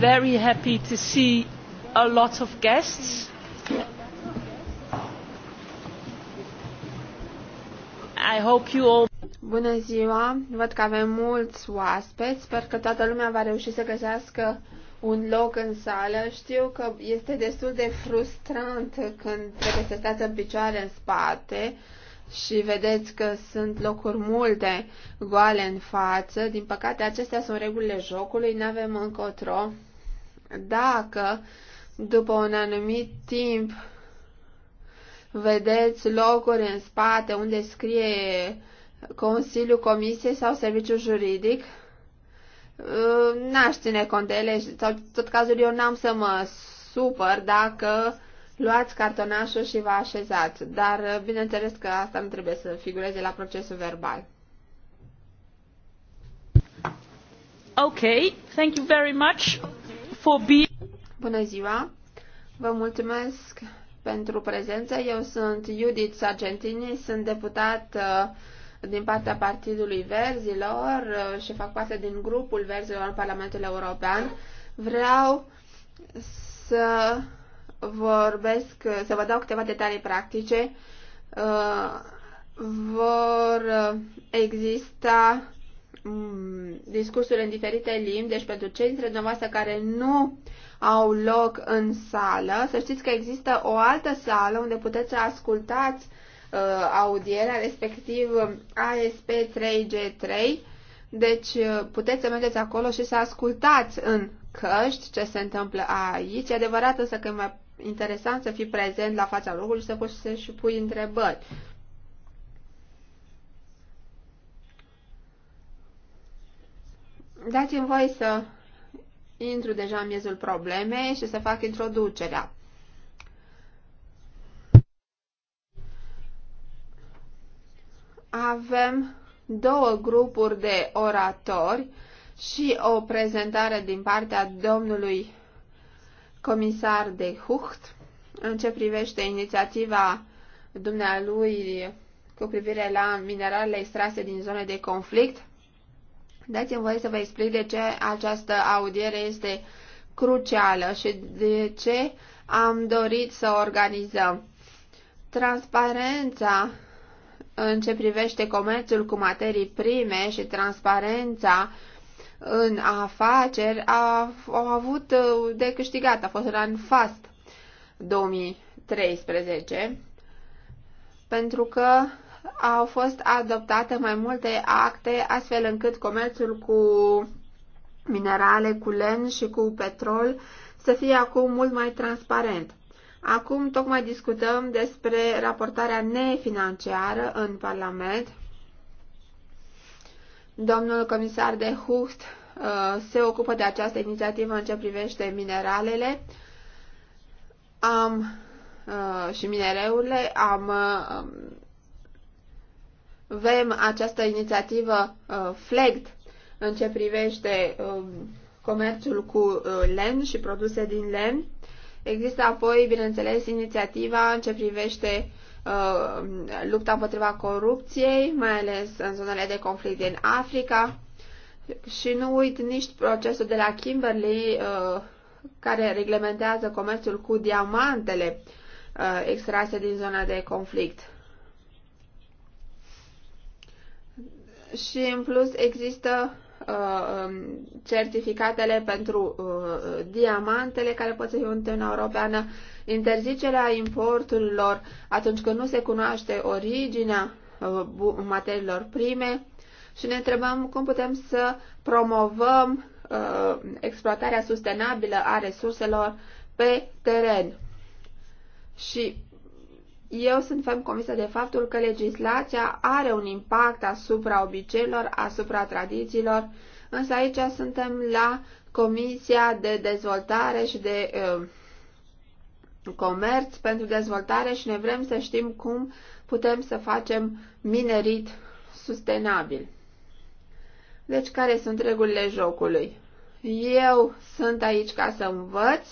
very happy to see a lot of guests. I hope you all... Bună ziua! Văd că avem mulți oaspeți. Sper că toată lumea va reuși să găsească un loc în sală. Știu că este destul de frustrant când trebuie să stați în picioare în spate și vedeți că sunt locuri multe goale în față. Din păcate, acestea sunt regulile jocului, nu avem încotro. Dacă după un anumit timp vedeți locuri în spate unde scrie Consiliul Comisiei sau Serviciul Juridic, uh, n-aș ține cont de ele sau tot cazul eu n-am să mă supăr dacă Luați cartonașul și vă așezați, dar uh, bineînțeles că asta nu trebuie să figureze la procesul verbal. Ok, thank you very much for being... Bună ziua! Vă mulțumesc pentru prezență. Eu sunt Judith Sargentini, sunt deputat uh, din partea Partidului Verzilor uh, și fac parte din grupul Verzilor în Parlamentul European. Vreau să vorbesc, să vă dau câteva detalii practice, uh, vor uh, exista mm, discursuri în diferite limbi, deci pentru cei dintre dumneavoastră care nu au loc în sală, să știți că există o altă sală unde puteți să ascultați uh, audierea, respectiv ASP 3G3, deci puteți să mergeți acolo și să ascultați în căști ce se întâmplă aici. E adevărat însă că e mai interesant să fii prezent la fața locului și să poți să și pui întrebări. Dați-mi voi să intru deja în miezul problemei și să fac introducerea. Avem două grupuri de oratori și o prezentare din partea domnului comisar de Hucht în ce privește inițiativa dumnealui cu privire la mineralele extrase din zone de conflict. Dați-mi voie să vă explic de ce această audiere este crucială și de ce am dorit să organizăm. Transparența în ce privește comerțul cu materii prime și transparența uh, în afaceri a, au avut uh, de câștigat. A fost un fast 2013 pentru că au fost adoptate mai multe acte astfel încât comerțul cu minerale, cu lemn și cu petrol să fie acum mult mai transparent. Acum tocmai discutăm despre raportarea nefinanciară în Parlament Domnul comisar de Hucht uh, se ocupă de această inițiativă în ce privește mineralele am, uh, și minereurile. Am, avem uh, această inițiativă FLEGT în ce privește um, comerțul cu lemn și produse din lemn. Există apoi, bineînțeles, inițiativa în ce privește uh, Uh, lupta împotriva corupției, mai ales în zonele de conflict din Africa. Și nu uit nici procesul de la Kimberley uh, care reglementează comerțul cu diamantele uh, extrase din zona de conflict. Și în plus există um, certificatele pentru diamantele care pot să fie vândute în Europeană interzicerea importurilor atunci când nu se cunoaște originea uh, materiilor prime și ne întrebăm cum putem să promovăm uh, exploatarea sustenabilă a resurselor pe teren. Și eu sunt ferm convinsă de faptul că legislația are un impact asupra obiceiilor, asupra tradițiilor, însă aici suntem la Comisia de Dezvoltare și de uh, comerț, pentru dezvoltare și ne vrem să știm cum putem să facem minerit sustenabil. Deci, care sunt regulile jocului? Eu sunt aici ca să învăț,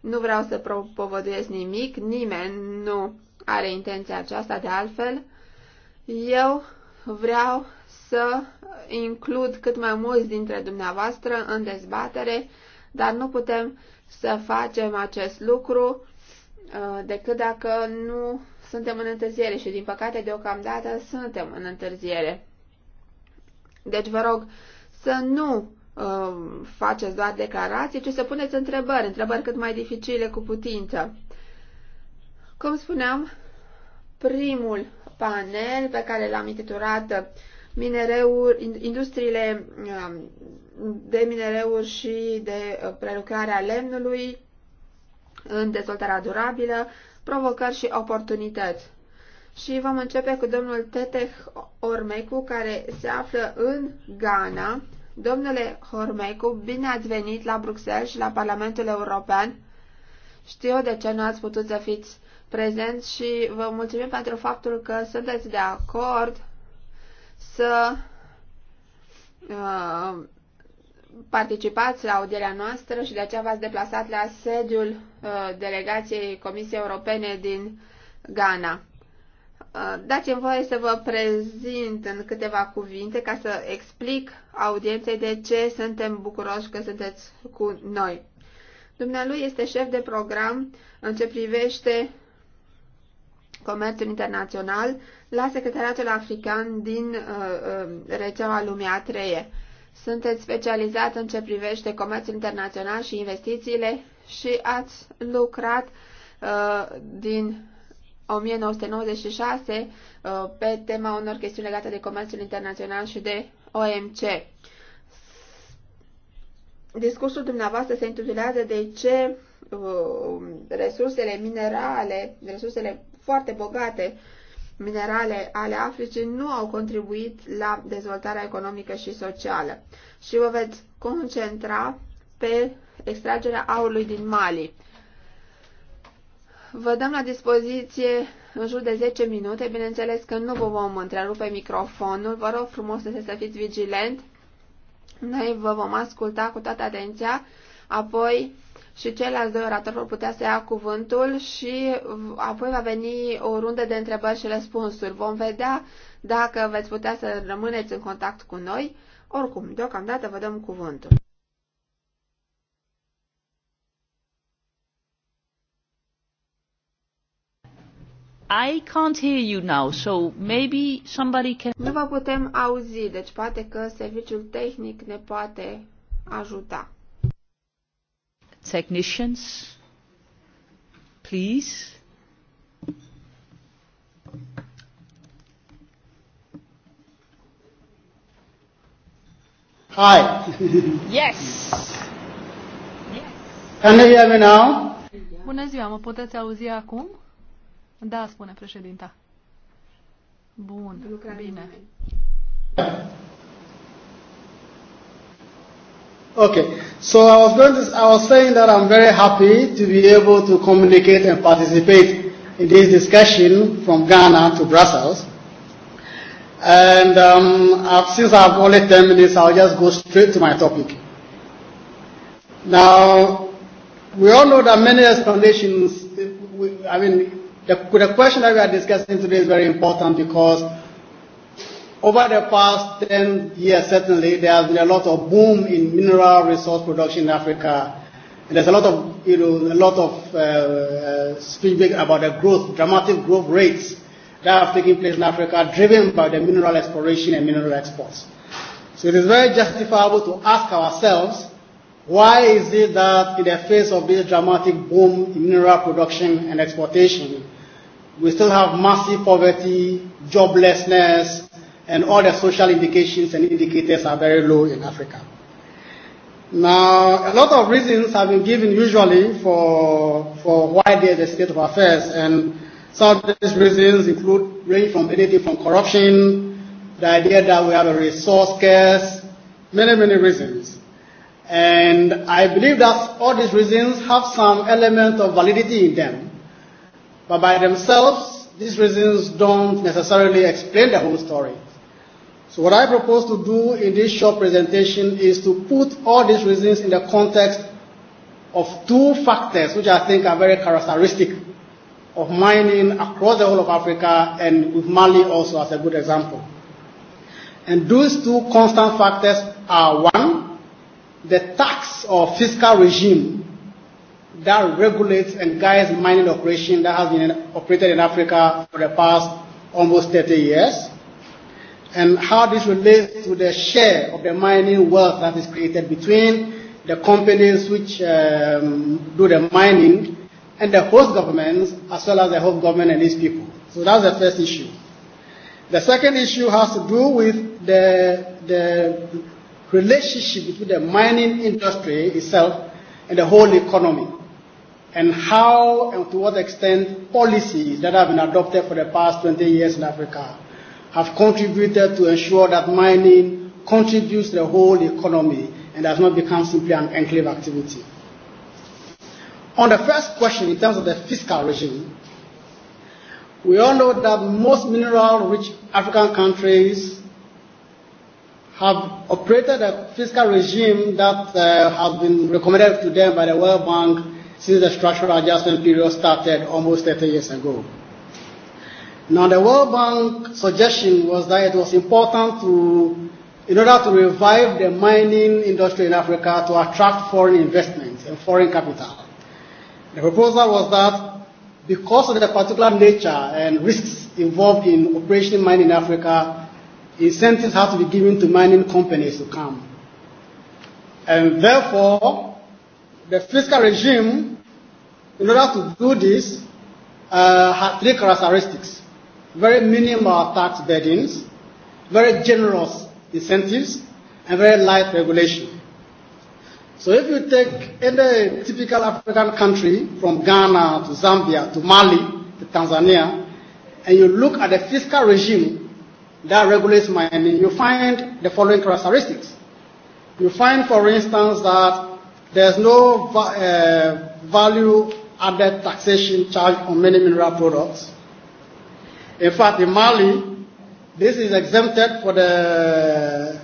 nu vreau să propovăduiesc nimic, nimeni nu are intenția aceasta de altfel. Eu vreau să includ cât mai mulți dintre dumneavoastră în dezbatere, dar nu putem să facem acest lucru Uh, decât dacă nu suntem în întârziere și din păcate deocamdată suntem în întârziere. Deci vă rog să nu uh, faceți doar declarații, ci să puneți întrebări, întrebări cât mai dificile cu putință. Cum spuneam, primul panel pe care l-am intitulat Minereuri, industriile uh, de minereuri și de uh, prelucrarea lemnului în dezvoltarea durabilă, provocări și oportunități. Și vom începe cu domnul Teteh Ormecu, care se află în Ghana. Domnule Ormecu, bine ați venit la Bruxelles și la Parlamentul European. Știu de ce nu ați putut să fiți prezenți și vă mulțumim pentru faptul că sunteți de acord să uh, participați la audierea noastră și de aceea v-ați deplasat la sediul uh, delegației Comisiei Europene din Ghana. Uh, dați-mi voie să vă prezint în câteva cuvinte ca să explic audienței de ce suntem bucuroși că sunteți cu noi. Dumnealui este șef de program în ce privește comerțul internațional la Secretariatul African din uh, uh, rețeaua Lumea a treie sunteți specializat în ce privește comerțul internațional și investițiile și ați lucrat uh, din 1996 uh, pe tema unor chestiuni legate de comerțul internațional și de OMC. Discursul dumneavoastră se intitulează de ce uh, resursele minerale, resursele foarte bogate minerale ale Africii nu au contribuit la dezvoltarea economică și socială. Și vă veți concentra pe extragerea aurului din Mali. Vă dăm la dispoziție în jur de 10 minute. Bineînțeles că nu vă vom întrerupe microfonul. Vă rog frumos să fiți vigilent. Noi vă vom asculta cu toată atenția. Apoi și ceilalți doi oratori vor putea să ia cuvântul și apoi va veni o rundă de întrebări și răspunsuri. Vom vedea dacă veți putea să rămâneți în contact cu noi. Oricum, deocamdată vă dăm cuvântul. I can't hear you now, so maybe somebody can... Nu vă putem auzi, deci poate că serviciul tehnic ne poate ajuta technicians please Hi. yes. Can you hear me now? Bună ziua, mă puteți auzi acum? Da, spune președinta. Bun, bine. Okay, so I was going to, I was saying that I'm very happy to be able to communicate and participate in this discussion from Ghana to Brussels. And um, I've, since I have only 10 minutes, I'll just go straight to my topic. Now, we all know that many explanations, I mean, the, the question that we are discussing today is very important because Over the past 10 years, certainly, there has been a lot of boom in mineral resource production in Africa. And there's a lot of, you know, a lot of uh, uh speaking about the growth, dramatic growth rates that have taken place in Africa, driven by the mineral exploration and mineral exports. So it is very justifiable to ask ourselves, why is it that in the face of this dramatic boom in mineral production and exportation, we still have massive poverty, joblessness, and all the social indications and indicators are very low in Africa. Now, a lot of reasons have been given usually for, for why there is a state of affairs, and some of these reasons include range from anything from corruption, the idea that we have a resource scarce, many, many reasons. And I believe that all these reasons have some element of validity in them. But by themselves, these reasons don't necessarily explain the whole story. So what I propose to do in this short presentation is to put all these reasons in the context of two factors which I think are very characteristic of mining across the whole of Africa and with Mali also as a good example. And those two constant factors are one, the tax or fiscal regime that regulates and guides mining operation that has been operated in Africa for the past almost 30 years and how this relates to the share of the mining wealth that is created between the companies which um, do the mining and the host governments, as well as the host government and its people. So that's the first issue. The second issue has to do with the, the relationship between the mining industry itself and the whole economy, and how and to what extent policies that have been adopted for the past 20 years in Africa have contributed to ensure that mining contributes to the whole economy and does not become simply an enclave activity. On the first question, in terms of the fiscal regime, we all know that most mineral-rich African countries have operated a fiscal regime that uh, has been recommended to them by the World Bank since the structural adjustment period started almost 30 years ago. Now the World Bank suggestion was that it was important to, in order to revive the mining industry in Africa to attract foreign investment and foreign capital. The proposal was that because of the particular nature and risks involved in operation mining in Africa, incentives have to be given to mining companies to come. And therefore, the fiscal regime, in order to do this, uh, had three characteristics very minimal tax burdens, very generous incentives, and very light regulation. So if you take any typical African country, from Ghana to Zambia to Mali to Tanzania, and you look at the fiscal regime that regulates mining, you find the following characteristics. You find, for instance, that there's no uh, eh, value added taxation charged on many mineral products. In fact, in Mali, this is exempted for the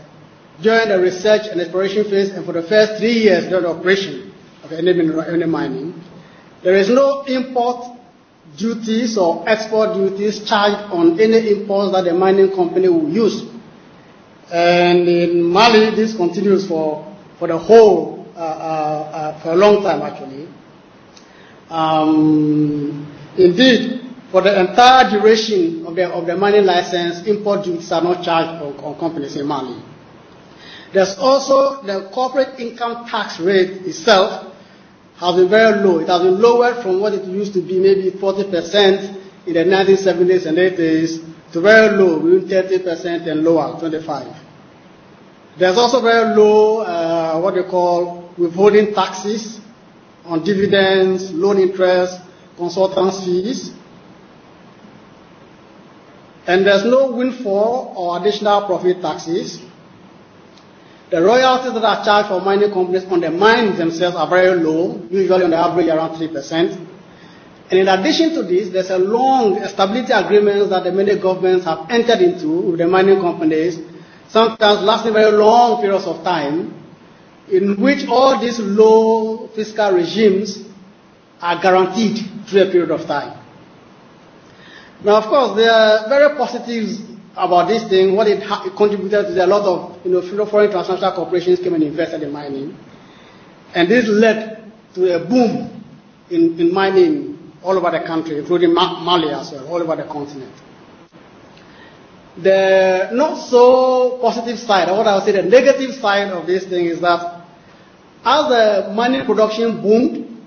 during the research and exploration phase and for the first three years during the operation of any mineral, any mining. There is no import duties or export duties charged on any imports that the mining company will use. And in Mali, this continues for, for the whole, uh, uh, uh, for a long time actually. Um, indeed, For the entire duration of the, of the mining license, import duties are not charged on, on companies in Mali. There's also the corporate income tax rate itself has been very low. It has been lowered from what it used to be, maybe 40% in the 1970s and 80s, to very low, between 30% and lower, 25. There's also very low, uh, what they call withholding taxes on dividends, loan interest, consultants fees. And there's no windfall or additional profit taxes. The royalties that are charged for mining companies on the mines themselves are very low, usually on the average around 3%. And in addition to this, there's a long stability agreement that the many governments have entered into with the mining companies, sometimes lasting very long periods of time, in which all these low fiscal regimes are guaranteed through a period of time. Now, of course, there are very positives about this thing, what it, it contributed to a lot of you know, foreign transnational corporations came and invested in mining. And this led to a boom in, in mining all over the country, including Mali as well, all over the continent. The not so positive side, or what I would say the negative side of this thing is that as the mining production boomed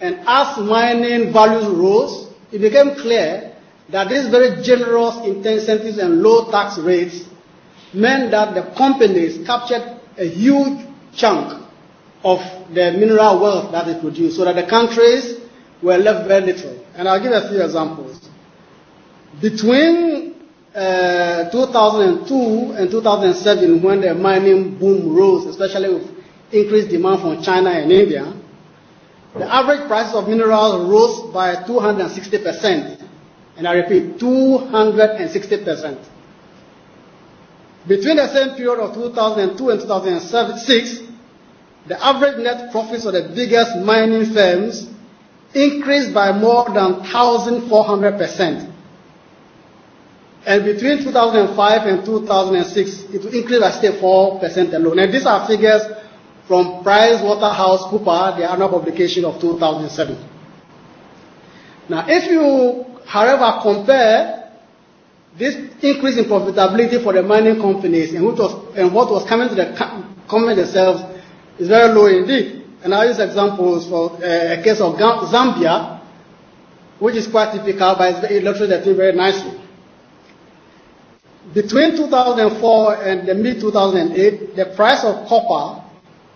and as mining values rose, it became clear that these very generous incentives and low tax rates meant that the companies captured a huge chunk of the mineral wealth that they produced, so that the countries were left very little. And I'll give a few examples. Between uh, 2002 and 2007, when the mining boom rose, especially with increased demand from China and India, the average price of minerals rose by 260 percent And I repeat, 260%. Between the same period of 2002 and 2006, the average net profits of the biggest mining firms increased by more than 1,400%. And between 2005 and 2006, it will increase by still 4% alone. And these are figures from Price Waterhouse Cooper, the annual publication of 2007. Now, if you However, compare this increase in profitability for the mining companies and, what was, and what was coming to the company themselves is very low indeed. And I use examples for uh, a case of Zambia, which is quite typical, but it illustrates very nicely. Between 2004 and the mid 2008, the price of copper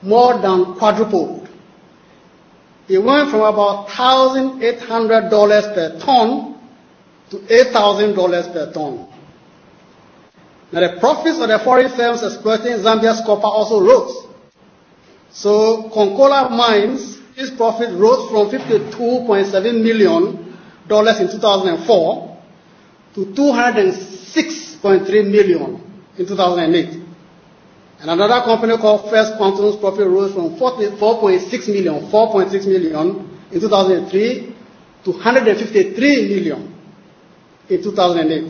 more than quadrupled. It went from about $1,800 per ton to $8,000 per ton. Now the profits of the foreign firms exploiting Zambia's copper also rose. So Concola Mines, its profit rose from $52.7 million in 2004 to $206.3 million in 2008. And another company called First Quantum's profit rose from 4.6 million, 4.6 million in 2003 to 153 million in 2008.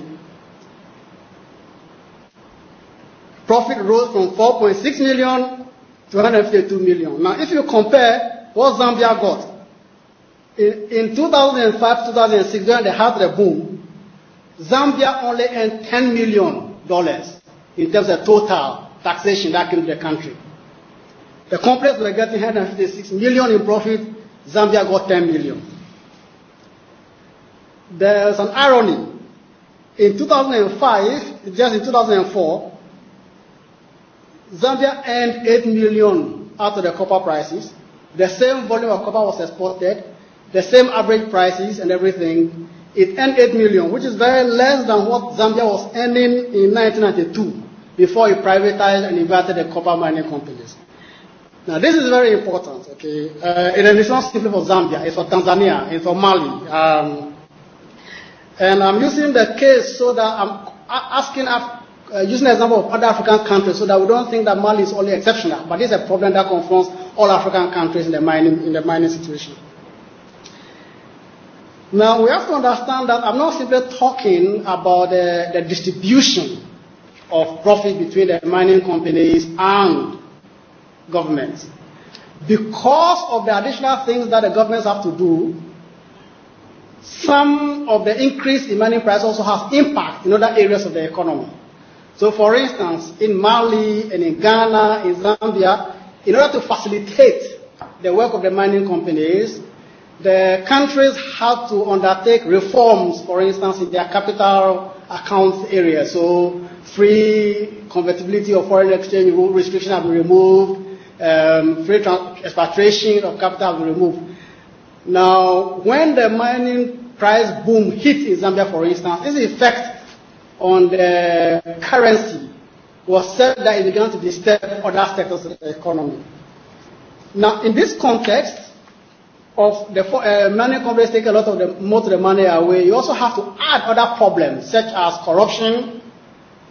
Profit rose from 4.6 million to 152 million. Now, if you compare what Zambia got in, in 2005, 2006, during the heart of the boom, Zambia only earned 10 million dollars in terms of total taxation that came to the country. The companies were getting 156 million in profit. Zambia got 10 million. There's an irony In 2005, just in 2004, Zambia earned 8 million out of the copper prices. The same volume of copper was exported, the same average prices and everything. It earned 8 million, which is very less than what Zambia was earning in 1992 before it privatized and invited the copper mining companies. Now, this is very important, okay? Uh, and it's not simply for Zambia, it's for Tanzania, it's for Mali. Um, And I'm using the case so that I'm asking, Af uh, using the example of other African countries so that we don't think that Mali is only exceptional, but it's a problem that confronts all African countries in the mining, in the mining situation. Now, we have to understand that I'm not simply talking about the, the distribution of profit between the mining companies and governments. Because of the additional things that the governments have to do, some of the increase in mining price also has impact in other areas of the economy. So for instance, in Mali and in Ghana, in Zambia, in order to facilitate the work of the mining companies, the countries have to undertake reforms, for instance, in their capital accounts area. So free convertibility of foreign exchange rule restrictions have been removed, um, free expatriation of capital have been removed. Now, when the mining price boom hit in Zambia, for instance, its effect on the currency was said that it began to disturb other sectors of the economy. Now, in this context of the uh, mining companies take a lot of the, most of the money away, you also have to add other problems such as corruption,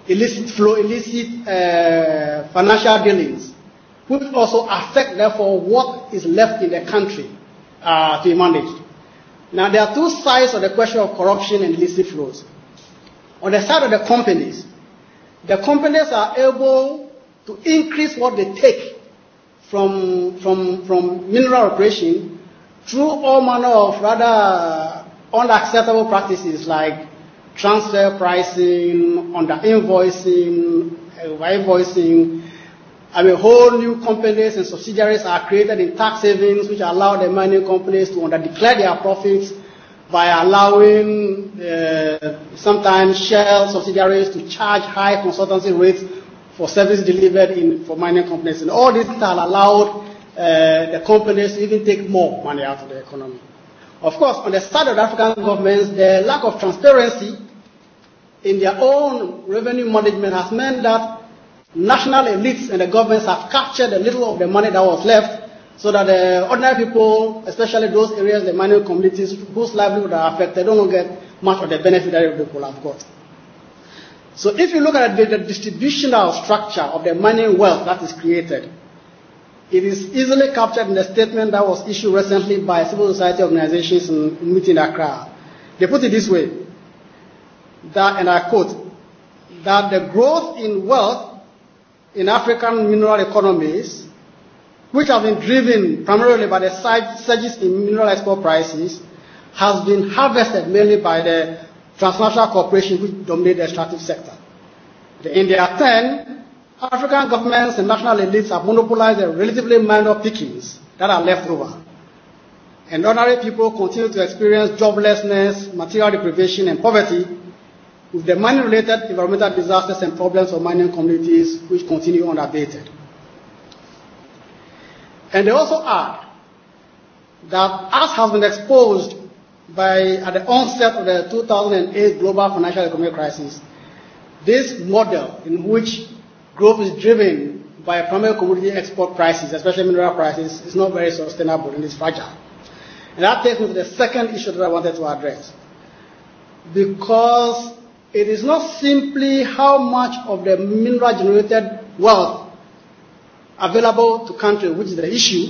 illicit flow, illicit uh, financial dealings, which also affect, therefore, what is left in the country uh, to be managed. Now, there are two sides of the question of corruption and illicit flows. On the side of the companies, the companies are able to increase what they take from, from, from mineral operation through all manner of rather unacceptable practices like transfer pricing, under uh, invoicing, over invoicing, I mean, whole new companies and subsidiaries are created in tax havens, which allow the mining companies to underdeclare their profits by allowing uh, sometimes shell subsidiaries to charge high consultancy rates for services delivered in, for mining companies. And all this has allowed uh, the companies to even take more money out of the economy. Of course, on the side of African governments, the lack of transparency in their own revenue management has meant that national elites and the governments have captured a little of the money that was left so that the ordinary people, especially those areas, the mining communities whose livelihood are affected, don't get much of the benefit that the people have got. So if you look at the, the distributional structure of the mining wealth that is created, it is easily captured in the statement that was issued recently by civil society organizations in, in meeting Accra. They put it this way, that, and I quote, that the growth in wealth in African mineral economies, which have been driven primarily by the surges in mineral export prices, has been harvested mainly by the transnational corporations which dominate the extractive sector. In their turn, African governments and national elites have monopolized the relatively minor pickings that are left over. And ordinary people continue to experience joblessness, material deprivation, and poverty with the mining-related environmental disasters and problems of mining communities which continue unabated. And they also add that as has been exposed by at the onset of the 2008 global financial economic crisis, this model in which growth is driven by primary commodity export prices, especially mineral prices, is not very sustainable and is fragile. And that takes me to the second issue that I wanted to address. Because It is not simply how much of the mineral generated wealth available to country, which is the issue,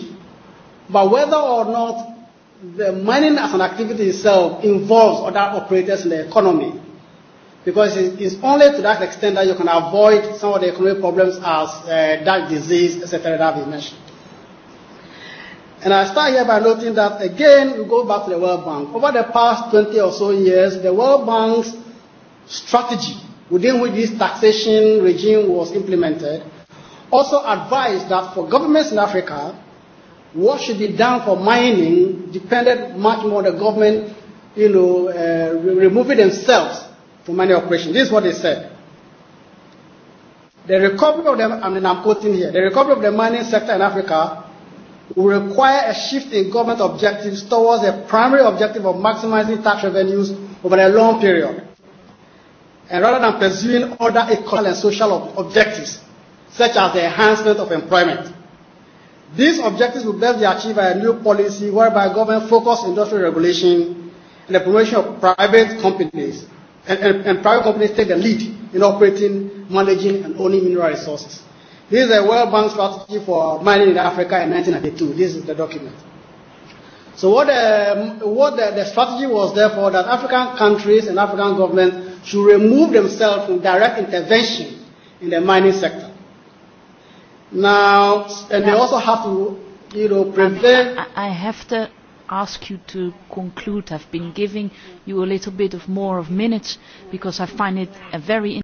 but whether or not the mining as an activity itself involves other operators in the economy. Because it is only to that extent that you can avoid some of the economic problems as uh, that disease, etc., that we mentioned. And I start here by noting that, again, we go back to the World Bank. Over the past 20 or so years, the World Bank's strategy within which this taxation regime was implemented also advised that for governments in Africa, what should be done for mining depended much more on the government, you know, uh, removing themselves from mining operations. This is what they said. The recovery of the, I mean, I'm quoting here, the recovery of the mining sector in Africa will require a shift in government objectives towards a primary objective of maximizing tax revenues over a long period and rather than pursuing other economic and social ob objectives, such as the enhancement of employment. These objectives will best be achieved by a new policy whereby government focus industrial regulation and the promotion of private companies, and, and, and private companies take the lead in operating, managing, and owning mineral resources. This is a World Bank strategy for mining in Africa in 1992. This is the document. So what, the, what the, the strategy was therefore that African countries and African governments to remove themselves from direct intervention in the mining sector. Now, and now, they also have to, you know, prevent. I, I have to ask you to conclude. I've been giving you a little bit of more of minutes because I find it a very.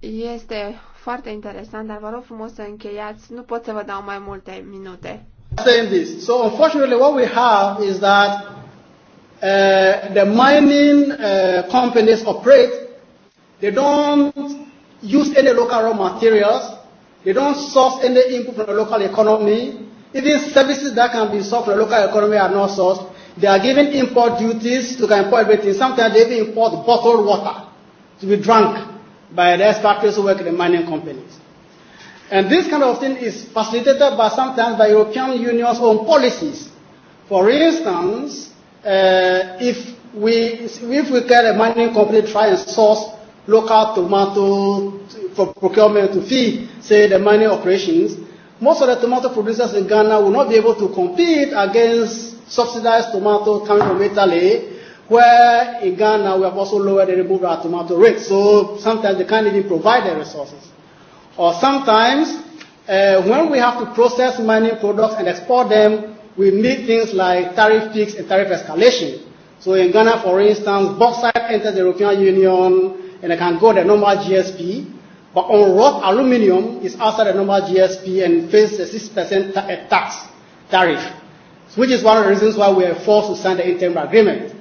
Este foarte interesant, dar vă rog frumos să încheiați. Nu pot să vă dau mai multe minute. Saying this, so unfortunately, what we have is that Uh, the mining uh, companies operate, they don't use any local raw materials, they don't source any input from the local economy. Even services that can be sourced from the local economy are not sourced. They are given import duties to import everything. Sometimes they even import bottled water to be drunk by the expatriates who work in the mining companies. And this kind of thing is facilitated by sometimes by European Union's own policies. For instance, uh, if we if we get a mining company try and source local tomato for procurement to feed, say, the mining operations, most of the tomato producers in Ghana will not be able to compete against subsidized tomato coming from Italy, where in Ghana we have also lowered and removed our tomato rates. So sometimes they can't even provide the resources. Or sometimes uh, when we have to process mining products and export them, we need things like tariff fix and tariff escalation. So in Ghana, for instance, bauxite enters the European Union and it can go the normal GSP, but on rock aluminium is outside the normal GSP and faces a 6% ta- eh, tax tariff, which is one of the reasons why we are forced to sign the interim agreement.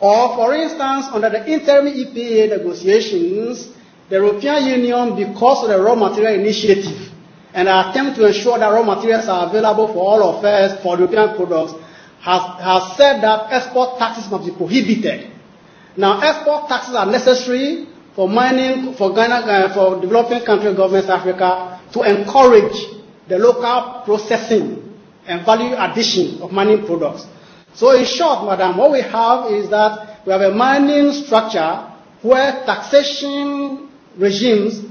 Or, for instance, under the interim EPA negotiations, the European Union, because of the raw material initiative, and our attempt to ensure that raw materials are available for all of us for European products has, has said that export taxes must be prohibited. Now, export taxes are necessary for mining, for Ghana, uh, for developing country governments Africa to encourage the local processing and value addition of mining products. So in short, madam, what we have is that we have a mining structure where taxation regimes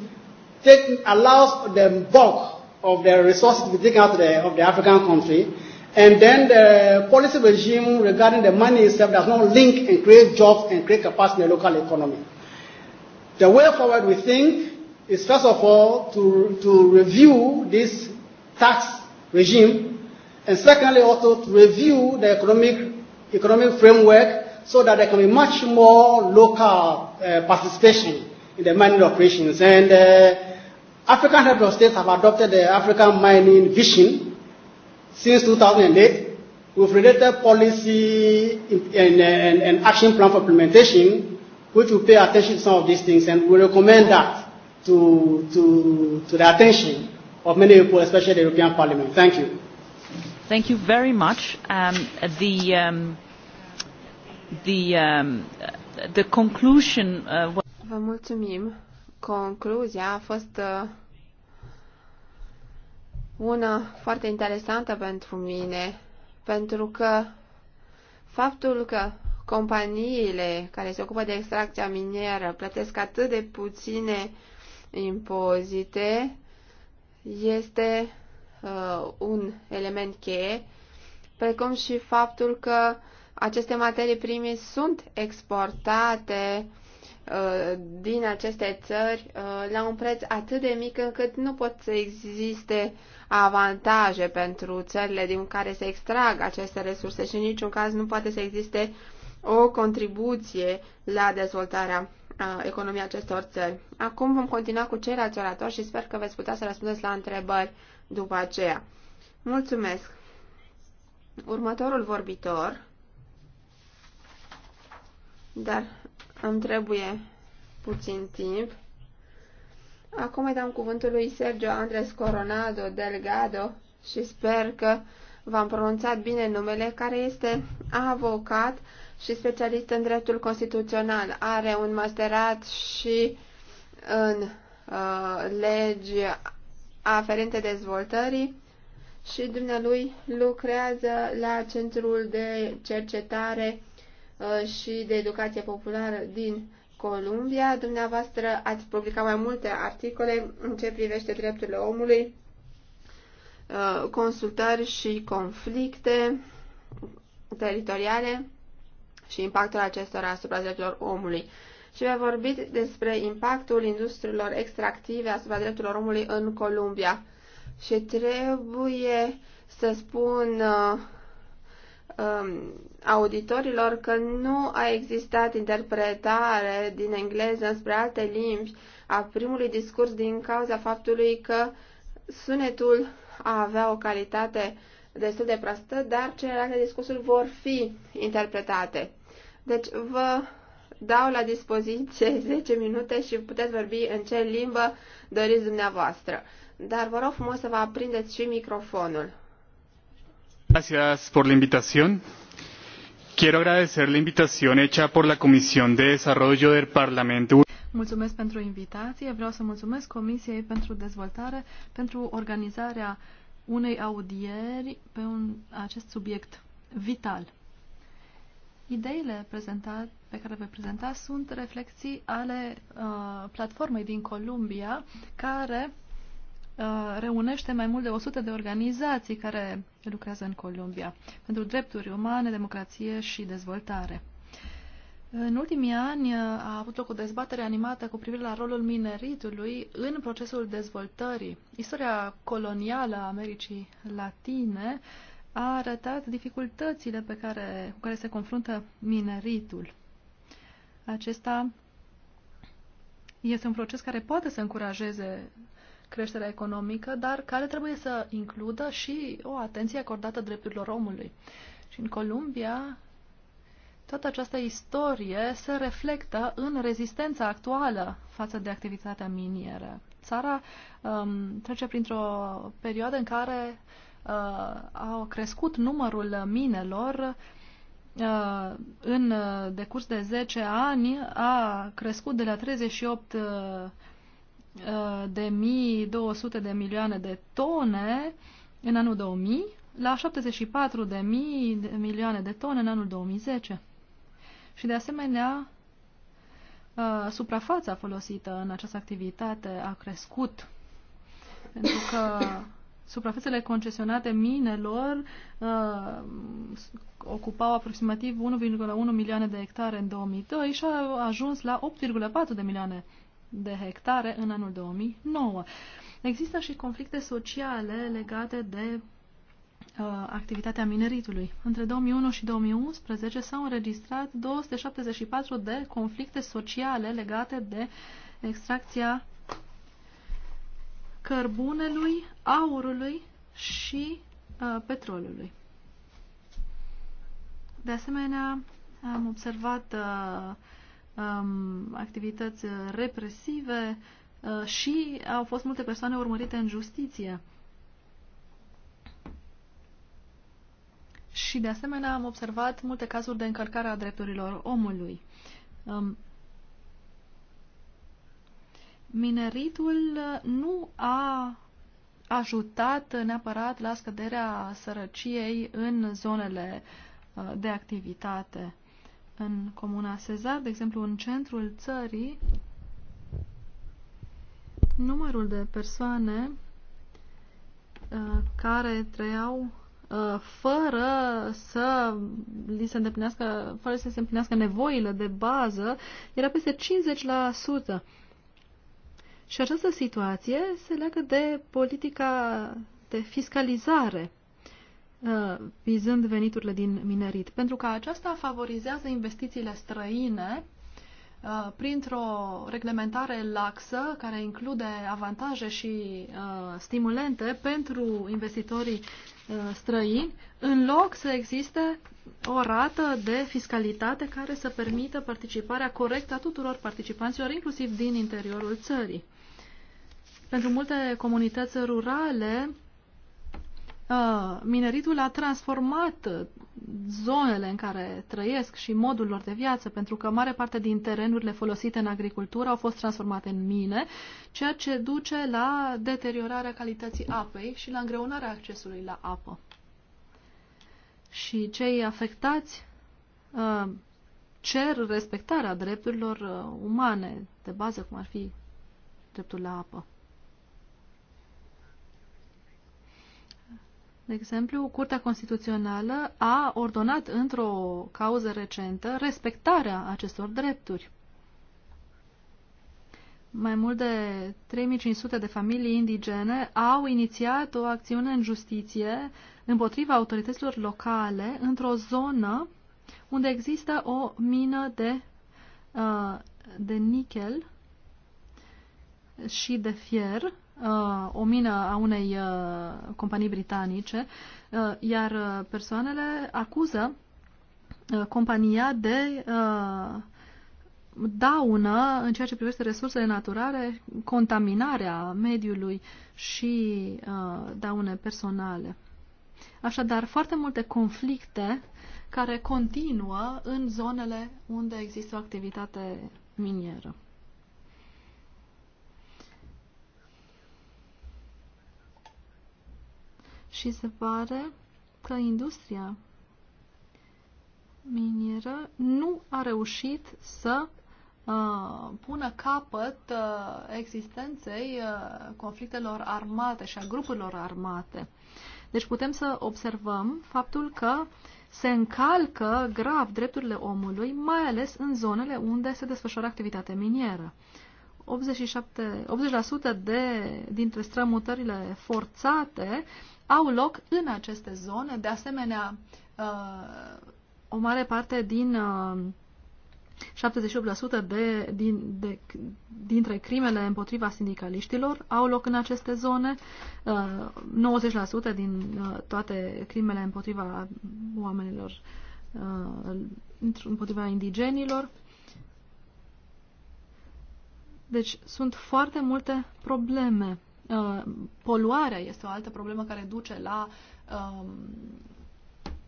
take, allows the bulk of the resources to be taken out of the, of the African country. And then the policy regime regarding the money itself does not link and create jobs and create capacity in the local economy. The way forward, we think, is first of all to, to review this tax regime, and secondly also to review the economic, economic framework so that there can be much more local uh, participation in the mining operations. And uh, African heads of states have adopted the African mining vision since 2008 with related policy and, and, and action plan for implementation, which will pay attention to some of these things, and we recommend that to, to, to the attention of many people, especially the European Parliament. Thank you. Thank you very much. Um, the, um, the, um, the conclusion... Uh, Vă mulțumim concluzia a fost uh, una foarte interesantă pentru mine, pentru că faptul că companiile care se ocupă de extracția minieră plătesc atât de puține impozite este uh, un element cheie, precum și faptul că aceste materii prime sunt exportate Uh, din aceste țări uh, la un preț atât de mic încât nu pot să existe avantaje pentru țările din care se extrag aceste resurse și în niciun caz nu poate să existe o contribuție la dezvoltarea uh, economiei acestor țări. Acum vom continua cu ceilalți oratori și sper că veți putea să răspundeți la întrebări după aceea. Mulțumesc! Următorul vorbitor, dar îmi trebuie puțin timp. Acum îi dau cuvântul lui Sergio Andres Coronado Delgado și sper că v-am pronunțat bine numele, care este avocat și specialist în dreptul constituțional. Are un masterat și în uh, legi aferente dezvoltării și dumnealui lucrează la Centrul de Cercetare Uh, și de educație populară din Columbia. Dumneavoastră ați publicat mai multe articole în ce privește drepturile omului, uh, consultări și conflicte teritoriale și impactul acestora asupra drepturilor omului. Și mi-a vorbit despre impactul industriilor extractive asupra drepturilor omului în Columbia. Și trebuie să spun uh, um, auditorilor că nu a existat interpretare din engleză spre alte limbi a primului discurs din cauza faptului că sunetul a avea o calitate destul de proastă, dar celelalte discursuri vor fi interpretate. Deci vă dau la dispoziție 10 minute și puteți vorbi în ce limbă doriți dumneavoastră. Dar vă rog frumos să vă aprindeți și microfonul. Gracias por la invitación quiero agradecer la invitación hecha por la Comisión de Desarrollo del Parlamento. Mulțumesc pentru invitație. Vreau să mulțumesc Comisiei pentru dezvoltare, pentru organizarea unei audieri pe un, acest subiect vital. Ideile pe care vă prezentați sunt reflexii ale uh, platformei din Columbia, care Uh, reunește mai mult de 100 de organizații care lucrează în Columbia pentru drepturi umane, democrație și dezvoltare. În ultimii ani uh, a avut loc o dezbatere animată cu privire la rolul mineritului în procesul dezvoltării. Istoria colonială a Americii Latine a arătat dificultățile pe care, cu care se confruntă mineritul. Acesta este un proces care poate să încurajeze creșterea economică, dar care trebuie să includă și o atenție acordată drepturilor omului. Și în Columbia, toată această istorie se reflectă în rezistența actuală față de activitatea minieră. Țara um, trece printr-o perioadă în care uh, a crescut numărul minelor uh, în decurs de 10 ani a crescut de la 38 uh, Uh, de 1200 de milioane de tone în anul 2000 la 74 de mii de milioane de tone în anul 2010. Și de asemenea, uh, suprafața folosită în această activitate a crescut, pentru că suprafețele concesionate minelor uh, ocupau aproximativ 1,1 milioane de hectare în 2002 și a ajuns la 8,4 de milioane de hectare în anul 2009. Există și conflicte sociale legate de uh, activitatea mineritului. Între 2001 și 2011 s-au înregistrat 274 de conflicte sociale legate de extracția cărbunelui, aurului și uh, petrolului. De asemenea, am observat uh, um, activități uh, represive uh, și au fost multe persoane urmărite în justiție. Și de asemenea am observat multe cazuri de încălcare a drepturilor omului. Um, mineritul uh, nu a ajutat neapărat la scăderea sărăciei în zonele uh, de activitate în comuna Sezar, de exemplu în centrul țării, numărul de persoane uh, care trăiau uh, fără să li se îndeplinească, fără să se împlinească nevoile de bază, era peste 50%. Și această situație se leagă de politica de fiscalizare Uh, vizând veniturile din minerit, pentru că aceasta favorizează investițiile străine uh, printr-o reglementare laxă care include avantaje și uh, stimulente pentru investitorii uh, străini, în loc să existe o rată de fiscalitate care să permită participarea corectă a tuturor participanților, inclusiv din interiorul țării. Pentru multe comunități rurale, Uh, mineritul a transformat uh, zonele în care trăiesc și modul lor de viață, pentru că mare parte din terenurile folosite în agricultură au fost transformate în mine, ceea ce duce la deteriorarea calității apei și la îngreunarea accesului la apă. Și cei afectați uh, cer respectarea drepturilor umane de bază, cum ar fi dreptul la apă. De exemplu, Curtea Constituțională a ordonat într-o cauză recentă respectarea acestor drepturi. Mai mult de 3500 de familii indigene au inițiat o acțiune în justiție împotriva autorităților locale într-o zonă unde există o mină de, uh, de nichel și de fier uh, o mină a unei uh, companii britanice, uh, iar uh, persoanele acuză uh, compania de uh, daună în ceea ce privește resursele naturale, contaminarea mediului și uh, daune personale. Așadar, foarte multe conflicte care continuă în zonele unde există o activitate minieră. și se pare că industria minieră nu a reușit să uh, pună capăt uh, existenței uh, conflictelor armate și a grupurilor armate. Deci putem să observăm faptul că se încalcă grav drepturile omului, mai ales în zonele unde se desfășoară activitate minieră. 87, 80% de, dintre strămutările forțate au loc în aceste zone. De asemenea, uh, o mare parte din 78% uh, de, din, de, dintre crimele împotriva sindicaliștilor au loc în aceste zone, 90% uh, din toate crimele împotriva oamenilor, împotriva indigenilor. Deci sunt foarte multe probleme Uh, poluarea este o altă problemă care duce la um,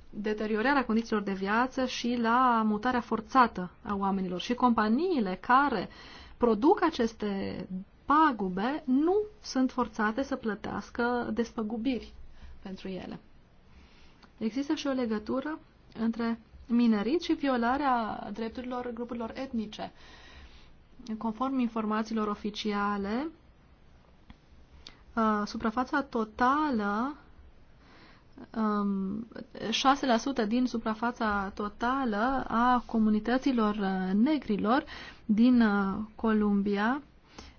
deteriorarea condițiilor de viață și la mutarea forțată a oamenilor. Și companiile care produc aceste pagube nu sunt forțate să plătească despăgubiri pentru ele. Există și o legătură între minerit și violarea drepturilor grupurilor etnice. Conform informațiilor oficiale, suprafața totală, um, 6% din suprafața totală a comunităților uh, negrilor din uh, Columbia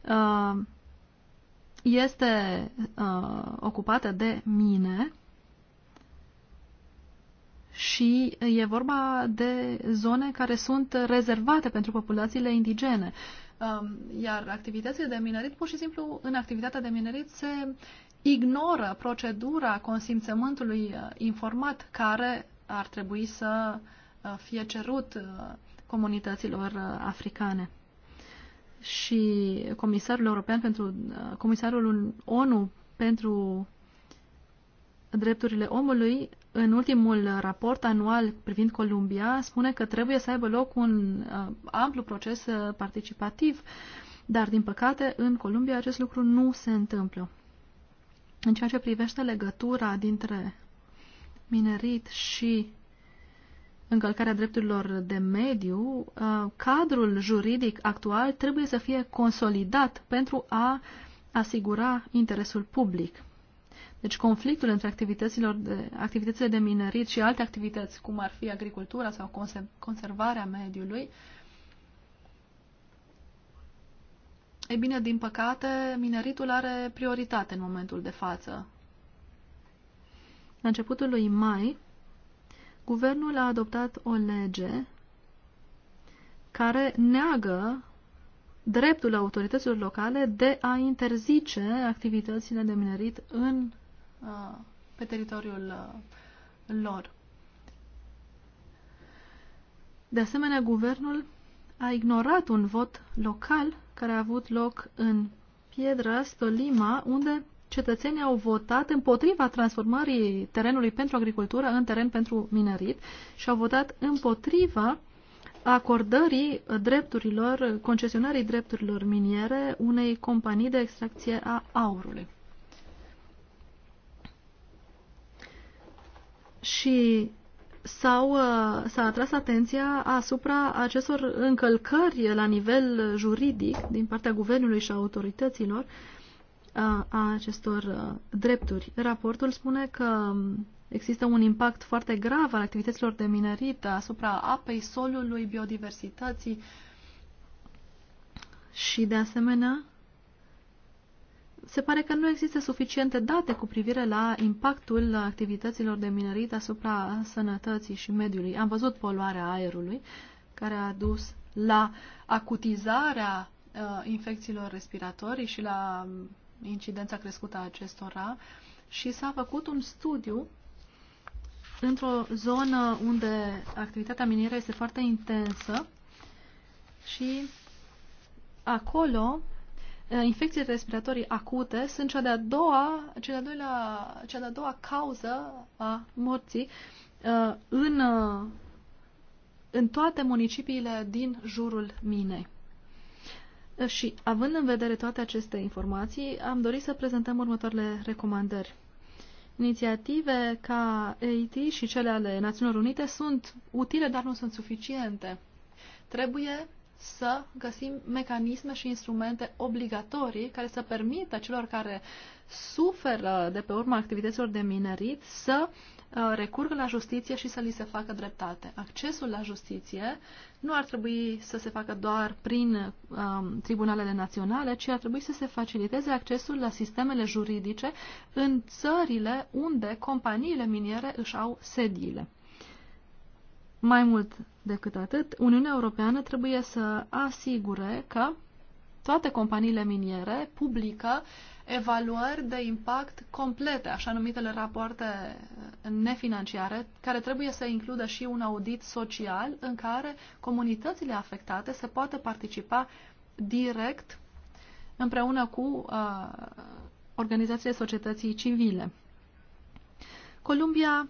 uh, este uh, ocupată de mine și e vorba de zone care sunt rezervate pentru populațiile indigene. Uh, Um, iar activitățile de minerit, pur și simplu, în activitatea de minerit se ignoră procedura consimțământului uh, informat care ar trebui să uh, fie cerut uh, comunităților africane. Și comisarul european pentru comisarul ONU pentru drepturile omului în ultimul raport anual privind Columbia, spune că trebuie să aibă loc un uh, amplu proces uh, participativ, dar, din păcate, în Columbia acest lucru nu se întâmplă. În ceea ce privește legătura dintre minerit și încălcarea drepturilor de mediu, uh, cadrul juridic actual trebuie să fie consolidat pentru a asigura interesul public. Deci conflictul între activităților de, activitățile de minerit și alte activități, cum ar fi agricultura sau conservarea mediului, e bine, din păcate, mineritul are prioritate în momentul de față. La începutul lui mai, guvernul a adoptat o lege care neagă dreptul autorităților locale de a interzice activitățile de minerit în Uh, pe teritoriul uh, lor. De asemenea, guvernul a ignorat un vot local care a avut loc în Piedras, Tolima, unde cetățenii au votat împotriva transformării terenului pentru agricultură în teren pentru minerit și au votat împotriva acordării drepturilor, concesionării drepturilor miniere unei companii de extracție a aurului. și s-au, uh, s-a atras atenția asupra acestor încălcări la nivel juridic din partea guvernului și autorităților autorităților uh, a acestor uh, drepturi. Raportul spune că există un impact foarte grav al activităților de minerit asupra apei, solului, biodiversității și, de asemenea, se pare că nu există suficiente date cu privire la impactul activităților de minerit asupra sănătății și mediului. Am văzut poluarea aerului care a dus la acutizarea uh, infecțiilor respiratorii și la um, incidența crescută a acestora și s-a făcut un studiu într-o zonă unde activitatea minieră este foarte intensă și acolo Eh, infecțiile respiratorii acute sunt cea de-a doua, cea de-a doua, cea de-a doua cauză a morții eh, în, eh, în toate municipiile din jurul minei. Și având în vedere toate aceste informații, am dorit să prezentăm următoarele recomandări. Inițiative ca EIT și cele ale Națiunilor Unite sunt utile, dar nu sunt suficiente. Trebuie să găsim mecanisme și instrumente obligatorii care să permită celor care suferă de pe urma activităților de minerit să uh, recurgă la justiție și să li se facă dreptate. Accesul la justiție nu ar trebui să se facă doar prin um, tribunalele naționale, ci ar trebui să se faciliteze accesul la sistemele juridice în țările unde companiile miniere își au sediile. Mai mult decât atât, Uniunea Europeană trebuie să asigure că toate companiile miniere publică evaluări de impact complete, așa numitele rapoarte nefinanciare, care trebuie să includă și un audit social în care comunitățile afectate se poată participa direct împreună cu uh, organizațiile societății civile. Columbia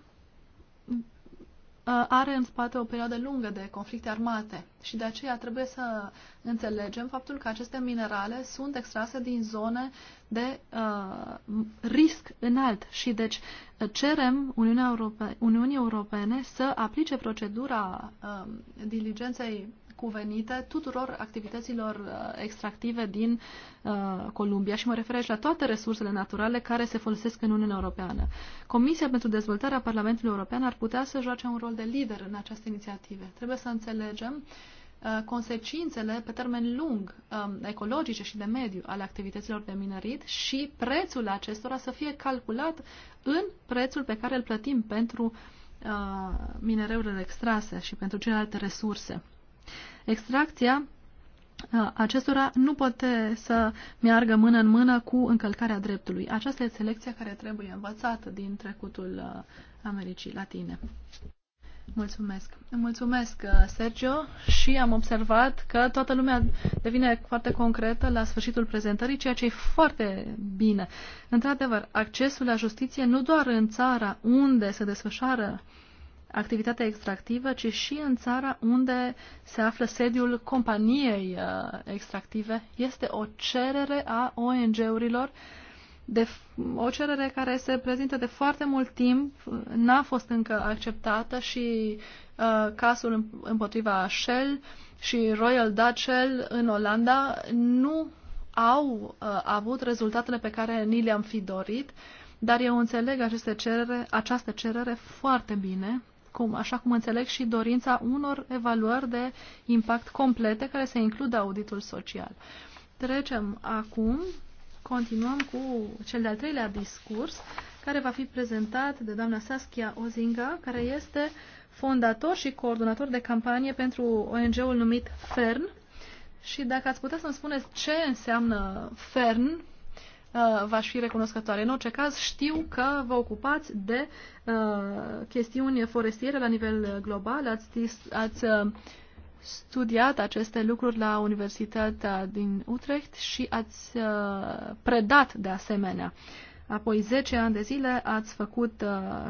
Uh, are în spate o perioadă lungă de conflicte armate și de aceea trebuie să înțelegem faptul că aceste minerale sunt extrase din zone de uh, risc înalt și deci cerem Uniunea Europe- Uniunii Europene să aplice procedura uh, diligenței cuvenite tuturor activităților uh, extractive din uh, Columbia și mă refer aici la toate resursele naturale care se folosesc în Uniunea Europeană. Comisia pentru Dezvoltarea Parlamentului European ar putea să joace un rol de lider în această inițiative. Trebuie să înțelegem uh, consecințele pe termen lung um, ecologice și de mediu ale activităților de minerit și prețul acestora să fie calculat în prețul pe care îl plătim pentru minereurile extrase și pentru celelalte resurse. Extracția acestora nu poate să meargă mână în mână cu încălcarea dreptului. Aceasta este lecția care trebuie învățată din trecutul Americii Latine. Mulțumesc. Mulțumesc, Sergio, și am observat că toată lumea devine foarte concretă la sfârșitul prezentării, ceea ce e foarte bine. Într-adevăr, accesul la justiție nu doar în țara unde se desfășoară uh, activitatea extractivă, ci și în țara unde se află sediul companiei uh, extractive. Este o cerere a ONG-urilor, de, o cerere care se prezintă de foarte mult timp, n-a fost încă acceptată și uh, casul împotriva Shell și Royal Dutch Shell în Olanda nu au uh, avut rezultatele pe care ni le-am fi dorit, dar eu înțeleg aceste cerere, această cerere foarte bine cum, așa cum înțeleg, și dorința unor evaluări de impact complete care să includă auditul social. Trecem acum, continuăm cu cel de-al treilea discurs, care va fi prezentat de doamna Saskia Ozinga, care este fondator și coordonator de campanie pentru ONG-ul numit FERN. Și dacă ați putea să-mi spuneți ce înseamnă FERN Uh, v-aș fi recunoscătoare. În orice caz, știu că vă ocupați de uh, chestiuni forestiere la nivel global, ați, ați uh, studiat aceste lucruri la Universitatea din Utrecht și ați predat de asemenea. Apoi 10 ani de zile ați făcut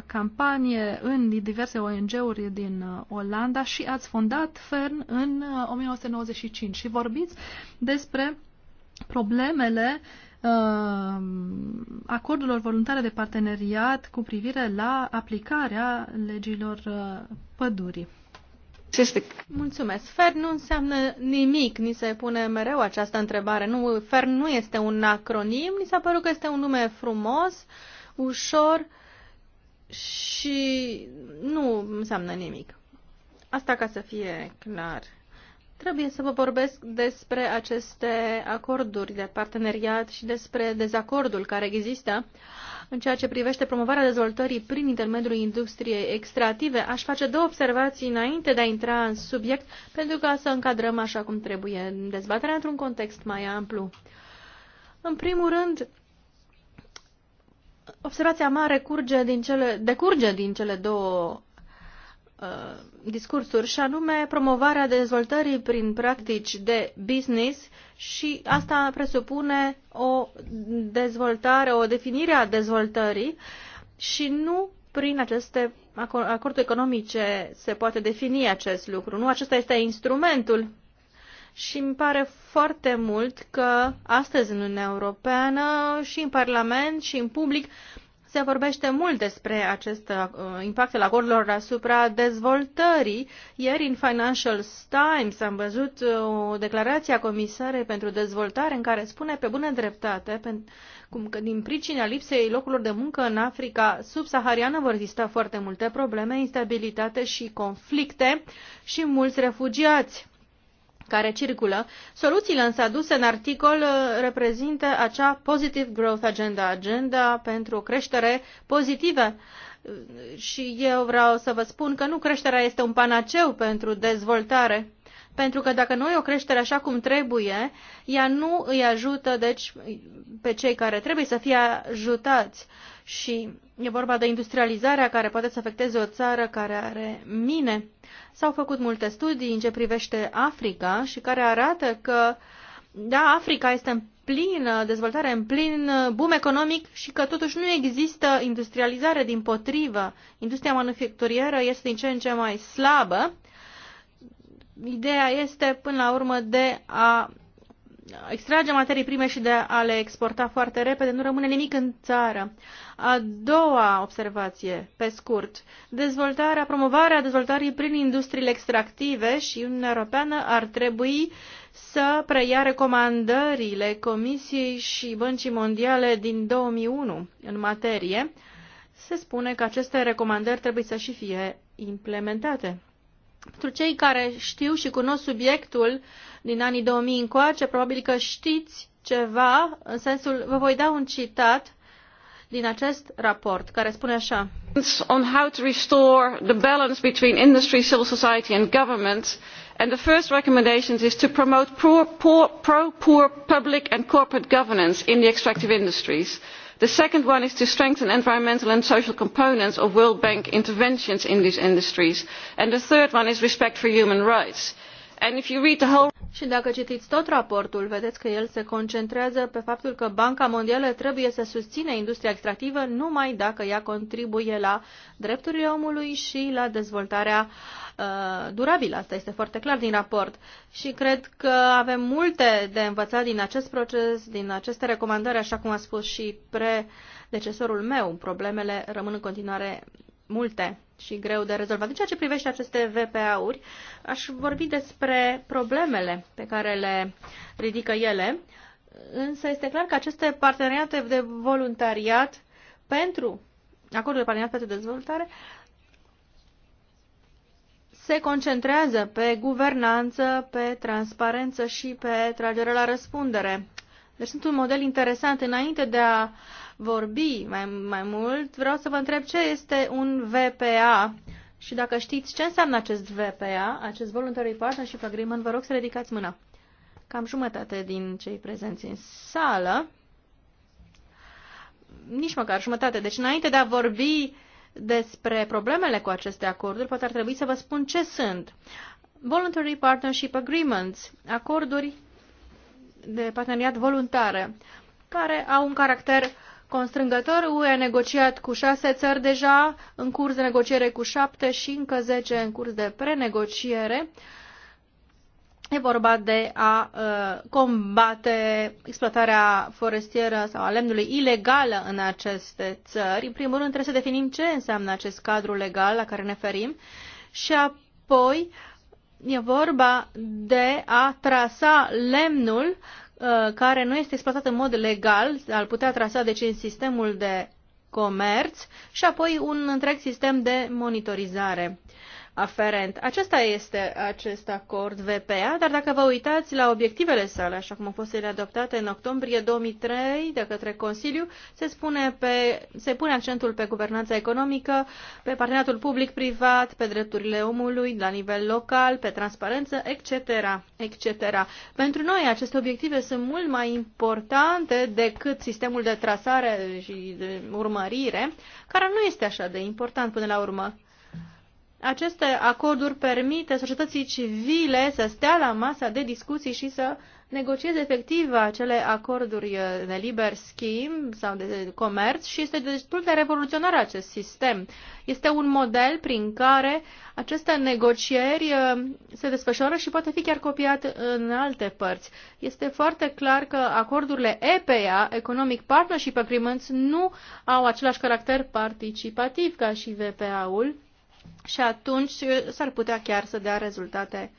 campanie în diverse ONG-uri din Olanda și ați fondat FERN în 1995 și vorbiți despre problemele uh, Um, acordurilor voluntare de parteneriat cu privire la aplicarea legilor uh, pădurii. Mulțumesc. FER nu înseamnă nimic. Ni se pune mereu această întrebare. Nu, FER nu este un acronim. Ni s-a părut că este un nume frumos, ușor și nu înseamnă nimic. Asta ca să fie clar. Trebuie să vă vorbesc despre aceste acorduri de parteneriat și despre dezacordul care există în ceea ce privește promovarea dezvoltării prin intermediul industriei extrative. Aș face două observații înainte de a intra în subiect pentru ca să încadrăm așa cum trebuie dezbaterea într-un context mai amplu. În primul rând, observația mare curge din cele, decurge din cele două Uh, discursuri și anume promovarea dezvoltării prin practici de business și asta presupune o dezvoltare, o definire a dezvoltării și nu prin aceste acorduri economice se poate defini acest lucru. Nu acesta este instrumentul și îmi pare foarte mult că astăzi în Uniunea Europeană și în Parlament și în public se vorbește mult despre acest uh, impactul acordurilor asupra dezvoltării. Ieri în Financial Times am văzut uh, o declarație a Comisarei pentru Dezvoltare în care spune pe bună dreptate cum că din pricina lipsei locurilor de muncă în Africa subsahariană vor exista foarte multe probleme, instabilitate și conflicte și mulți refugiați care circulă. Soluțiile însă aduse în articol uh, reprezintă acea Positive Growth Agenda, agenda pentru o creștere pozitivă. Uh, și eu vreau să vă spun că nu creșterea este un panaceu pentru dezvoltare, pentru că dacă nu e o creștere așa cum trebuie, ea nu îi ajută deci, pe cei care trebuie să fie ajutați. Uh, și e vorba de industrializarea care poate să afecteze o țară care are mine. S-au făcut multe studii în ce privește Africa și care arată că, da, Africa este în plin dezvoltare, în plin boom economic și că totuși nu există industrializare din potrivă. Industria manufacturieră este din ce în ce mai slabă. Ideea este, până la urmă, de a extrage materii prime și de a le exporta foarte repede, nu rămâne nimic în țară. A doua observație, pe scurt, dezvoltarea, promovarea dezvoltării prin industriile extractive și Uniunea Europeană ar trebui să preia recomandările Comisiei și Băncii Mondiale din 2001 în materie. Se spune că aceste recomandări trebuie să și fie implementate. Pentru cei care știu și cunosc subiectul, uh, din anii 2000 încoace, probabil că știți ceva, în sensul, vă voi da un citat din acest raport, care spune așa. On how to restore the balance between industry, civil society and government, and the first recommendation is to promote pro-poor pro public and corporate governance in the extractive industries the second one is to strengthen environmental and social components of world bank interventions in these industries and the third one is respect for human rights. Și dacă citiți tot raportul, vedeți că el se concentrează pe faptul că Banca Mondială trebuie să susține industria extractivă numai dacă ea contribuie la drepturile omului și la dezvoltarea uh, durabilă. Asta este foarte clar din raport. Și cred că avem multe de învățat din acest proces, din aceste recomandări, așa cum a spus și predecesorul meu. Problemele rămân în continuare multe și greu de rezolvat. În ceea ce privește aceste VPA-uri, aș vorbi despre problemele pe care le ridică ele, însă este clar că aceste parteneriate de voluntariat pentru acordul de parteneriat pentru dezvoltare se concentrează pe guvernanță, pe transparență și pe tragere la răspundere. Deci sunt un model interesant. Înainte de a vorbi mai, mai mult, vreau să vă întreb ce este un VPA și dacă știți ce înseamnă acest VPA, acest Voluntary Partnership Agreement, vă rog să ridicați mâna. Cam jumătate din cei prezenți în sală, nici măcar jumătate. Deci înainte de a vorbi despre problemele cu aceste acorduri, poate ar trebui să vă spun ce sunt. Voluntary Partnership Agreements, acorduri de parteneriat voluntară, care au un caracter constrângător. UE a negociat cu șase țări deja, în curs de negociere cu șapte și încă zece în curs de prenegociere. E vorba de a uh, combate exploatarea forestieră sau a lemnului ilegală în aceste țări. În primul rând trebuie să definim ce înseamnă acest cadru legal la care ne ferim și apoi uh, e vorba de a trasa lemnul uh, care nu este exploatat în mod legal, al putea trasa deci în sistemul de comerț și apoi un întreg sistem de monitorizare aferent. Acesta este acest acord VPA, dar dacă vă uitați la obiectivele sale, așa cum au fost ele adoptate în octombrie 2003 de către Consiliu, se, spune pe, se pune accentul pe guvernanța economică, pe parteneriatul public-privat, pe drepturile omului la nivel local, pe transparență, etc. etc. Pentru noi aceste obiective sunt mult mai importante decât sistemul de trasare și de urmărire, care nu este așa de important până la urmă aceste acorduri permite societății civile să stea la masa de discuții și să negocieze efectiv acele acorduri de liber schimb sau de comerț și este destul de revoluționar acest sistem. Este un model prin care aceste negocieri uh, se desfășoară și poate fi chiar copiat în alte părți. Este foarte clar că acordurile EPA, Economic Partnership Agreements, nu au același caracter participativ ca și VPA-ul și atunci s-ar putea chiar să dea rezultate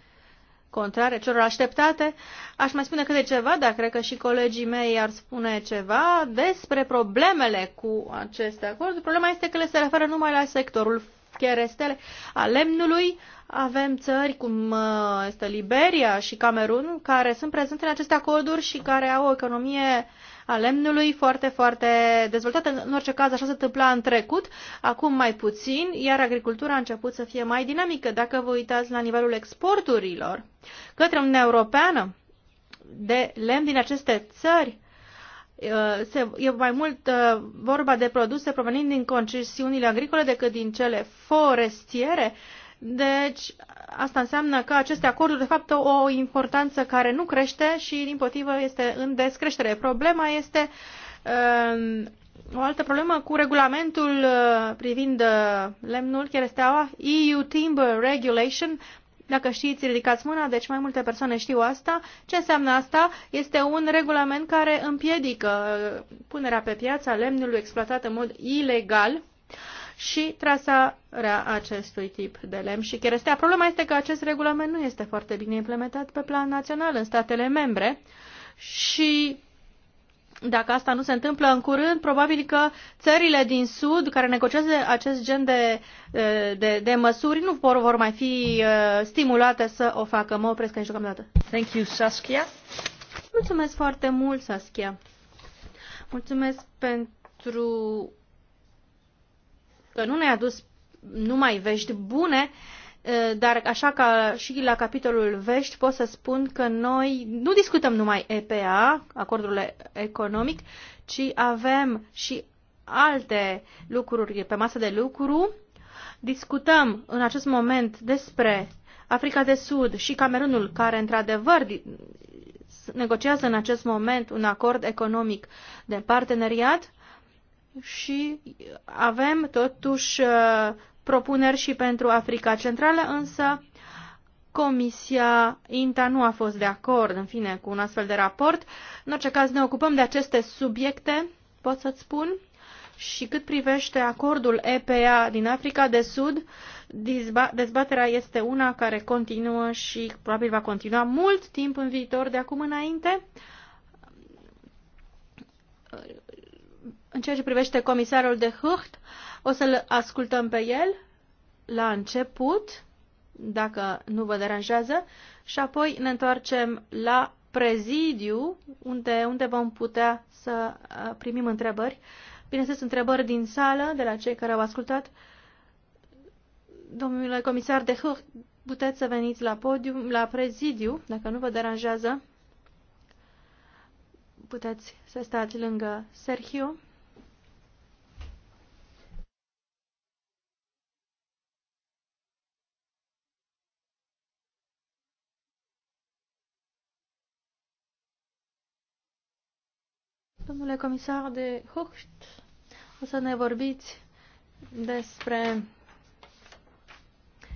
contrare celor așteptate. Aș mai spune câte ceva, dar cred că și colegii mei ar spune ceva despre problemele cu aceste acord. Problema este că le se referă numai la sectorul cherestele a lemnului. Avem țări cum uh, este Liberia și Camerun care sunt prezente în aceste acorduri și care au o economie uh, a lemnului foarte, foarte dezvoltată. În orice caz, așa se întâmpla în trecut, acum mai puțin, iar agricultura a început să fie mai dinamică. Dacă vă uitați la nivelul exporturilor către Uniunea Europeană de lemn din aceste țări, uh, se, e mai mult uh, vorba de produse provenind din concesiunile agricole decât din cele forestiere. Uh, deci, asta înseamnă că aceste acorduri, de fapt, au o importanță care nu crește și, din potrivă, este în descreștere. Problema este uh, o altă problemă cu regulamentul uh, privind uh, lemnul, care este EU Timber Regulation, dacă știți, ridicați mâna, deci mai multe persoane știu asta. Ce înseamnă asta? Este un regulament care împiedică uh, punerea pe piață a lemnului exploatat în mod ilegal și trasarea acestui tip de lemn și cherestea. Problema este că acest regulament nu este foarte bine implementat pe plan național în statele membre și dacă asta nu se întâmplă în curând, probabil că țările din Sud care negociază acest gen de, de, de măsuri nu vor, vor mai fi uh, stimulate să o facă. Mă opresc aici deocamdată. Thank you, Saskia. Mulțumesc foarte mult, Saskia. Mulțumesc pentru că nu ne-a dus numai vești bune, dar așa ca și la capitolul vești pot să spun că noi nu discutăm numai EPA, acordul economic, ci avem și alte lucruri pe masă de lucru. Discutăm în acest moment despre Africa de Sud și Camerunul, care într-adevăr negociază în acest moment un acord economic de parteneriat și avem totuși uh, propuneri și pentru Africa Centrală, însă Comisia INTA nu a fost de acord, în fine, cu un astfel de raport. În orice caz, ne ocupăm de aceste subiecte, pot să-ți spun, și cât privește acordul EPA din Africa de Sud, dezbaterea este una care continuă și probabil va continua mult timp în viitor de acum înainte. În ceea ce privește comisarul de Hucht, o să-l ascultăm pe el la început, dacă nu vă deranjează, și apoi ne întoarcem la prezidiu, unde, unde vom putea să uh, primim întrebări. Bineînțeles, întrebări din sală, de la cei care au ascultat. Domnule comisar de Hucht, puteți să veniți la podium, la prezidiu, dacă nu vă deranjează. Puteți să stați lângă Sergio. Domnule comisar de Hucht, o să ne vorbiți despre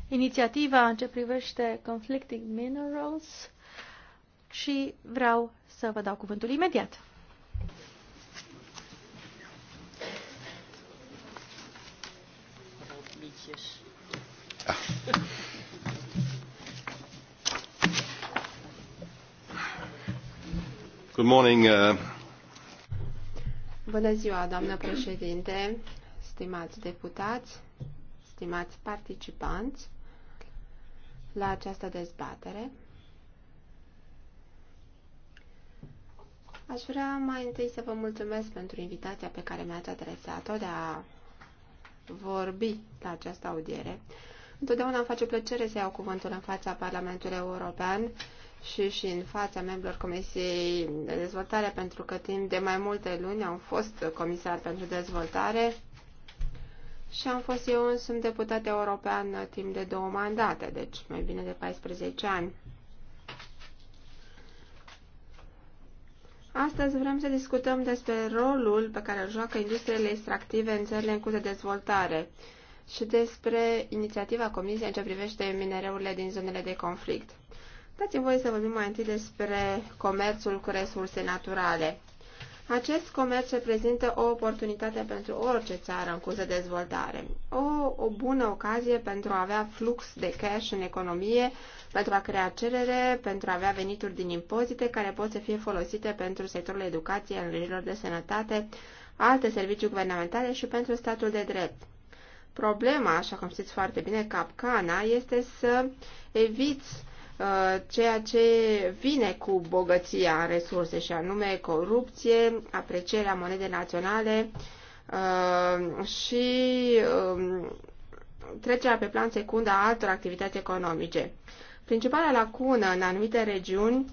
inițiativa în ce privește Conflicting Minerals și vreau să vă dau cuvântul imediat. Good morning, uh, Bună ziua, doamnă președinte, stimați deputați, stimați participanți la această dezbatere. Aș vrea mai întâi să vă mulțumesc pentru invitația pe care mi-ați adresat-o de a vorbi la această audiere. Întotdeauna îmi face plăcere să iau cuvântul în fața Parlamentului European și, și în fața membrilor Comisiei de Dezvoltare, pentru că timp de mai multe luni am fost comisar pentru dezvoltare și am fost eu însumi deputat european timp de două mandate, deci mai bine de 14 ani. Astăzi vrem să discutăm despre rolul pe care îl joacă industriile extractive în țările în curs de dezvoltare și despre inițiativa Comisiei în ce privește minereurile din zonele de conflict. Dați-mi voie să vorbim mai întâi despre comerțul cu resurse naturale. Acest comerț reprezintă o oportunitate pentru orice țară în curs de dezvoltare, o, o bună ocazie pentru a avea flux de cash în economie, pentru a crea cerere, pentru a avea venituri din impozite care pot să fie folosite pentru sectorul educației, îngrijirilor de sănătate, alte servicii guvernamentale și pentru statul de drept. Problema, așa cum știți foarte bine, capcana, este să eviți Uh, ceea ce vine cu bogăția în resurse, și anume corupție, aprecierea monedei naționale uh, și um, trecerea pe plan secund a altor activități economice. Principala lacună în anumite regiuni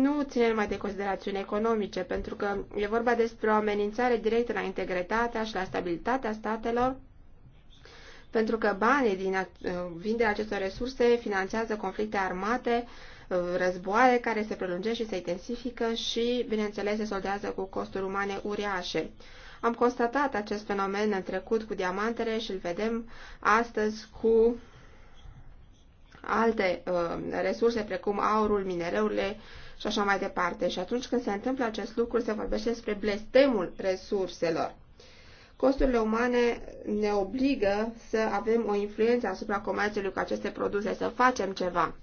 nu ține numai de considerațiuni economice, pentru că e vorba despre o amenințare directă la integritatea și la stabilitatea statelor pentru că banii din vinderea acestor resurse finanțează conflicte armate, uh, războaie care se prelungesc și se intensifică și, bineînțeles, se soldează cu costuri umane uriașe. Am constatat acest fenomen în trecut cu diamantele și îl vedem astăzi cu alte uh, resurse precum aurul, minereurile și așa mai departe. Și atunci când se întâmplă acest lucru, se vorbește despre blestemul resurselor. Costurile umane ne obligă să avem o influență asupra comerțului cu aceste produse, să facem ceva.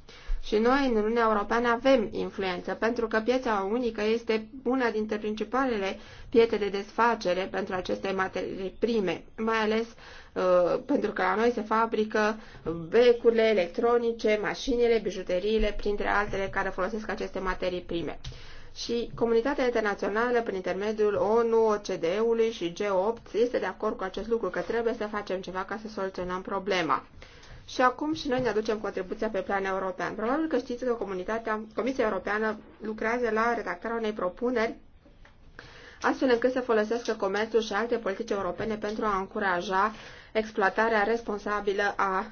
Și noi, în Uniunea Europeană, avem influență, pentru că piața unică este una dintre principalele piețe de desfacere pentru aceste materii prime, mai ales uh, pentru că la noi se fabrică becurile electronice, mașinile, bijuteriile, printre altele care folosesc aceste materii prime și comunitatea internațională, prin intermediul ONU, OCDE-ului și G8, este de acord cu acest lucru, că trebuie să facem ceva ca să soluționăm problema. Și acum și noi ne aducem contribuția pe plan european. Probabil că știți că comunitatea, Comisia Europeană lucrează la redactarea unei propuneri astfel încât să folosească comerțul și alte politici europene pentru a încuraja exploatarea responsabilă a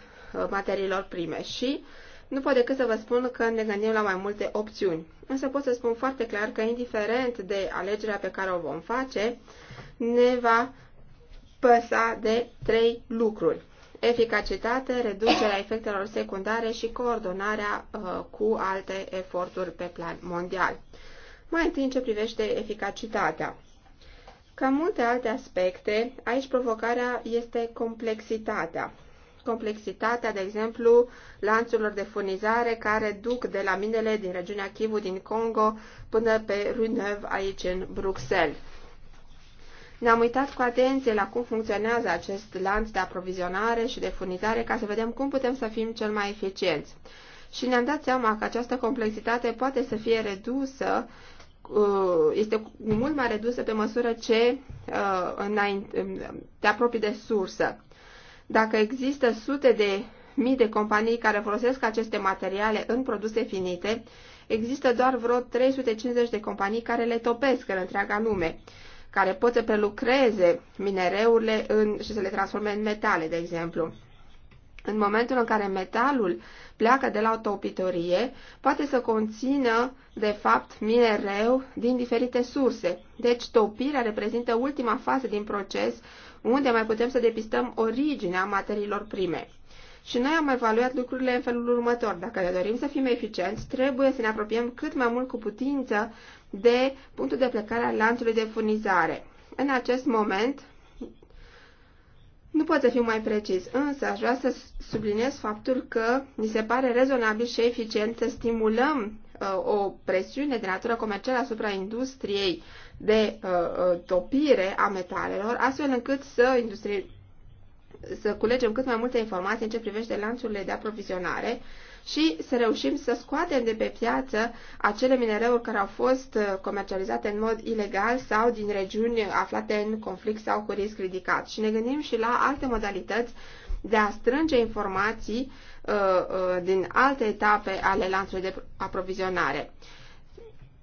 materiilor prime. Și uh, nu pot decât să vă spun că ne gândim la mai multe opțiuni, însă pot să spun foarte clar că, indiferent de alegerea pe care o vom face, ne va păsa de trei lucruri. Eficacitate, reducerea efectelor secundare și coordonarea uh, cu alte eforturi pe plan mondial. Mai întâi în ce privește eficacitatea. Ca multe alte aspecte, aici provocarea este complexitatea complexitatea, de exemplu, lanțurilor de furnizare care duc de la minele din regiunea Kivu din Congo până pe Neuve, aici în Bruxelles. Ne-am uitat cu atenție la cum funcționează acest lanț de aprovizionare și de furnizare ca să vedem cum putem să fim cel mai eficienți. Și ne-am dat seama că această complexitate poate să fie redusă este mult mai redusă pe măsură ce uh, te apropii de sursă. Dacă există sute de mii de companii care folosesc aceste materiale în produse finite, există doar vreo 350 de companii care le topesc în întreaga lume, care pot să prelucreze minereurile în, și să le transforme în metale, de exemplu. În momentul în care metalul pleacă de la o topitorie, poate să conțină, de fapt, minereu din diferite surse. Deci, topirea reprezintă ultima fază din proces unde mai putem să depistăm originea materiilor prime. Și noi am evaluat lucrurile în felul următor. Dacă ne dorim să fim eficienți, trebuie să ne apropiem cât mai mult cu putință de punctul de plecare al lanțului de furnizare. În acest moment, nu pot să fiu mai precis, însă aș vrea să subliniez faptul că mi se pare rezonabil și eficient să stimulăm uh, o presiune de natură comercială asupra industriei de uh, uh, topire a metalelor, astfel încât să industrie să culegem cât mai multe informații în ce privește lanțurile de aprovizionare și să reușim să scoatem de pe piață acele minereuri care au fost uh, comercializate în mod ilegal sau din regiuni aflate în conflict sau cu risc ridicat. Și ne gândim și la alte modalități de a strânge informații uh, uh, din alte etape ale lanțului de aprovizionare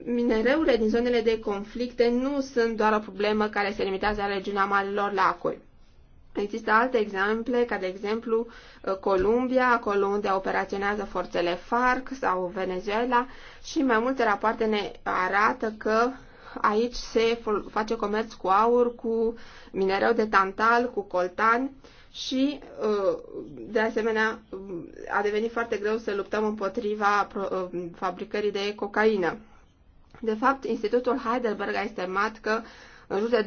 minereurile din zonele de conflicte nu sunt doar o problemă care se limitează la regiunea Marilor Lacuri. Există alte exemple, ca de exemplu uh, Columbia, acolo unde operaționează forțele FARC sau Venezuela și mai multe rapoarte ne arată că aici se face comerț cu aur, cu minereu de tantal, cu coltan și, uh, de asemenea, uh, a devenit foarte greu să luptăm împotriva fabricării de cocaină. De fapt, Institutul Heidelberg a estimat că în jur de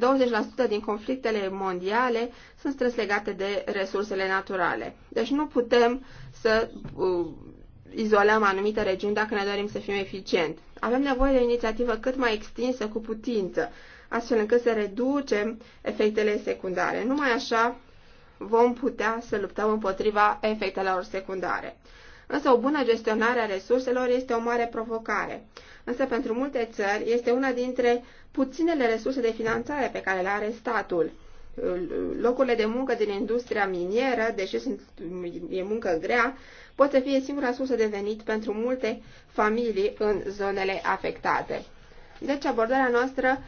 20% din conflictele mondiale sunt strâns legate de resursele naturale. Deci nu putem să uh, izolăm anumite regiuni dacă ne dorim să fim eficienti. Avem nevoie de o inițiativă cât mai extinsă cu putință, astfel încât să reducem efectele secundare. Numai așa vom putea să luptăm împotriva efectelor secundare. Însă o bună gestionare a resurselor este o mare provocare. Însă pentru multe țări este una dintre puținele resurse de finanțare pe care le are statul. Locurile de muncă din industria minieră, deși sunt, e muncă grea, pot să fie singura sursă de venit pentru multe familii în zonele afectate. Deci abordarea noastră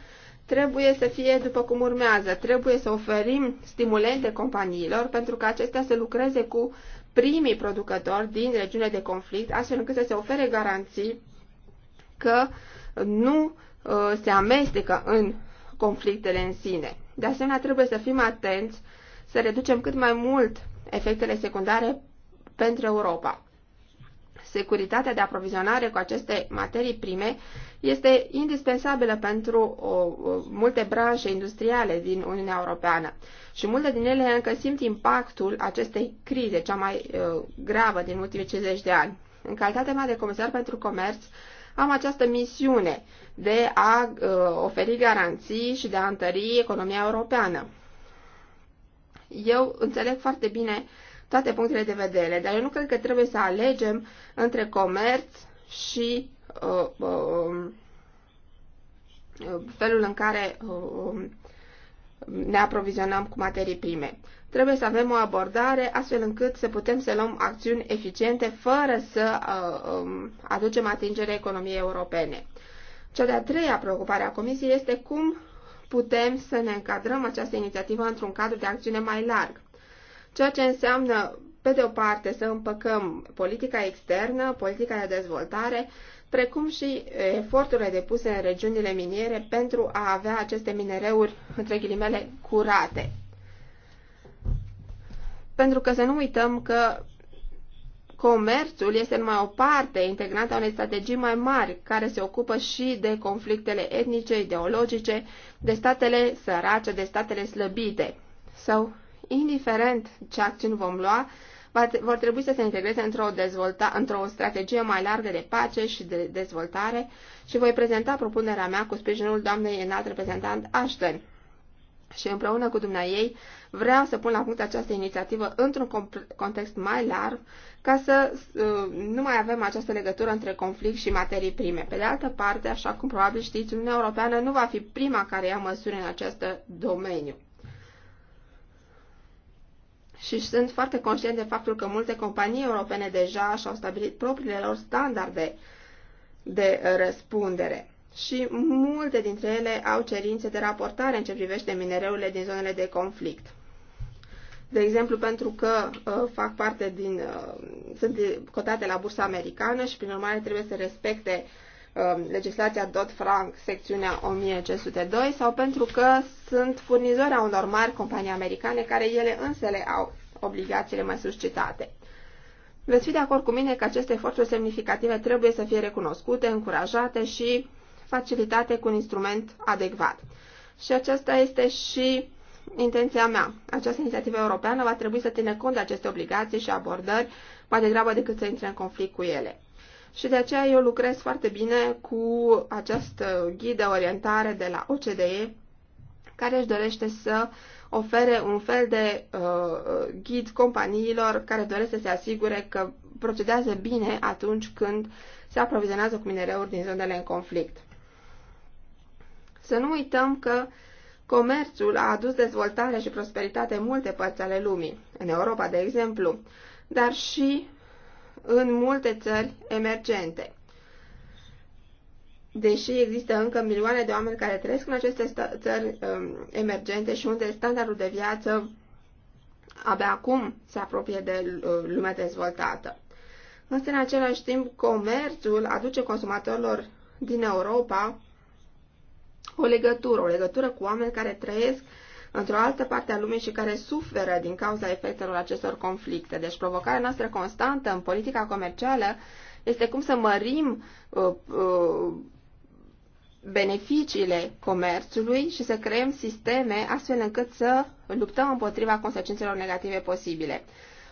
trebuie să fie după cum urmează. Trebuie să oferim stimulente companiilor pentru că acestea să lucreze cu primii producători din regiunile de conflict, astfel încât să se ofere garanții că nu uh, se amestecă în conflictele în sine. De asemenea, trebuie să fim atenți să reducem cât mai mult efectele secundare pentru Europa securitatea de aprovizionare cu aceste materii prime este indispensabilă pentru o, o, multe branșe industriale din Uniunea Europeană și multe din ele încă simt impactul acestei crize, cea mai uh, gravă din ultimii 50 de ani. În calitatea mea de comisar pentru comerț, am această misiune de a uh, oferi garanții și de a întări economia europeană. Eu înțeleg foarte bine uh, toate punctele de vedere, dar eu nu cred că trebuie să alegem între comerț și uh, uh, um, felul în care uh, um, ne aprovizionăm cu materii prime. Trebuie să avem o abordare astfel încât să putem să luăm acțiuni eficiente fără să uh, um, aducem atingere economiei europene. Cea de-a treia preocupare a Comisiei este cum putem să ne încadrăm această inițiativă într-un cadru de acțiune mai larg ceea ce înseamnă, pe de o parte, să împăcăm politica externă, politica de dezvoltare, precum și eforturile depuse în regiunile miniere pentru a avea aceste minereuri, între ghilimele, curate. Pentru că să nu uităm că comerțul este numai o parte integrată a unei strategii mai mari, care se ocupă și de conflictele etnice, ideologice, de statele sărace, de statele slăbite sau indiferent ce acțiuni vom lua, vor trebui să se integreze într-o, dezvolta, într-o strategie mai largă de pace și de dezvoltare și voi prezenta propunerea mea cu sprijinul doamnei înalt reprezentant Ashton. Și împreună cu ei vreau să pun la punct această inițiativă într-un context mai larg ca să uh, nu mai avem această legătură între conflict și materii prime. Pe de altă parte, așa cum probabil știți, Uniunea Europeană nu va fi prima care ia măsuri în acest domeniu și sunt foarte conștient de faptul că multe companii europene deja și-au stabilit propriile lor standarde de răspundere și multe dintre ele au cerințe de raportare în ce privește minereurile din zonele de conflict. De exemplu, pentru că uh, fac parte din, uh, sunt cotate la bursa americană și prin urmare trebuie să respecte uh, Um, legislația Dodd-Frank, secțiunea 1502, sau pentru că sunt furnizori a unor mari companii americane care ele însele au obligațiile mai suscitate. Veți fi de acord cu mine că aceste eforturi semnificative trebuie să fie recunoscute, încurajate și facilitate cu un instrument adecvat. Și aceasta este și intenția mea. Această inițiativă europeană va trebui să țină cont de aceste obligații și abordări, mai degrabă decât să intre în conflict cu ele și de aceea eu lucrez foarte bine cu acest ghid orientare de la OCDE care își dorește să ofere un fel de uh, ghid companiilor care doresc să se asigure că procedează bine atunci când se aprovizionează cu minereuri din zonele în conflict. Să nu uităm că comerțul a adus dezvoltare și prosperitate în multe părți ale lumii, în Europa, de exemplu, dar și în multe țări emergente. Deși există încă milioane de oameni care trăiesc în aceste țări um, emergente și unde standardul de viață abia acum se apropie de uh, lumea dezvoltată. Însă, în același timp, comerțul aduce consumatorilor din Europa o legătură, o legătură cu oameni care trăiesc într-o altă parte a lumii și care suferă din cauza efectelor acestor conflicte. Deci provocarea noastră constantă în politica comercială este cum să mărim uh, uh, beneficiile comerțului și să creăm sisteme astfel încât să luptăm împotriva consecințelor negative posibile.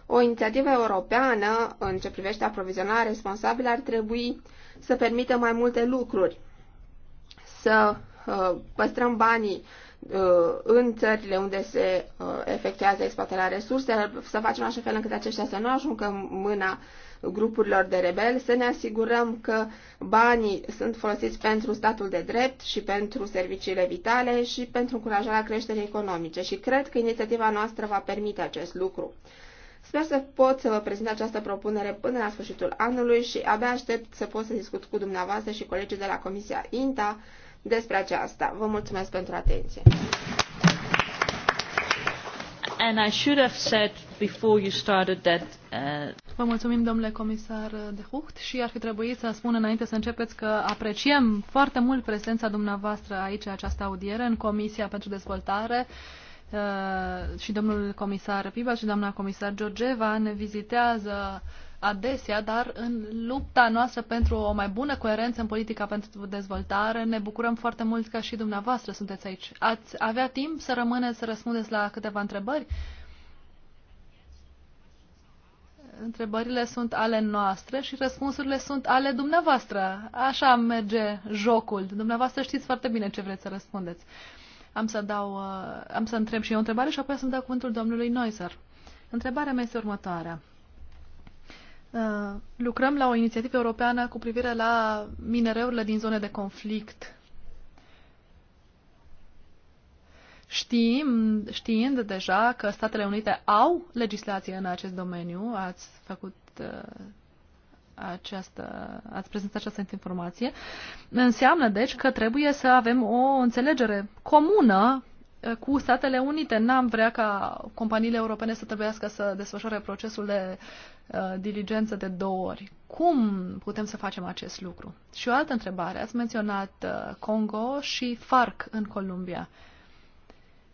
O inițiativă europeană în ce privește aprovizionarea responsabilă ar trebui să permită mai multe lucruri, să uh, păstrăm banii Uh, în țările unde se uh, efectuează exploatarea resurselor, să facem așa fel încât aceștia să nu ajungă în mâna grupurilor de rebeli, să ne asigurăm că banii sunt folosiți pentru statul de drept și pentru serviciile vitale și pentru încurajarea creșterii economice și cred că inițiativa noastră va permite acest lucru. Sper să pot să vă prezint această propunere până la sfârșitul anului și abia aștept să pot să discut cu dumneavoastră și colegii de la Comisia INTA despre aceasta. Vă mulțumesc pentru atenție. And I should have said before you started that uh, Vă mulțumim, domnule comisar de Hucht, și ar fi trebuit să spun înainte să începeți că apreciem foarte mult prezența dumneavoastră aici, această audiere, în Comisia pentru Dezvoltare uh, și domnul comisar Piba și doamna comisar Georgeva ne vizitează adesea, dar în lupta noastră pentru o mai bună coerență în politica pentru dezvoltare, ne bucurăm foarte mult că și dumneavoastră sunteți aici. Ați avea timp să rămâneți să răspundeți la câteva întrebări? Întrebările sunt ale noastre și răspunsurile sunt ale dumneavoastră. Așa merge jocul. Dumneavoastră știți foarte bine ce vreți să răspundeți. Am să, dau, uh, am să întreb și eu o întrebare și apoi să-mi dau cuvântul domnului Noiser. Întrebarea mea este următoarea. Uh, lucrăm la o inițiativă europeană cu privire la minereurile din zone de conflict. Știm, știind deja că Statele Unite au legislație în acest domeniu, ați făcut uh, această, ați prezentat această informație, înseamnă deci că trebuie să avem o înțelegere comună uh, cu Statele Unite. N-am vrea ca companiile europene să trebuiască să desfășoare procesul de Uh, diligență de două ori. Cum putem să facem acest lucru? Și o altă întrebare. Ați menționat uh, Congo și FARC în Columbia.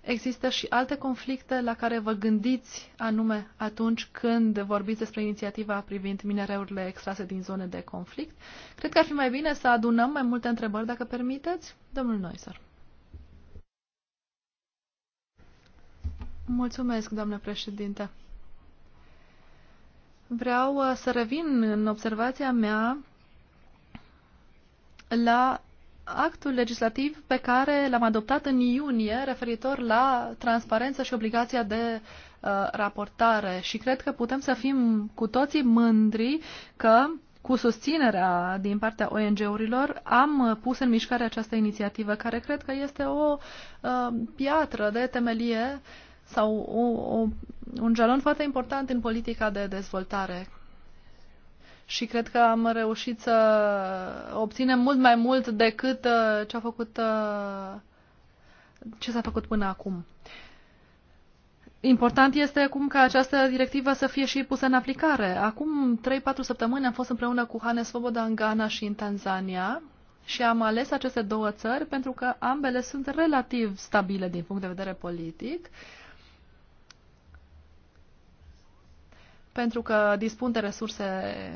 Există și alte conflicte la care vă gândiți anume atunci când vorbiți despre inițiativa privind minereurile extrase din zone de conflict? Cred că ar fi mai bine să adunăm mai multe întrebări, dacă permiteți. Domnul Noiser. Mulțumesc, doamnă președinte. Vreau uh, să revin în observația mea la actul legislativ pe care l-am adoptat în iunie referitor la transparență și obligația de uh, raportare și cred că putem să fim cu toții mândri că cu susținerea din partea ONG-urilor am uh, pus în mișcare această inițiativă care cred că este o uh, piatră de temelie uh, sau o, o, un jalon foarte important în politica de dezvoltare. Și cred că am reușit să obținem mult mai mult decât uh, ce a făcut uh, ce s-a făcut până acum. Important este acum ca această directivă să fie și pusă în aplicare. Acum 3-4 săptămâni am fost împreună cu Hannes Svoboda în Ghana și în Tanzania și am ales aceste două țări pentru că ambele sunt relativ stabile din punct de vedere politic. Uh, pentru că dispun de resurse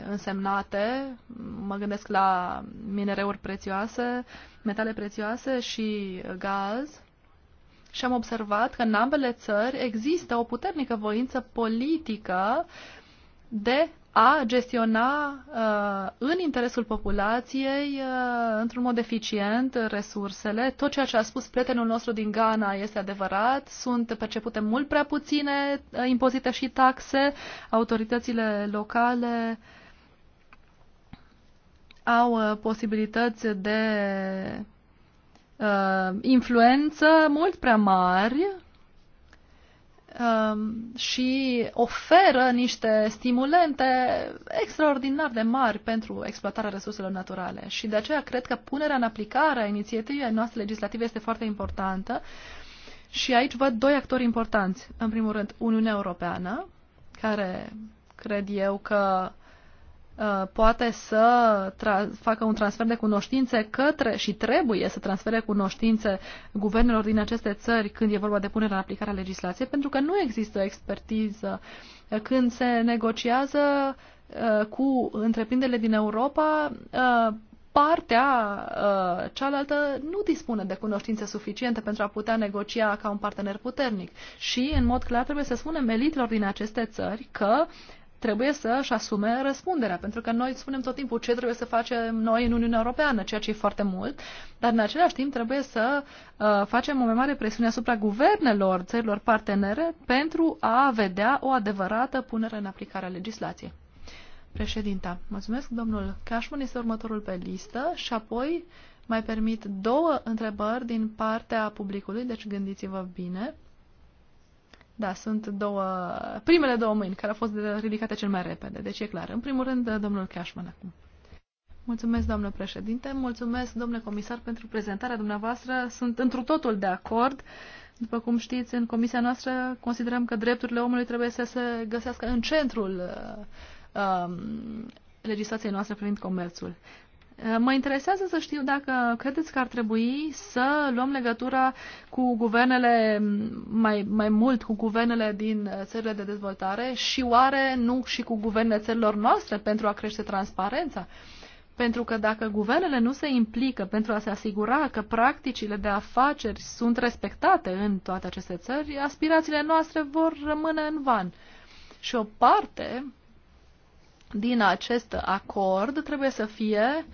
însemnate, mă gândesc la minereuri prețioase, metale prețioase și gaz. Și am observat că în ambele țări există o puternică voință politică de a gestiona uh, în interesul populației, uh, într-un mod eficient, uh, resursele. Tot ceea ce a spus prietenul nostru din Ghana este adevărat. Sunt percepute mult prea puține uh, impozite și taxe. Autoritățile locale au uh, posibilități de uh, influență mult prea mari Um, și oferă niște stimulente extraordinar de mari pentru exploatarea resurselor naturale. Și de aceea cred că punerea în aplicare a inițiativei noastre legislative este foarte importantă. Și aici văd doi actori importanți. În primul rând, Uniunea Europeană, care cred eu că uh, Uh, poate să facă un transfer de cunoștințe către și trebuie să transfere cunoștințe guvernelor din aceste țări când e vorba de punerea în aplicare a legislației, pentru că nu există expertiză. Când se negociază uh, cu întreprinderile din Europa, uh, partea uh, cealaltă nu dispune de cunoștințe suficiente pentru a putea negocia ca un partener puternic. Și, în mod clar, trebuie să spunem elitelor din aceste țări că trebuie să-și asume răspunderea, pentru că noi spunem tot timpul ce trebuie să facem noi în Uniunea Europeană, ceea ce e foarte mult, dar în același timp trebuie să uh, facem o mai mare presiune asupra guvernelor țărilor partenere pentru a vedea o adevărată punere în aplicare a legislației. Președinta, mulțumesc. Domnul Cashman este următorul pe listă și apoi mai permit două întrebări din partea publicului, deci gândiți-vă bine. Da, sunt două, primele două mâini care au fost ridicate cel mai repede, deci e clar. În primul rând, domnul Cashman acum. Mulțumesc, doamnă președinte, mulțumesc, domnule comisar, pentru prezentarea dumneavoastră. Sunt întru totul de acord. După cum știți, în comisia noastră considerăm că drepturile omului trebuie să se găsească în centrul uh, um, legislației noastre privind comerțul. Uh, mă interesează să știu dacă credeți că ar trebui să luăm legătura cu guvernele, mai, mai mult cu guvernele din țările de dezvoltare și oare nu și cu guvernele țărilor noastre pentru a crește transparența? Pentru că dacă guvernele nu se implică pentru a se asigura că practicile de afaceri sunt respectate în toate aceste țări, aspirațiile noastre vor rămâne în van. Și o parte din acest acord trebuie să fie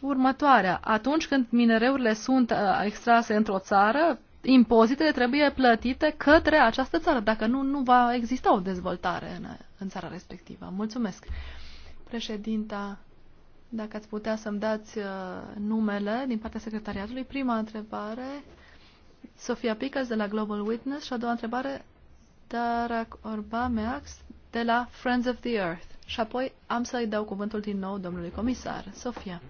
următoarea. Atunci când minereurile sunt uh, extrase într-o țară, impozitele trebuie plătite către această țară. Dacă nu, nu va exista o dezvoltare în, în țara respectivă. Mulțumesc. Președinta, dacă ați putea să-mi dați uh, numele din partea secretariatului, prima întrebare, Sofia Picas de la Global Witness și a doua întrebare, Darak Orba Meax de la Friends of the Earth. Și apoi am să-i dau cuvântul din nou domnului comisar, Sofia.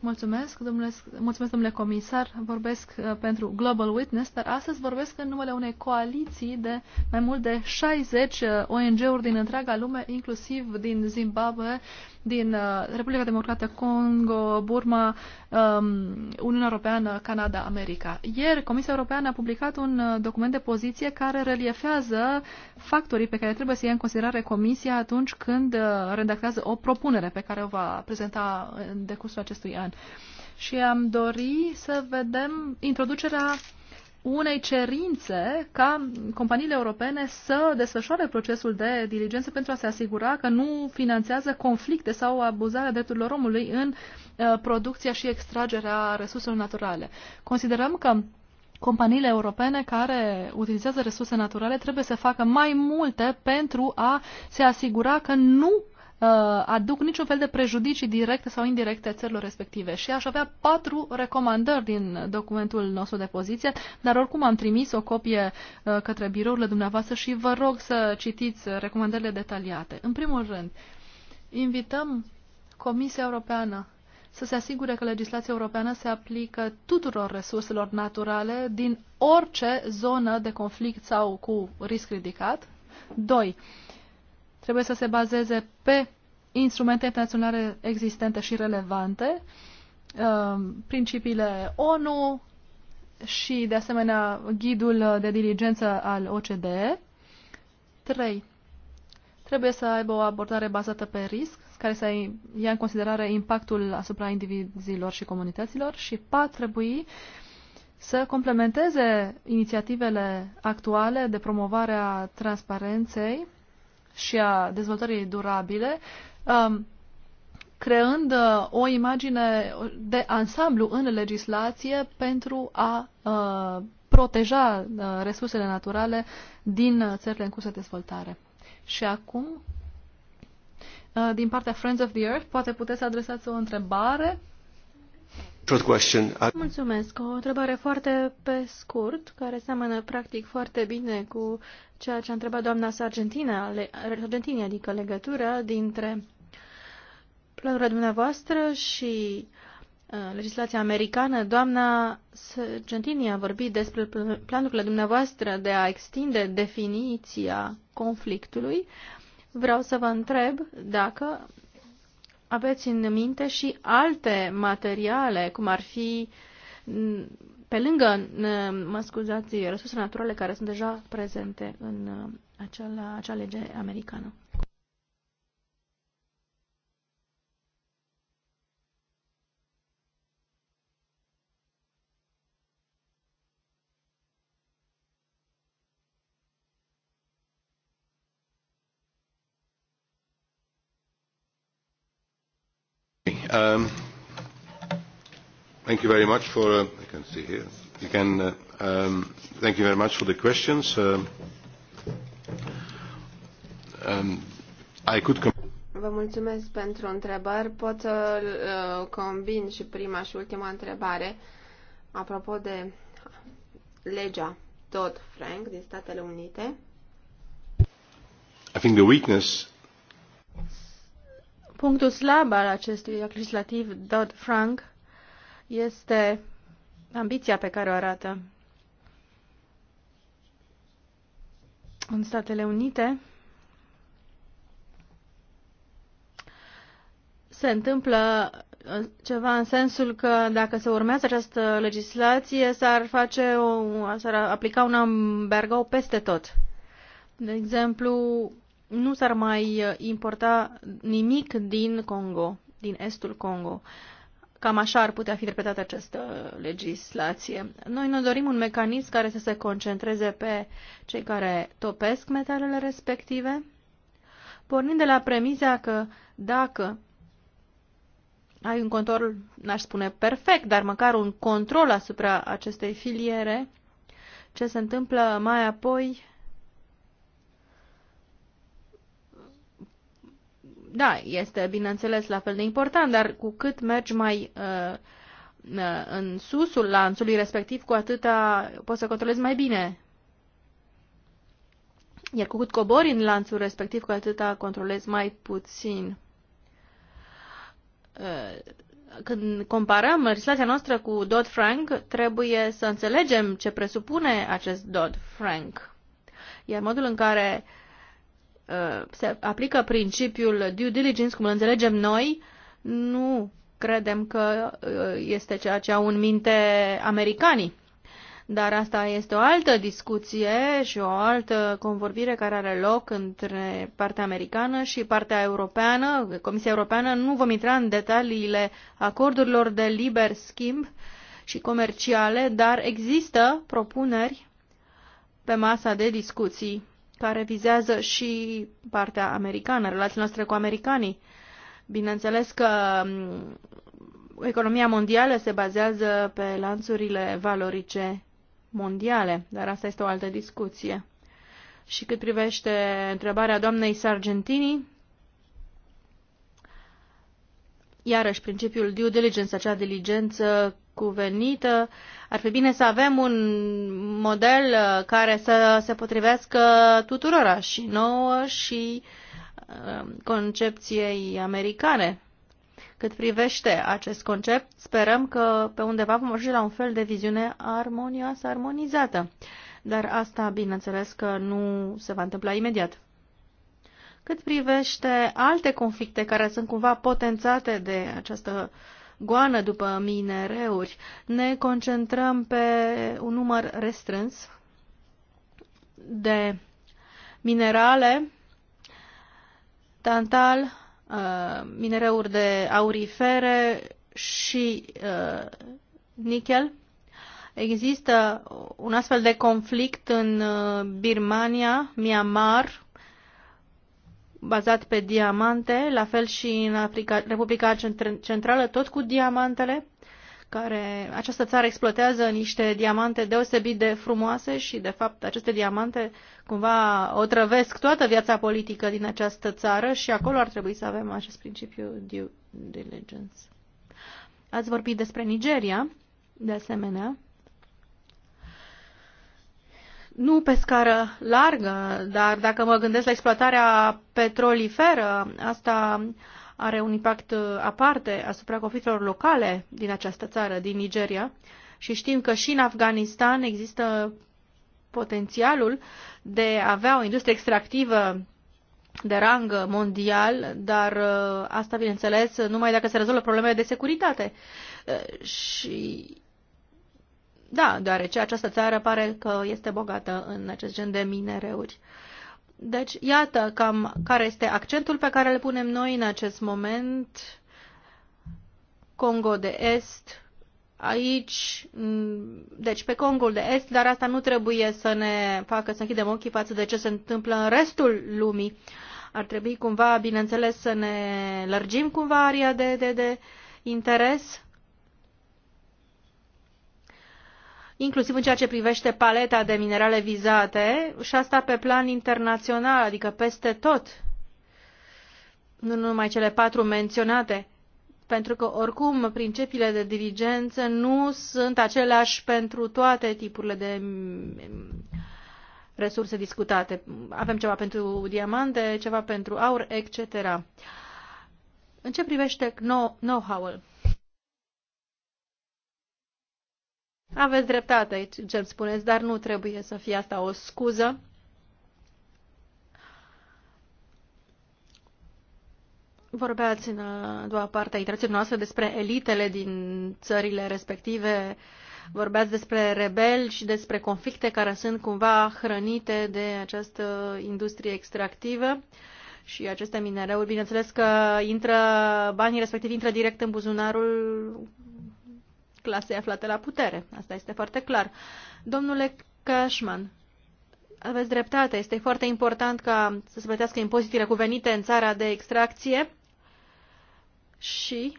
Mulțumesc, domnule, mulțumesc, domnule comisar. Vorbesc uh, pentru Global Witness, dar astăzi vorbesc în numele unei coaliții de mai mult de 60 uh, ONG-uri din întreaga lume, inclusiv din Zimbabwe, din uh, Republica Democrată Congo, Burma, um, Uniunea Europeană, Canada, America. Ieri, Comisia Europeană a publicat un uh, document de poziție care reliefează factorii pe care trebuie să ia în considerare Comisia atunci când uh, redactează o propunere pe care o va prezenta în decursul acestui an. Și am dori să vedem introducerea uh, unei cerințe ca companiile europene să desfășoare procesul de diligență pentru a se asigura că nu finanțează conflicte sau abuzarea drepturilor omului în uh, producția și extragerea resurselor naturale. Considerăm că companiile europene care utilizează resurse naturale trebuie să facă mai multe pentru a se asigura că nu Uh, aduc niciun fel de prejudicii directe sau indirecte țărilor respective. Și aș avea patru recomandări din documentul nostru de poziție, dar oricum am trimis o copie uh, către birourile dumneavoastră și vă rog să citiți recomandările detaliate. În primul rând, invităm Comisia Europeană să se asigure că legislația europeană se aplică tuturor resurselor naturale din orice zonă de conflict sau cu risc ridicat. 2 trebuie să se bazeze pe instrumente internaționale existente și relevante, uh, principiile ONU și, de asemenea, ghidul de diligență al OCDE. 3. Trebuie să aibă o abordare bazată pe risc, care să ia în considerare impactul asupra indivizilor și comunităților. Și 4. Trebuie să complementeze inițiativele actuale de promovare a transparenței și a dezvoltării durabile, um, creând uh, o imagine de ansamblu în legislație pentru a uh, proteja uh, resursele naturale din țările în curs de dezvoltare. Și acum, din partea Friends of the Earth, poate puteți adresați o întrebare. Mulțumesc. O întrebare foarte pe scurt, care seamănă practic foarte bine cu ceea ce a întrebat doamna Sargentina, adică legătura dintre planurile dumneavoastră și uh, legislația americană. Doamna Sargentini a vorbit despre planurile dumneavoastră de a extinde definiția conflictului. Vreau să vă întreb dacă aveți în minte și alte materiale, cum ar fi, mm, pe lângă, mm, mă scuzați, resursele naturale care sunt deja prezente în mm, acea, acea lege americană. Um, thank you very much for, uh, I can see here, you can, uh, um, thank you very much for the questions. Uh, um, I could Vă mulțumesc pentru întrebări. Pot să uh, combin și prima și ultima întrebare apropo de legea Dodd-Frank din Statele Unite. I think the weakness Punctul slab al acestui legislativ Dodd-Frank este ambiția pe care o arată. În Statele Unite se întâmplă uh, ceva în sensul că dacă se urmează această legislație, s-ar face o, s-ar aplica un ambergau peste tot. De exemplu, nu s-ar mai uh, importa nimic din Congo, din estul Congo. Cam așa ar putea fi interpretată această legislație. Noi ne dorim un mecanism care să se concentreze pe cei care topesc metalele respective, pornind de la premiza că dacă ai un control, n-aș spune perfect, dar măcar un control asupra acestei filiere, ce se întâmplă mai apoi da, este bineînțeles la fel de important, dar cu cât mergi mai uh, uh în susul lanțului respectiv, cu atâta poți să controlezi mai bine. Iar cu cât cobori în lanțul respectiv, cu atâta controlezi mai puțin. Uh, când comparăm legislația noastră cu Dodd-Frank, trebuie să înțelegem ce presupune acest Dodd-Frank. Iar modul în care uh, Uh, se aplică principiul due diligence, cum îl înțelegem noi, nu credem că uh, este ceea ce au în minte americanii. Dar asta este o altă discuție și o altă convorbire care are loc între partea americană și partea europeană. Comisia Europeană nu vom intra în detaliile acordurilor de liber schimb și comerciale, dar există propuneri pe masa de discuții care vizează și partea americană, relațiile noastre cu americanii. Bineînțeles că mm, economia mondială se bazează pe lanțurile valorice mondiale, dar asta este o altă discuție. Și cât privește întrebarea doamnei Sargentini, iarăși principiul due diligence, acea diligență cuvenită, uh, ar fi bine să avem un model uh, care să se potrivească tuturora și nouă și uh, concepției americane. Cât privește acest concept, sperăm că pe undeva vom ajunge la un fel de viziune armonioasă, armonizată. Dar asta, bineînțeles, că nu se va întâmpla imediat. Cât privește alte conflicte care sunt cumva potențate de această uh, goană după minereuri. Ne concentrăm pe un număr restrâns de minerale, tantal, uh, minereuri de aurifere și uh, nichel. Există un astfel de conflict în uh, Birmania, Myanmar, bazat pe diamante, la fel și în Africa, Republica Centrală, tot cu diamantele, care această țară exploatează niște diamante deosebit de frumoase și, de fapt, aceste diamante cumva otrăvesc toată viața politică din această țară și acolo ar trebui să avem acest principiu due diligence. Ați vorbit despre Nigeria, de asemenea nu pe scară largă, dar dacă mă gândesc la exploatarea petroliferă, asta are un impact aparte asupra conflictelor locale din această țară, din Nigeria. Și știm că și în Afganistan există potențialul de a avea o industrie extractivă de rang mondial, dar uh, asta, bineînțeles, numai dacă se rezolvă problemele de securitate. Uh, și da, deoarece această țară pare că este bogată în acest gen de minereuri. Deci, iată cam care este accentul pe care îl punem noi în acest moment. Congo de Est, aici, mm, deci pe Congo de Est, dar asta nu trebuie să ne facă să închidem ochii față de ce se întâmplă în restul lumii. Ar trebui cumva, bineînțeles, să ne lărgim cumva aria de, de, de interes inclusiv în ceea ce privește paleta de minerale vizate, și asta pe plan internațional, adică peste tot, nu numai cele patru menționate, pentru că oricum principiile de diligență nu sunt aceleași pentru toate tipurile de mm, resurse discutate. Avem ceva pentru diamante, ceva pentru aur, etc. În ce privește know-how-ul? Aveți dreptate aici, ce spuneți, dar nu trebuie să fie asta o scuză. Vorbeați în a doua parte a intervenției noastre despre elitele din țările respective, vorbeați despre rebeli și despre conflicte care sunt cumva hrănite de această industrie extractivă și aceste minereuri, bineînțeles că intră, banii respectivi intră direct în buzunarul clasei aflate la putere. Asta este foarte clar. Domnule Cashman, aveți dreptate. Este foarte important ca să se plătească impozitile cuvenite în țara de extracție și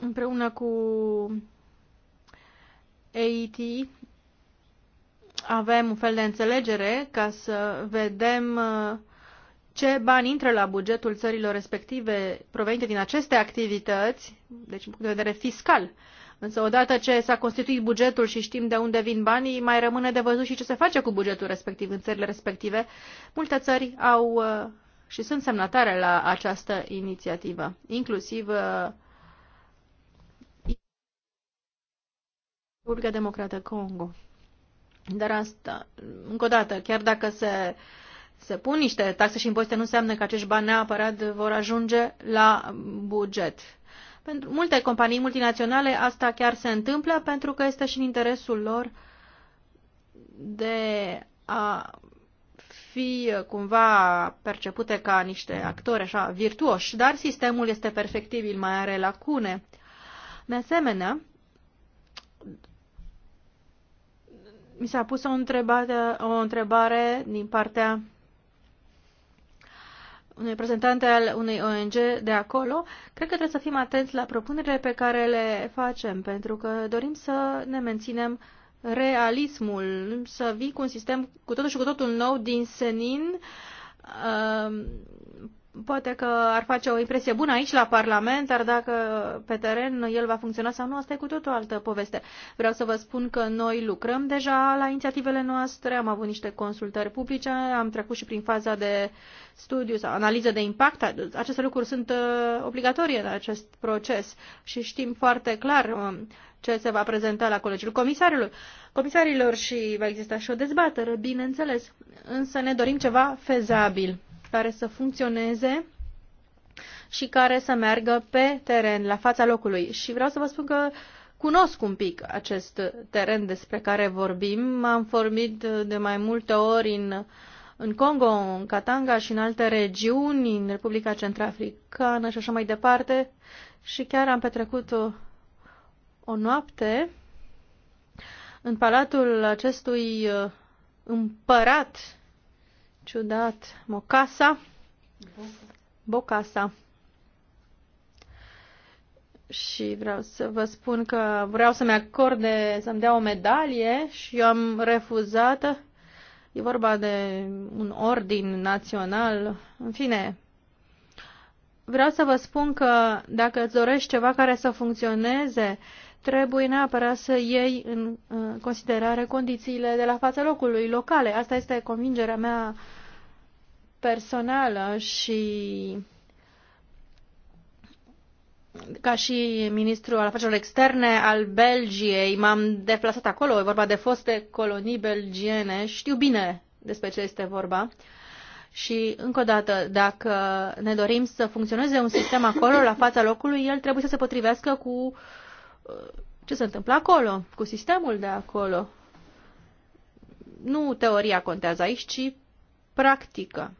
împreună cu AIT avem un fel de înțelegere ca să vedem uh, ce bani intră la bugetul țărilor respective provenite din aceste activități, deci din punct de vedere fiscal. Însă odată ce s-a constituit bugetul și știm de unde vin banii, mai rămâne de văzut și ce se face cu bugetul respectiv în țările respective. Multe țări au uh, și sunt semnatare la această inițiativă, inclusiv uh, Republica Democrată Congo. Dar asta, încă o dată, chiar dacă se uh, se pun niște taxe și impozite, nu înseamnă că acești bani neapărat vor ajunge la buget. Pentru multe companii multinaționale asta chiar se întâmplă pentru că este și în interesul lor de a fi cumva percepute ca niște actori așa virtuoși, dar sistemul este perfectibil, mai are lacune. De asemenea, mi s-a pus o întrebare, o întrebare din partea un reprezentant al unei ONG de acolo, cred că trebuie să fim atenți la propunerile pe care le facem, pentru că dorim să ne menținem realismul, să vii cu un sistem cu totul și cu totul nou din senin, uh, poate că ar face o impresie bună aici la Parlament, dar dacă pe teren el va funcționa sau nu, asta e cu tot o altă poveste. Vreau să vă spun că noi lucrăm deja la inițiativele noastre, am avut niște consultări publice, am trecut și prin faza de studiu sau analiză de impact. Aceste lucruri sunt uh, obligatorii în acest proces și știm foarte clar uh, ce se va prezenta la Colegiul Comisarilor, comisarilor și va exista și o dezbatere, bineînțeles, însă ne dorim ceva fezabil care să funcționeze și care să meargă pe teren, la fața locului. Și vreau să vă spun că cunosc un pic acest teren despre care vorbim. M-am formit de mai multe ori în, în Congo, în Katanga și în alte regiuni, în Republica Centrafricană și așa mai departe. Și chiar am petrecut o, o noapte în palatul acestui uh, împărat ciudat, Mocasa, Bocasa. Și vreau să vă spun că vreau să-mi acorde, să-mi dea o medalie și eu am refuzat. E vorba de un ordin național. În fine, vreau să vă spun că dacă îți dorești ceva care să funcționeze, trebuie neapărat să iei în considerare condițiile de la fața locului, locale. Asta este convingerea mea personală și ca și ministrul al afacerilor externe al Belgiei, m-am deplasat acolo, e vorba de foste colonii belgiene, știu bine despre ce este vorba. Și, încă o dată, dacă ne dorim să funcționeze un sistem acolo, la fața locului, el trebuie să se potrivească cu ce se întâmplă acolo, cu sistemul de acolo. Nu teoria contează aici, ci practică.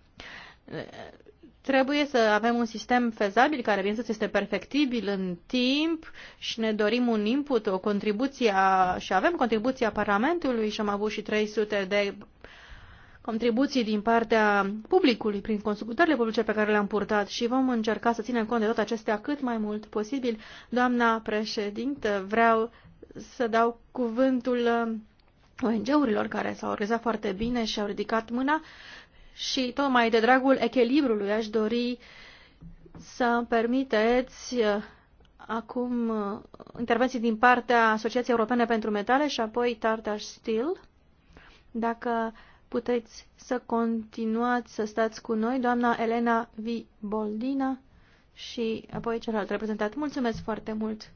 Trebuie să avem un sistem fezabil care, bineînțeles, este perfectibil în timp și ne dorim un input, o contribuție a, și avem contribuția Parlamentului și am avut și 300 de contribuții din partea publicului prin consultările publice pe care le-am purtat și vom încerca să ținem cont de toate acestea cât mai mult posibil. Doamna președintă, vreau să dau cuvântul uh, ONG-urilor care s-au organizat foarte bine și au ridicat mâna și tocmai de dragul echilibrului aș dori să permiteți uh, acum uh, intervenții din partea Asociației Europene pentru Metale și apoi Tartar Steel. Dacă puteți să continuați să stați cu noi, doamna Elena V. Boldina și apoi celălalt reprezentat. Mulțumesc foarte mult!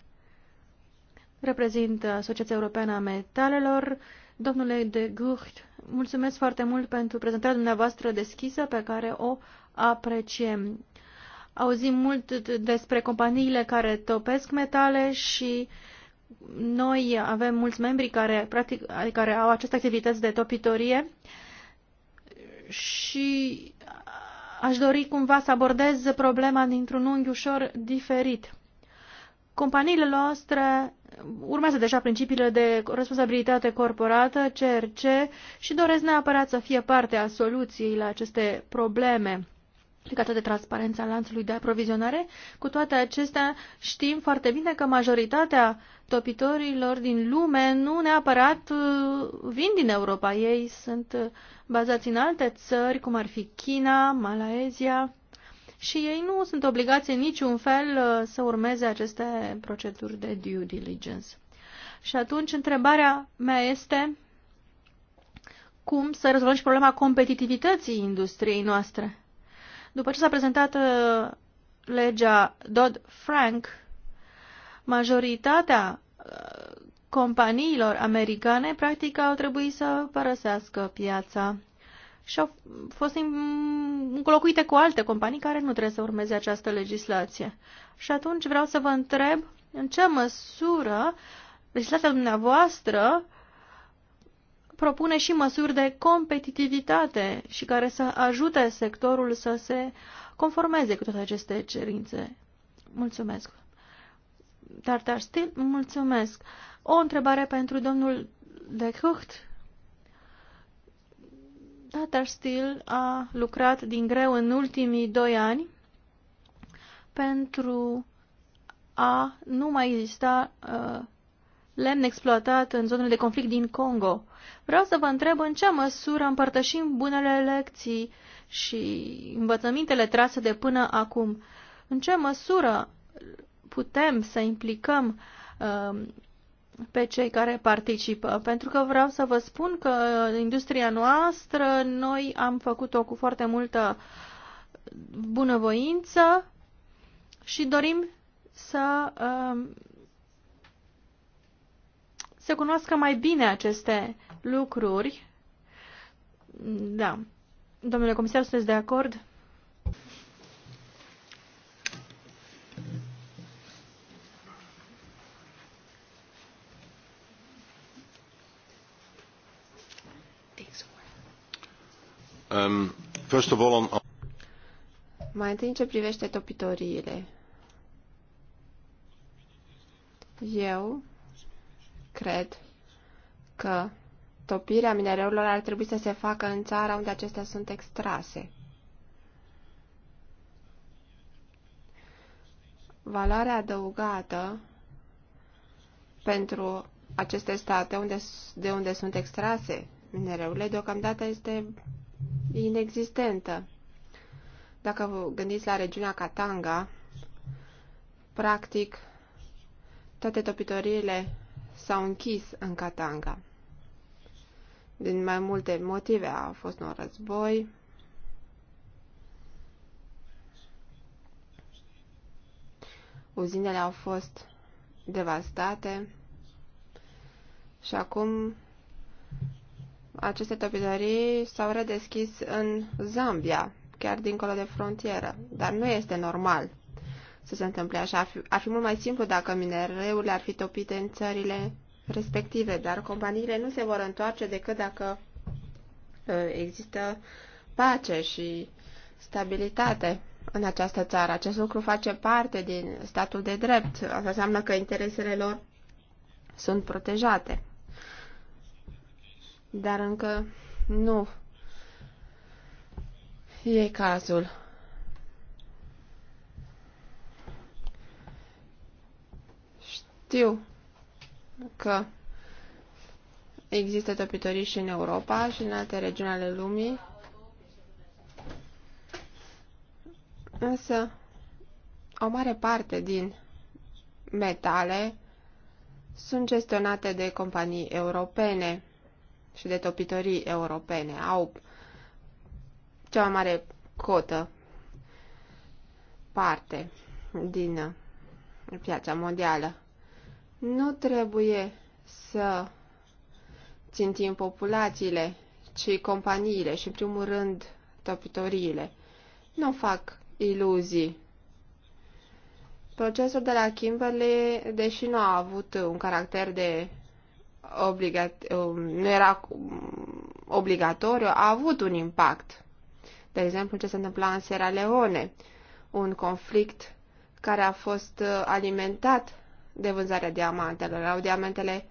Reprezint Asociația Europeană a Metalelor. Domnule de Gucht, Mulțumesc foarte mult pentru prezentarea dumneavoastră deschisă pe care o apreciem. Auzim mult despre companiile care topesc metale și noi avem mulți membri care, practic, care au aceste activități de topitorie și aș dori cumva să abordez problema dintr-un unghi ușor diferit. Companiile noastre urmează deja principiile de responsabilitate corporată, CRC, și doresc neapărat să fie parte a soluției la aceste probleme legată de transparența lanțului de aprovizionare. Cu toate acestea, știm foarte bine că majoritatea topitorilor din lume nu neapărat uh, vin din Europa. Ei sunt uh, bazați în alte țări, cum ar fi China, Malaezia și ei nu sunt obligați în niciun fel uh, să urmeze aceste proceduri de due diligence. Și atunci întrebarea mea este cum să rezolvăm și problema competitivității industriei noastre. După ce s-a prezentat uh, legea Dodd-Frank, majoritatea uh, companiilor americane practic au trebuit să părăsească piața și au fost înlocuite cu alte companii care nu trebuie să urmeze această legislație. Și atunci vreau să vă întreb în ce măsură legislația dumneavoastră propune și măsuri de competitivitate și care să ajute sectorul să se conformeze cu toate aceste cerințe. Mulțumesc. dar, Stil, mulțumesc. O întrebare pentru domnul de Hucht Tata Steel a lucrat din greu în ultimii doi ani pentru a nu mai exista uh, lemn exploatat în zonele de conflict din Congo. Vreau să vă întreb în ce măsură împărtășim bunele lecții și învățămintele trase de până acum. În ce măsură putem să implicăm uh, pe cei care participă. Pentru că vreau să vă spun că industria noastră, noi am făcut-o cu foarte multă bunăvoință și dorim să um, se cunoască mai bine aceste lucruri. Da. Domnule comisar, sunteți de acord? Um, Mai întâi ce privește topitoriile. Eu cred că topirea minereurilor ar trebui să se facă în țara unde acestea sunt extrase. Valoarea adăugată pentru aceste state unde, de unde sunt extrase minereurile deocamdată este inexistentă. Dacă vă gândiți la regiunea Katanga, practic toate topitoriile s-au închis în Katanga. Din mai multe motive a fost un război, uzinele au fost devastate și acum aceste topitorii s-au redeschis în Zambia, chiar dincolo de frontieră, dar nu este normal să se întâmple așa. Ar fi, ar fi mult mai simplu dacă minereurile ar fi topite în țările respective, dar companiile nu se vor întoarce decât dacă ă, există pace și stabilitate în această țară. Acest lucru face parte din statul de drept. Asta înseamnă că interesele lor sunt protejate dar încă nu e cazul. Știu că există topitorii și în Europa și în alte regiuni ale lumii, însă o mare parte din metale sunt gestionate de companii europene și de topitorii europene. Au cea mai mare cotă parte din piața mondială. Nu trebuie să țintim populațiile, ci companiile și, în primul rând, topitoriile. Nu fac iluzii. Procesul de la Kimberley, deși nu a avut un caracter de obligat, um, nu era obligatoriu, a avut un impact. De exemplu, ce se întâmpla în Sierra Leone, un conflict care a fost uh, alimentat de vânzarea diamantelor. Erau diamantele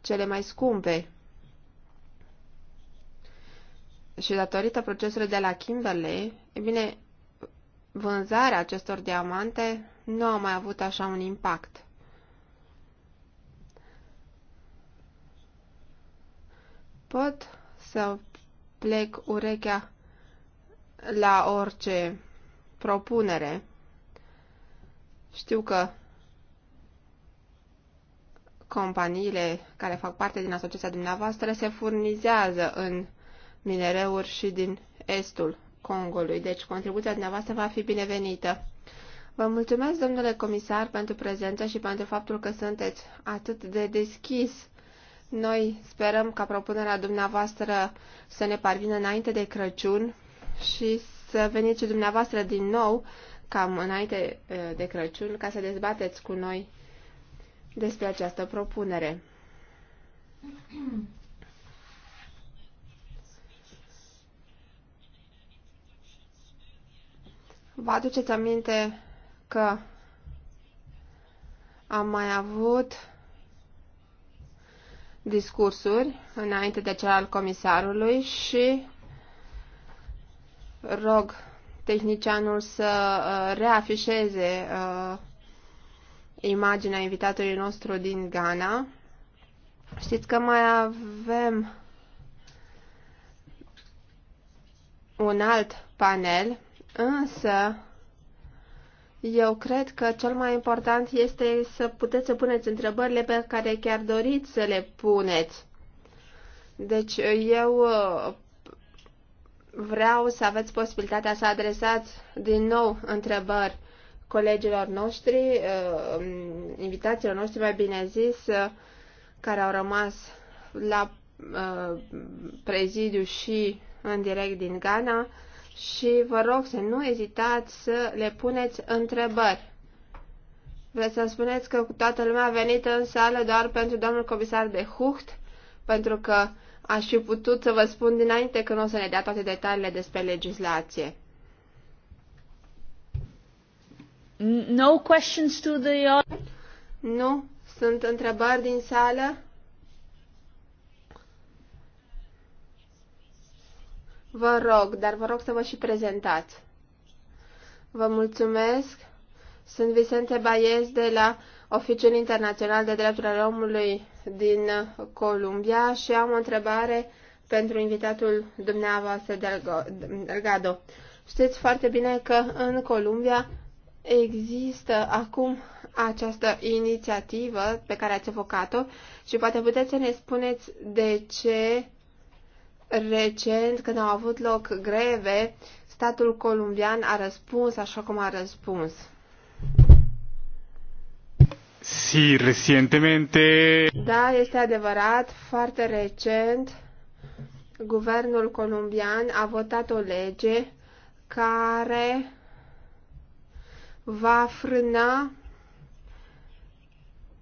cele mai scumpe. Și datorită procesului de la Kimberley, e bine, vânzarea acestor diamante nu a mai avut așa un impact. Pot să plec urechea la orice propunere. Știu că companiile care fac parte din asociația dumneavoastră se furnizează în minereuri și din estul Congolului, deci contribuția dumneavoastră va fi binevenită. Vă mulțumesc, domnule comisar, pentru prezență și pentru faptul că sunteți atât de deschis noi sperăm ca propunerea dumneavoastră să ne parvină înainte de Crăciun și să veniți și dumneavoastră din nou, cam înainte de Crăciun, ca să dezbateți cu noi despre această propunere. Vă aduceți aminte că am mai avut discursuri înainte de cel al comisarului și rog tehnicianul să uh, reafișeze uh, imaginea invitatului nostru din Ghana. Știți că mai avem un alt panel, însă eu cred că cel mai important este să puteți să puneți întrebările pe care chiar doriți să le puneți. Deci eu uh, vreau să aveți posibilitatea să adresați din nou întrebări colegilor noștri, uh, invitațiilor noștri, mai bine zis, uh, care au rămas la prezidiu și în direct din Ghana și vă rog să nu ezitați să le puneți întrebări. Vreți să spuneți că toată lumea a venit în sală doar pentru domnul comisar de Hucht, pentru că aș fi putut să vă spun dinainte că nu o să ne dea toate detaliile despre legislație. No questions to the... Nu sunt întrebări din sală? Vă rog, dar vă rog să vă și prezentați. Vă mulțumesc. Sunt Vicente Baez de la Oficiul Internațional de Drepturile Omului din Columbia și am o întrebare pentru invitatul dumneavoastră Delgado. Știți foarte bine că în Columbia există acum această inițiativă pe care ați evocat-o și poate puteți să ne spuneți de ce recent, când au avut loc greve, statul columbian a răspuns așa cum a răspuns. Sí, recientemente. Da, este adevărat, foarte recent, guvernul columbian a votat o lege care va frâna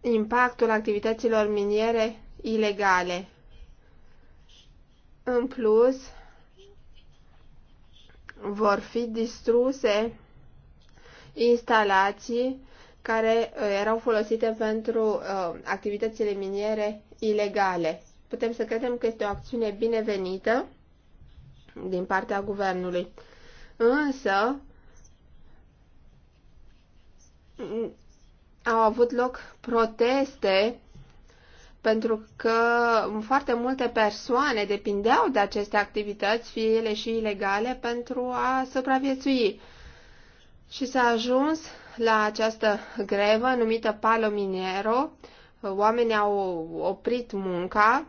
impactul activităților miniere ilegale în plus, vor fi distruse instalații care uh, erau folosite pentru uh, activitățile miniere ilegale. Putem să credem că este o acțiune binevenită din partea guvernului. Însă, au avut loc proteste pentru că foarte multe persoane depindeau de aceste activități, fie ele și ilegale, pentru a supraviețui. Și s-a ajuns la această grevă numită Palominiero. Oamenii au oprit munca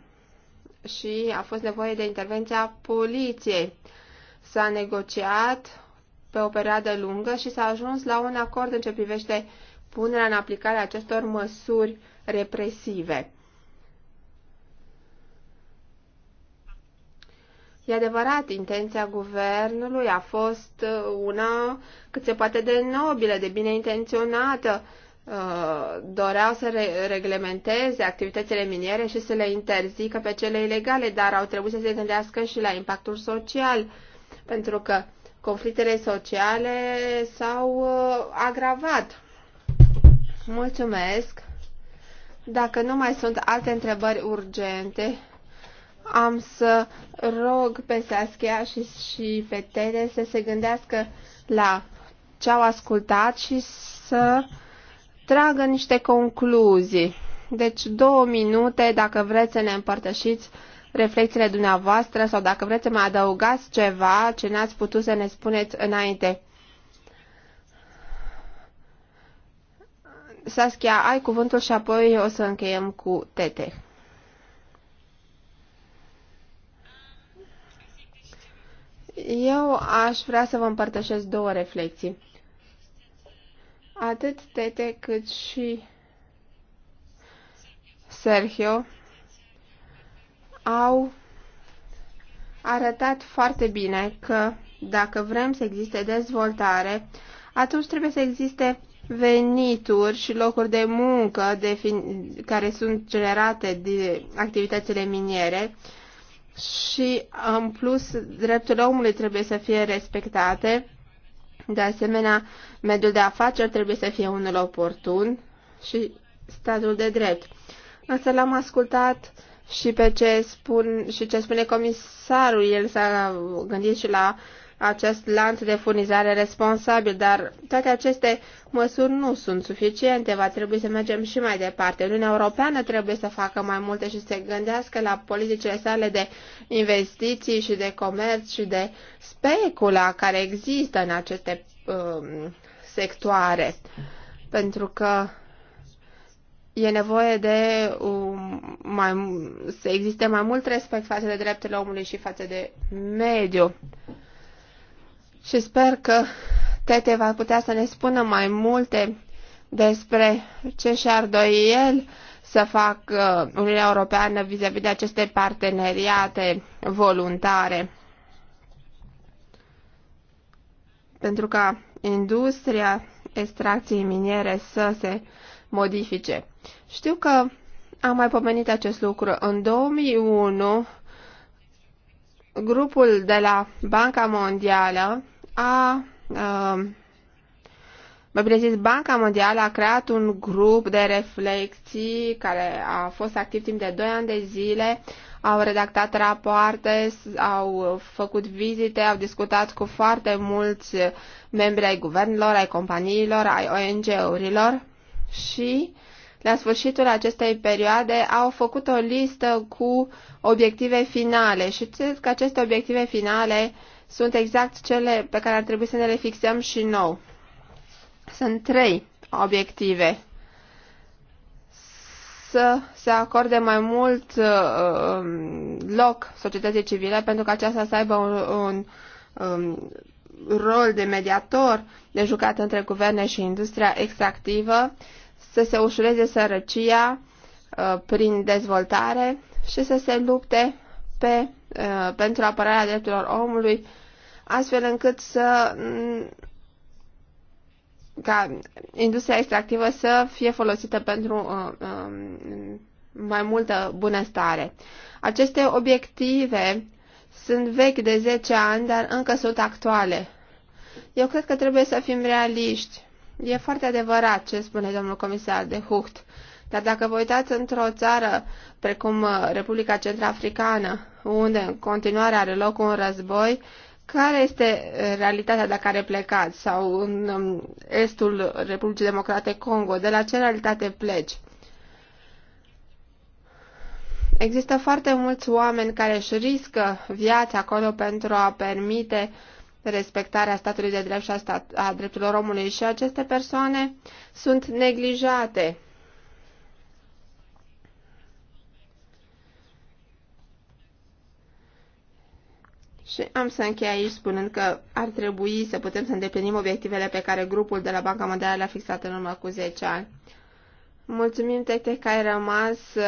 și a fost nevoie de intervenția poliției. S-a negociat pe o perioadă lungă și s-a ajuns la un acord în ce privește punerea în aplicare acestor măsuri represive. E adevărat, intenția guvernului a fost uh, una cât se poate de nobilă, de bine intenționată. Uh, doreau să re- reglementeze activitățile miniere și să le interzică pe cele ilegale, dar au trebuit să se gândească și la impactul social, pentru că conflictele sociale s-au uh, agravat. Mulțumesc! Dacă nu mai sunt alte întrebări urgente, am să rog pe Saskia și, și pe Tele să se gândească la ce au ascultat și să tragă niște concluzii. Deci două minute, dacă vreți să ne împărtășiți reflexiile dumneavoastră sau dacă vreți să mai adăugați ceva ce n-ați putut să ne spuneți înainte. Saskia, ai cuvântul și apoi o să încheiem cu Tete. Eu aș vrea să vă împărtășesc două reflexii. Atât Tete cât și Sergio au arătat foarte bine că dacă vrem să existe dezvoltare, atunci trebuie să existe venituri și locuri de muncă care sunt generate de activitățile miniere și, în plus, drepturile omului trebuie să fie respectate. De asemenea, mediul de afaceri trebuie să fie unul oportun și statul de drept. Însă l-am ascultat și pe ce spun și ce spune comisarul. El s-a gândit și la uh, acest lanț de furnizare responsabil, dar toate aceste măsuri nu sunt suficiente, va trebui să mergem și mai departe. Uniunea Europeană trebuie să facă mai multe și să se gândească la politicile sale de investiții și de comerț și de specula care există în aceste um, sectoare, pentru că e nevoie de um, mai, să existe mai mult respect față de drepturile omului și față de mediu și sper că Tete va putea să ne spună mai multe despre ce și-ar doi el să fac Uniunea Europeană vis-a-vis -vis de aceste parteneriate voluntare. Pentru ca industria extracției miniere să se modifice. Știu că am mai pomenit acest lucru. În 2001, grupul de la Banca Mondială a uh, um, Mă zis, Banca Mondială a creat un grup de reflexii care a fost activ timp de 2 ani de zile, au redactat rapoarte, au făcut vizite, au discutat cu foarte mulți membri ai guvernelor, ai companiilor, ai ONG-urilor și la sfârșitul acestei perioade au făcut o listă cu obiective finale și cred că aceste obiective finale uh, sunt exact cele pe care ar trebui să ne le fixăm și nou. Sunt trei obiective. Să se acorde mai mult uh, um, loc societății civile pentru că aceasta să aibă un, un um, rol de mediator de jucat între guverne și industria extractivă, să se ușureze sărăcia uh, prin dezvoltare și să se lupte pe Uh, pentru apărarea drepturilor omului, astfel încât să mm, ca industria extractivă să fie folosită pentru uh, um, mai multă bunăstare. Aceste obiective sunt vechi de 10 ani, dar încă sunt actuale. Eu cred că trebuie să fim realiști. E foarte adevărat ce spune domnul comisar de Hucht. Dar dacă vă uitați într-o țară precum uh, Republica Centrafricană, unde în continuare are loc un război, care este uh, realitatea de care plecați? Sau în um, estul Republicii Democrate Congo, de la ce realitate pleci? Există foarte mulți oameni care își riscă viața acolo pentru a permite respectarea statului de drept și a, stat, a drepturilor omului și aceste persoane sunt neglijate. Și am să închei aici spunând că ar trebui să putem să îndeplinim obiectivele pe care grupul de la Banca Mondială le-a fixat în urmă cu 10 ani. Mulțumim, Tete, că ai rămas uh,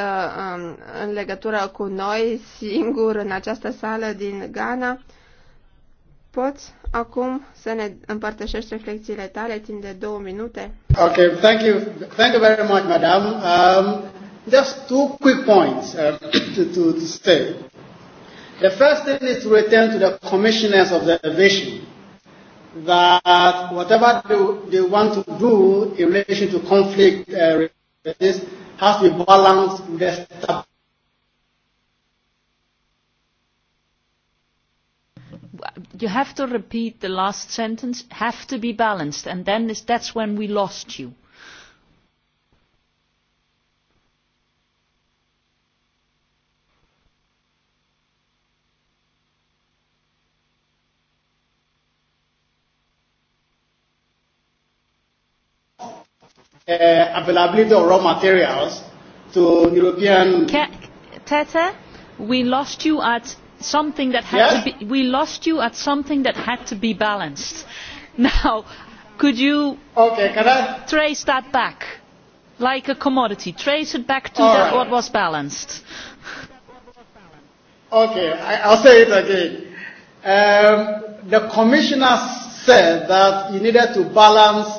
um, în legătură cu noi, singur, în această sală din Ghana. Poți acum să ne împărtășești reflexiile tale timp de două minute? Ok, thank you, thank you very much, madam. Um, just two quick points uh, to, to, to say. The first thing is to return to the commissioners of the vision that whatever they, they want to do in relation to conflict uh, this has to be balanced with the You have to repeat the last sentence, have to be balanced, and then this, that's when we lost you. uh, availability of raw materials to European. Ke Tete, we lost you at something that had yes? to be. We lost you at something that had to be balanced. Now, could you okay, can I? trace that back, like a commodity? Trace it back to that right. what was balanced. Okay, I, I'll say it again. Um, the commissioner said that you needed to balance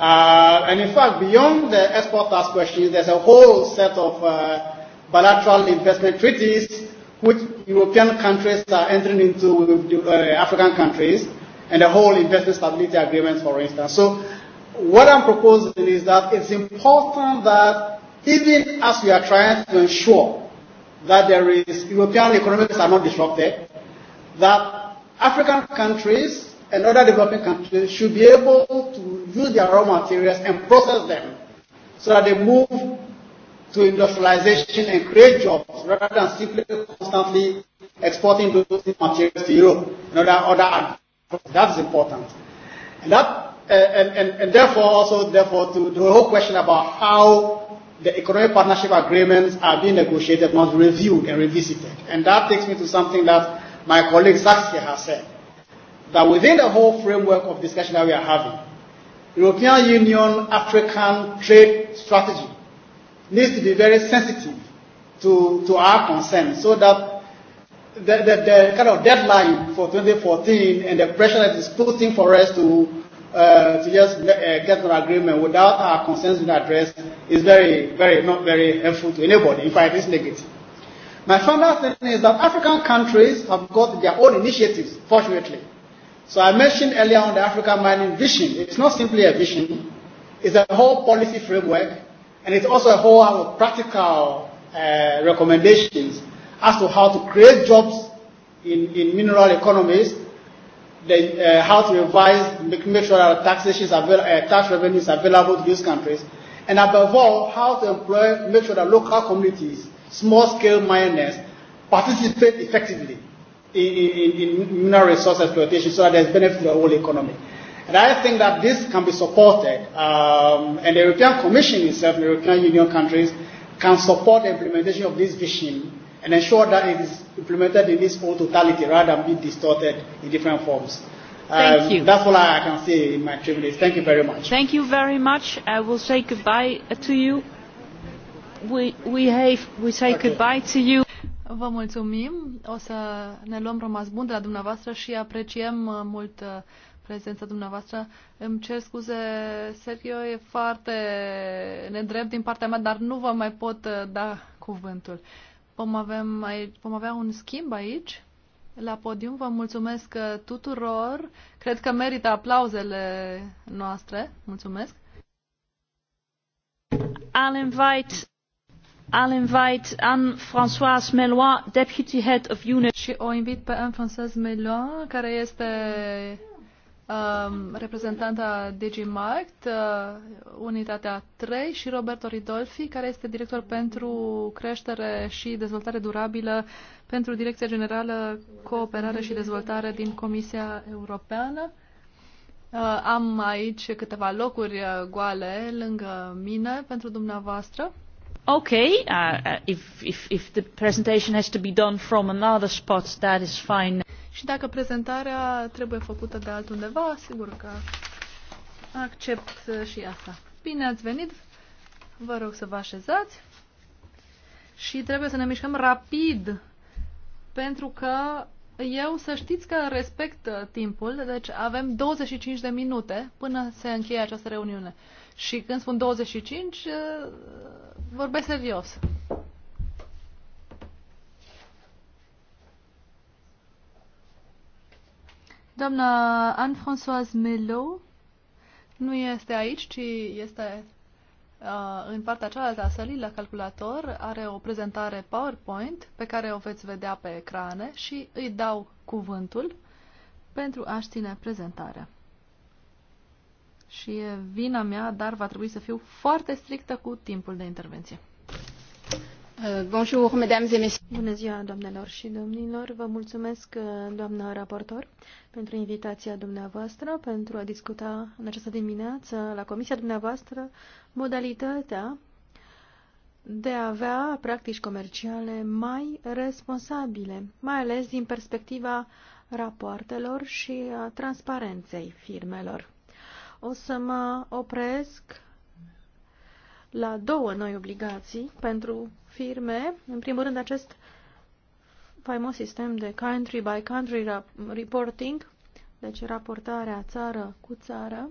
Uh, and in fact, beyond the export tax question, there's a whole set of uh, bilateral investment treaties which European countries are entering into with uh, African countries, and the whole investment stability agreements, for instance. So what I'm proposing is that it's important that even as we are trying to ensure that there is European economies are not disrupted, that African countries and other developing countries should be able to use their raw materials and process them so that they move to industrialization and create jobs rather than simply constantly exporting those materials to Europe and other, other That's important. And, that, and, and, and therefore also therefore to the whole question about how the economic partnership agreements are being negotiated must be reviewed and revisited. And that takes me to something that my colleague Saxe has said that within the whole framework of discussion that we are having, European Union African trade strategy needs to be very sensitive to, to our concerns so that the, the, the kind of deadline for 2014 and the pressure that is putting for us to, uh, to just uh, get an agreement without our concerns being addressed is very, very, not very helpful to anybody. In fact, it's negative. My final thing is that African countries have got their own initiatives, fortunately. So I mentioned earlier on the Africa mining vision. It's not simply a vision. It's a whole policy framework, and it's also a whole lot of practical uh, recommendations as to how to create jobs in, in mineral economies, the, uh, how to revise, make, make sure that taxations avail- uh, tax revenues available to these countries, and above all, how to employ, make sure that local communities, small-scale miners, participate effectively in, in, in mineral resource exploitation so that there's benefit to the whole economy. And I think that this can be supported, um, and the European Commission itself, the European Union countries, can support the implementation of this vision and ensure that it is implemented in its whole totality rather than be distorted in different forms. Thank um, you. That's all I can say in my three minutes. Thank you very much. Thank you very much. I will say goodbye to you. We, we, have, we say okay. goodbye to you. Vă mulțumim. O să ne luăm rămas bun de la dumneavoastră și apreciem uh, mult uh, prezența dumneavoastră. Îmi cer scuze, Sergio, e foarte nedrept din partea mea, dar nu vă mai pot uh, da cuvântul. Vom, avem aici, vom avea un schimb aici, la podium. Vă mulțumesc tuturor. Cred că merită aplauzele noastre. Mulțumesc. I'll invite I'll invite Anne-Françoise Melois, Deputy Head of Unit. Și o invit pe Anne-Françoise Melois, care este um, reprezentanta DigiMarkt, uh, unitatea 3, și Roberto Ridolfi, care este director pentru creștere și dezvoltare durabilă pentru Direcția Generală Cooperare și Dezvoltare din Comisia Europeană. Uh, am aici câteva locuri uh, goale lângă mine pentru dumneavoastră okay uh, uh, if, if, if the presentation has to be done from another spot that is fine. Și dacă prezentarea trebuie făcută de altundeva, sigur că accept și asta. Bine ați venit. Vă rog să vă așezați. Și trebuie să ne mișcăm rapid pentru că eu să știți că respect timpul, deci avem 25 de minute până se încheie această reuniune. Și când spun 25, vorbesc serios. Doamna Anne-Françoise Melo nu este aici, ci este uh, în partea cealaltă a sălii la calculator. Are o prezentare PowerPoint pe care o veți vedea pe ecrane și îi dau cuvântul pentru a-și ține prezentarea și e vina mea, dar va trebui să fiu foarte strictă cu timpul de intervenție. Uh, bonjour, mesdames et messieurs. Bună ziua, doamnelor și domnilor. Vă mulțumesc, uh, doamna raportor, pentru invitația dumneavoastră, pentru a discuta în această dimineață la comisia dumneavoastră modalitatea de a avea practici comerciale mai responsabile, mai ales din perspectiva rapoartelor și a transparenței firmelor. O să mă opresc la două noi obligații pentru firme. În primul rând, acest faimos sistem de country by country reporting, deci raportarea țară cu țară,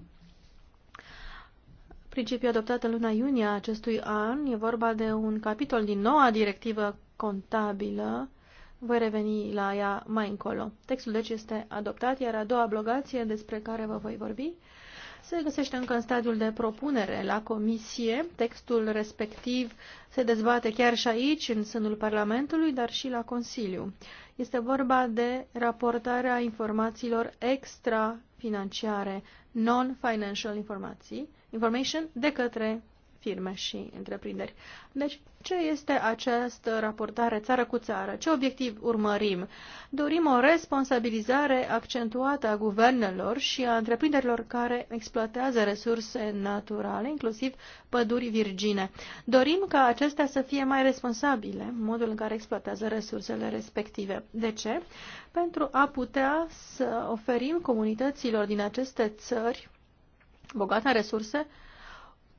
principiu adoptat în luna iunie a acestui an. E vorba de un capitol din noua directivă contabilă. Voi reveni la ea mai încolo. Textul deci este adoptat, iar a doua obligație despre care vă voi vorbi se găsește încă în stadiul de propunere la comisie. Textul respectiv se dezbate chiar și aici, în sânul Parlamentului, dar și la Consiliu. Este vorba de raportarea informațiilor extra-financiare, non-financial informații, information, de către firme și întreprinderi. Deci, ce este această raportare țară cu țară? Ce obiectiv urmărim? Dorim o responsabilizare accentuată a guvernelor și a întreprinderilor care exploatează resurse naturale, inclusiv păduri virgine. Dorim ca acestea să fie mai responsabile în modul în care exploatează resursele respective. De ce? Pentru a putea să oferim comunităților din aceste țări bogate în resurse,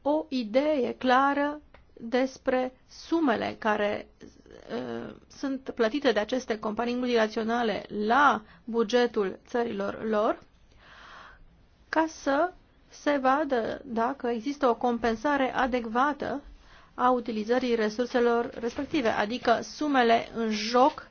o idee clară despre sumele care uh, sunt plătite de aceste companii multinaționale la bugetul țărilor lor, ca să se vadă dacă există o compensare adecvată a utilizării resurselor respective, adică sumele în joc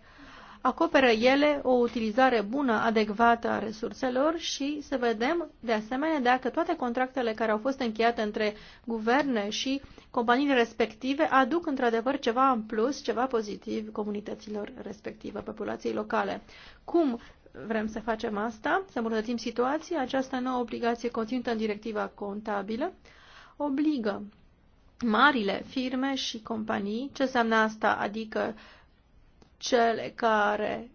acoperă ele o utilizare bună, adecvată a resurselor și să vedem, de asemenea, dacă toate contractele care au fost încheiate între guverne și companiile respective aduc într-adevăr ceva în plus, ceva pozitiv comunităților respective, populației locale. Cum vrem să facem asta, să îmbunătățim situația, această nouă obligație conținută în directiva contabilă obligă marile firme și companii. Ce înseamnă asta? Adică cele care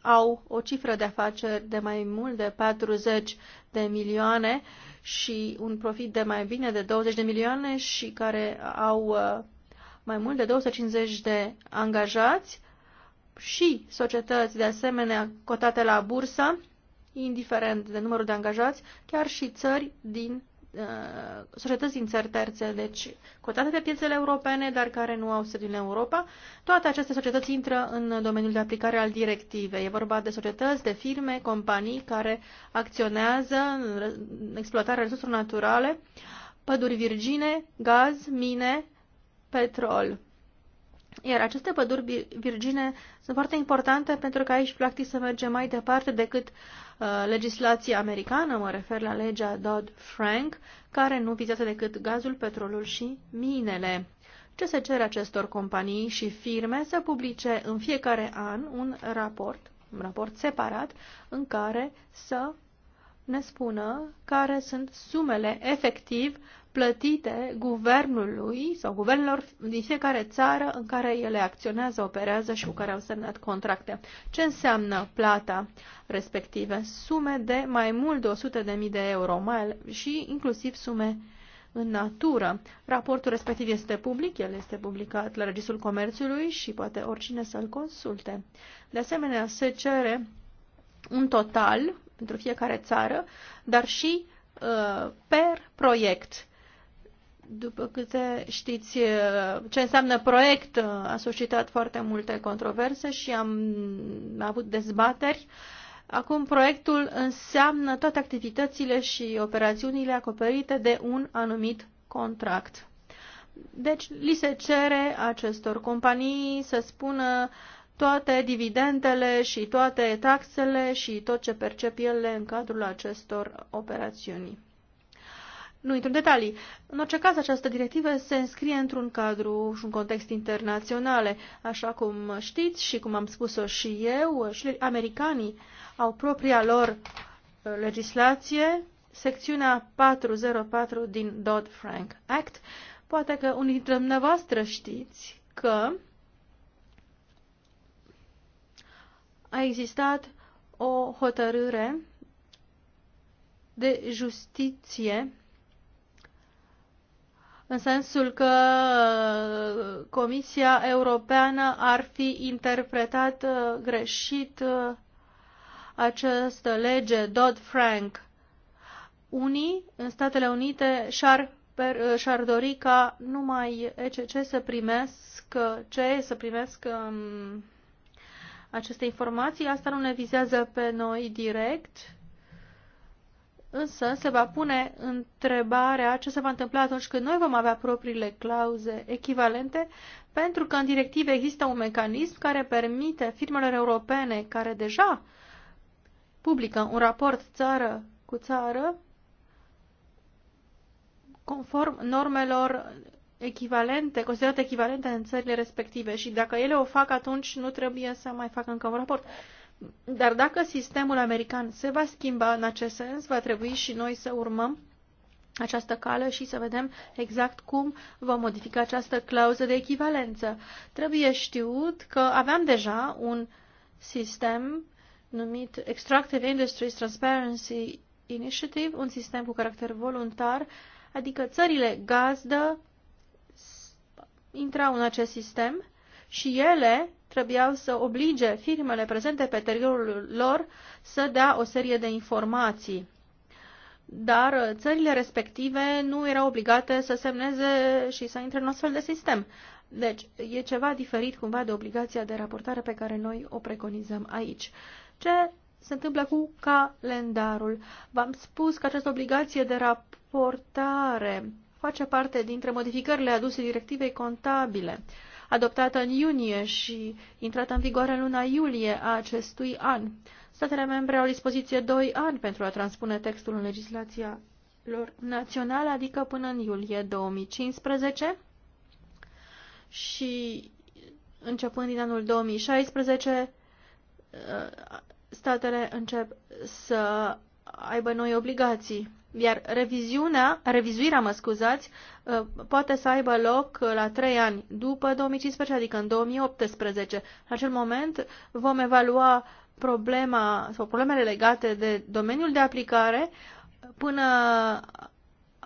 au o cifră de afaceri de mai mult de 40 de milioane și un profit de mai bine de 20 de milioane și care au uh, mai mult de 250 de angajați și societăți de asemenea cotate la bursă, indiferent de numărul de angajați, chiar și țări din Uh, societăți din țări terțe, deci cotate pe piețele europene, dar care nu au sediu în Europa. Toate aceste societăți intră în domeniul de aplicare al directivei. E vorba de societăți, de firme, companii care acționează în exploatarea resurselor naturale, păduri virgine, gaz, mine, petrol. Iar aceste păduri virgine sunt foarte importante pentru că aici, practic, să mergem mai departe decât uh, Uh, legislație americană, mă refer la legea Dodd-Frank, care nu vizează decât gazul, petrolul și minele. Ce se cere acestor companii și firme să publice în fiecare an un raport, un raport separat, în care să ne spună care sunt sumele efectiv plătite guvernului sau guvernelor din fiecare țară în care ele acționează, operează și cu care au semnat contracte. Ce înseamnă plata respective? Sume de mai mult de 100.000 de de euro mai, și inclusiv sume în natură. Raportul respectiv este public, el este publicat la Registrul Comerțului și poate oricine să-l consulte. De asemenea, se cere un total pentru fiecare țară, dar și uh, per proiect după câte știți, ce înseamnă proiect a suscitat foarte multe controverse și am avut dezbateri. Acum proiectul înseamnă toate activitățile și operațiunile acoperite de un anumit contract. Deci li se cere acestor companii să spună toate dividendele și toate taxele și tot ce percep ele în cadrul acestor operațiuni. Nu intru în detalii. În orice caz, această directivă se înscrie într-un cadru și un context internaționale. Așa cum știți și cum am spus-o și eu, și americanii au propria lor uh, legislație, secțiunea 404 din Dodd-Frank Act. Poate că unii dintre dumneavoastră știți că a existat o hotărâre de justiție în sensul că uh, Comisia Europeană ar fi interpretat uh, greșit uh, această lege Dodd-Frank. Unii în Statele Unite și-ar și-ar dori ca numai ECC să primească ce să primească um, aceste informații. Asta nu ne vizează pe noi direct, Însă se va pune întrebarea ce se va întâmpla atunci când noi vom avea propriile clauze echivalente, pentru că în directive există un mecanism care permite firmelor europene care deja publică un raport țară cu țară conform normelor echivalente, considerate echivalente în țările respective și dacă ele o fac, atunci nu trebuie să mai facă încă un raport. Dar dacă sistemul american se va schimba în acest sens, va trebui și noi să urmăm această cale și să vedem exact cum vom modifica această clauză de echivalență. Trebuie știut că aveam deja un sistem numit Extractive Industries Transparency Initiative, un sistem cu caracter voluntar, adică țările gazdă intrau în acest sistem și ele trebuiau să oblige firmele prezente pe teritoriul lor să dea o serie de informații. Dar uh, țările respective nu erau obligate să semneze și să intre în astfel de sistem. Deci, e ceva diferit cumva de obligația de raportare pe care noi o preconizăm aici. Ce se întâmplă cu calendarul? V-am spus că această obligație de raportare face parte dintre modificările aduse directivei contabile. Uh, adoptată în iunie și intrată în vigoare în luna iulie a acestui an. Statele membre au dispoziție 2 ani pentru a transpune textul în legislația lor națională, adică până în iulie 2015 și începând din anul 2016 ă, statele încep să aibă noi obligații iar reviziunea, revizuirea, mă scuzați, uh, poate să aibă loc uh, la trei ani după 2015, adică în 2018. În acel moment vom evalua problema sau problemele legate de domeniul de aplicare până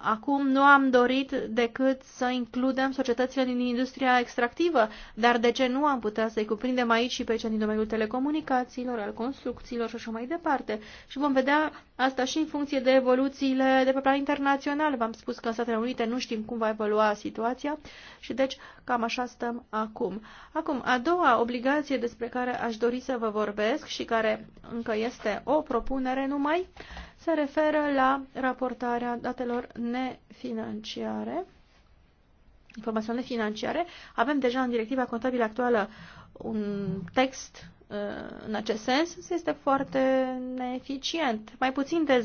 Acum nu am dorit decât să includem societățile din industria extractivă, dar de ce nu am putea să-i cuprindem aici și pe cei din domeniul telecomunicațiilor, al construcțiilor și așa mai departe. Și vom vedea asta și în funcție de evoluțiile de pe plan internațional. V-am spus că în Statele Unite nu știm cum va evolua situația și deci cam așa stăm acum. Acum, a doua obligație despre care aș dori să vă vorbesc și care încă este o propunere numai, se referă la raportarea datelor nefinanciare, informațiile financiare. Avem deja în directiva contabilă actuală un text Uh, în acest sens este foarte neeficient. Mai puțin de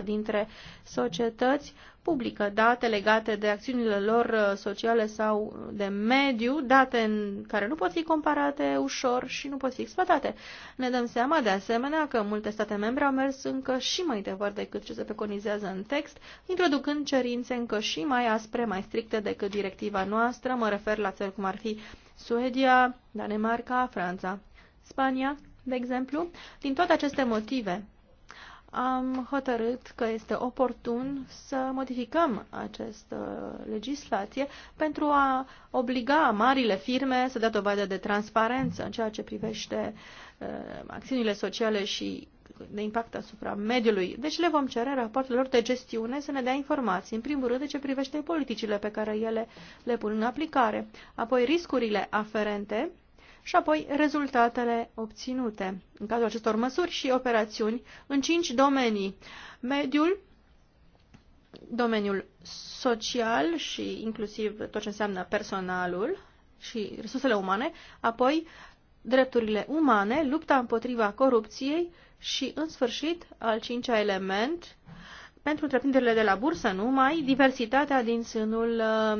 10% dintre societăți publică date legate de acțiunile lor uh, sociale sau de mediu, date în care nu pot fi comparate ușor și nu pot fi exploatate. Ne dăm seama de asemenea că multe state membre au mers încă și mai departe decât ce se preconizează în text, introducând cerințe încă și mai aspre, mai stricte decât directiva noastră, mă refer la țări cum ar fi Suedia, Danemarca, Franța Spania, de exemplu. Din toate aceste motive, am hotărât că este oportun să modificăm această legislație pentru a obliga marile firme să dea dovadă de transparență în ceea ce privește uh, acțiunile sociale și de impact asupra mediului. Deci le vom cere raportelor de gestiune să ne dea informații, în primul rând, de ce privește politicile pe care ele le pun în aplicare, apoi riscurile aferente și apoi rezultatele obținute în cazul acestor măsuri și operațiuni în cinci domenii. Mediul, domeniul social și inclusiv tot ce înseamnă personalul și resursele umane, apoi drepturile umane, lupta împotriva corupției și, în sfârșit, al cincea element, uh, pentru întreprinderile de la bursă numai, diversitatea din sânul um,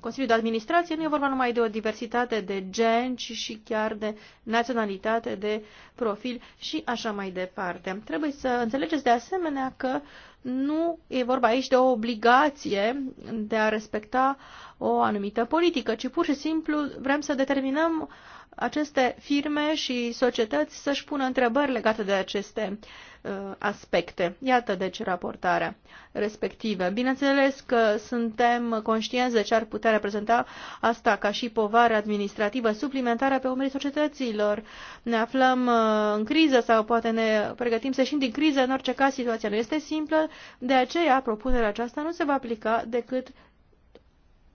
Consiliului de Administrație nu e vorba numai de o diversitate de gen, ci și chiar de naționalitate, de profil și așa mai departe. Trebuie să înțelegeți de asemenea că nu e vorba aici de o obligație de a respecta o anumită politică, ci pur și simplu vrem să determinăm uh, aceste firme și societăți să-și pună întrebări legate de aceste uh, aspecte. Iată deci raportarea respectivă. Bineînțeles că suntem conștienți de ce ar putea reprezenta asta ca și povară administrativă suplimentară pe umerii societăților. Ne aflăm uh, în criză sau poate ne pregătim să ieșim din criză. În orice caz, situația nu este simplă, de aceea propunerea aceasta nu se va aplica decât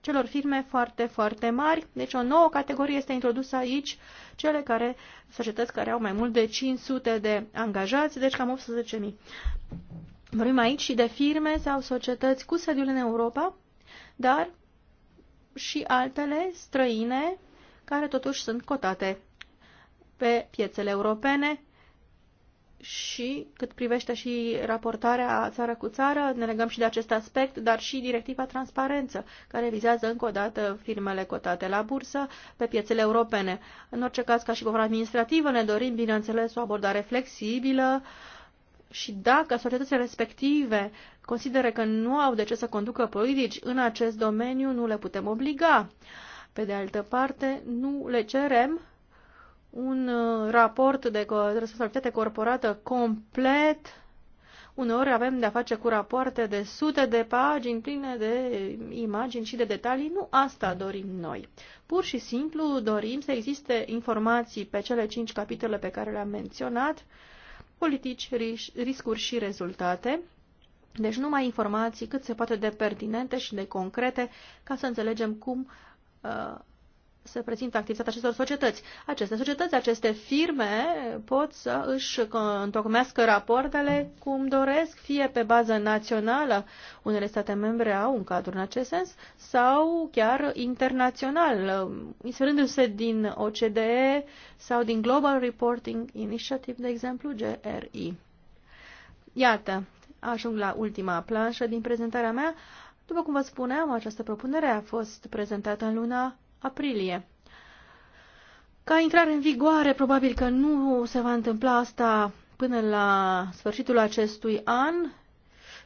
celor firme foarte, foarte mari. Deci o nouă categorie este introdusă aici, cele care, societăți care au mai mult de 500 de angajați, deci cam 18.000. Vorbim aici și de firme sau societăți cu sediul în Europa, dar și altele străine care totuși sunt cotate pe piețele europene și cât privește și raportarea țară cu țară, ne legăm și de acest aspect, dar și directiva transparență, care vizează încă o dată firmele cotate la bursă pe piețele europene. În orice caz, ca și povara administrativă, ne dorim, bineînțeles, o abordare flexibilă și dacă societățile respective consideră că nu au de ce să conducă politici în acest domeniu, nu le putem obliga. Pe de altă parte, nu le cerem un uh, raport de responsabilitate corporată complet. Uneori avem de-a face cu rapoarte de sute de pagini pline de imagini și de detalii. Nu asta dorim noi. Pur și simplu dorim să existe informații pe cele cinci capitole pe care le-am menționat, politici, riscuri și rezultate. Deci numai informații cât se poate de pertinente și de concrete ca să înțelegem cum uh, se prezintă activitatea acestor societăți. Aceste societăți, aceste firme pot să își întocmească rapoartele cum doresc, fie pe bază națională, unele state membre au un cadru în acest sens, sau chiar internațional, inserându-se din OCDE sau din Global Reporting Initiative, de exemplu, GRI. Iată, ajung la ultima planșă din prezentarea mea. După cum vă spuneam, această propunere a fost prezentată în luna aprilie. Ca intrare în vigoare, probabil că nu se va întâmpla asta până la sfârșitul acestui an,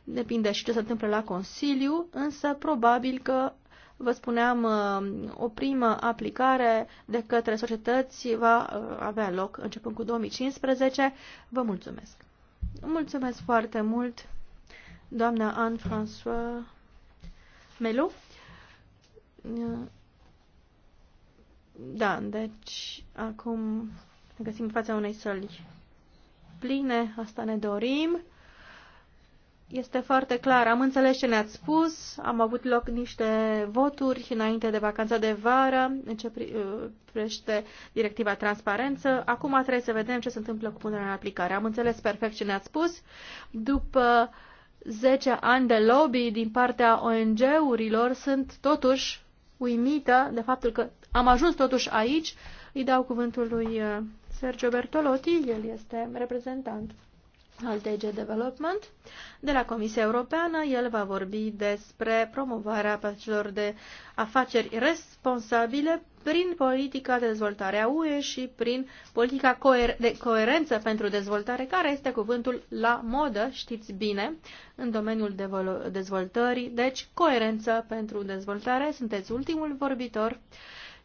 depinde și ce se întâmplă la Consiliu, însă probabil că, vă spuneam, o primă aplicare de către societăți va uh, avea loc începând cu 2015. Vă mulțumesc! Mulțumesc foarte mult, doamna Anne-François Melo. Da, deci acum ne găsim în fața unei săli pline, asta ne dorim. Este foarte clar, am înțeles ce ne-ați spus, am avut loc niște voturi înainte de vacanța de vară, în ce uh, privește directiva transparență. Acum trebuie să vedem ce se întâmplă cu punerea în aplicare. Am înțeles perfect ce ne-ați spus. După 10 ani de lobby din partea ONG-urilor, sunt totuși uimită de faptul că am ajuns totuși aici. Îi dau cuvântul lui uh, Sergio Bertolotti, el este reprezentant al DG Development de la Comisia Europeană. El va vorbi despre promovarea păcilor de afaceri responsabile prin politica de dezvoltare a UE și prin politica coer- de coerență pentru dezvoltare, care este cuvântul la modă, știți bine, în domeniul dezvoltării. Deci, coerență pentru dezvoltare. Sunteți ultimul vorbitor. Uh,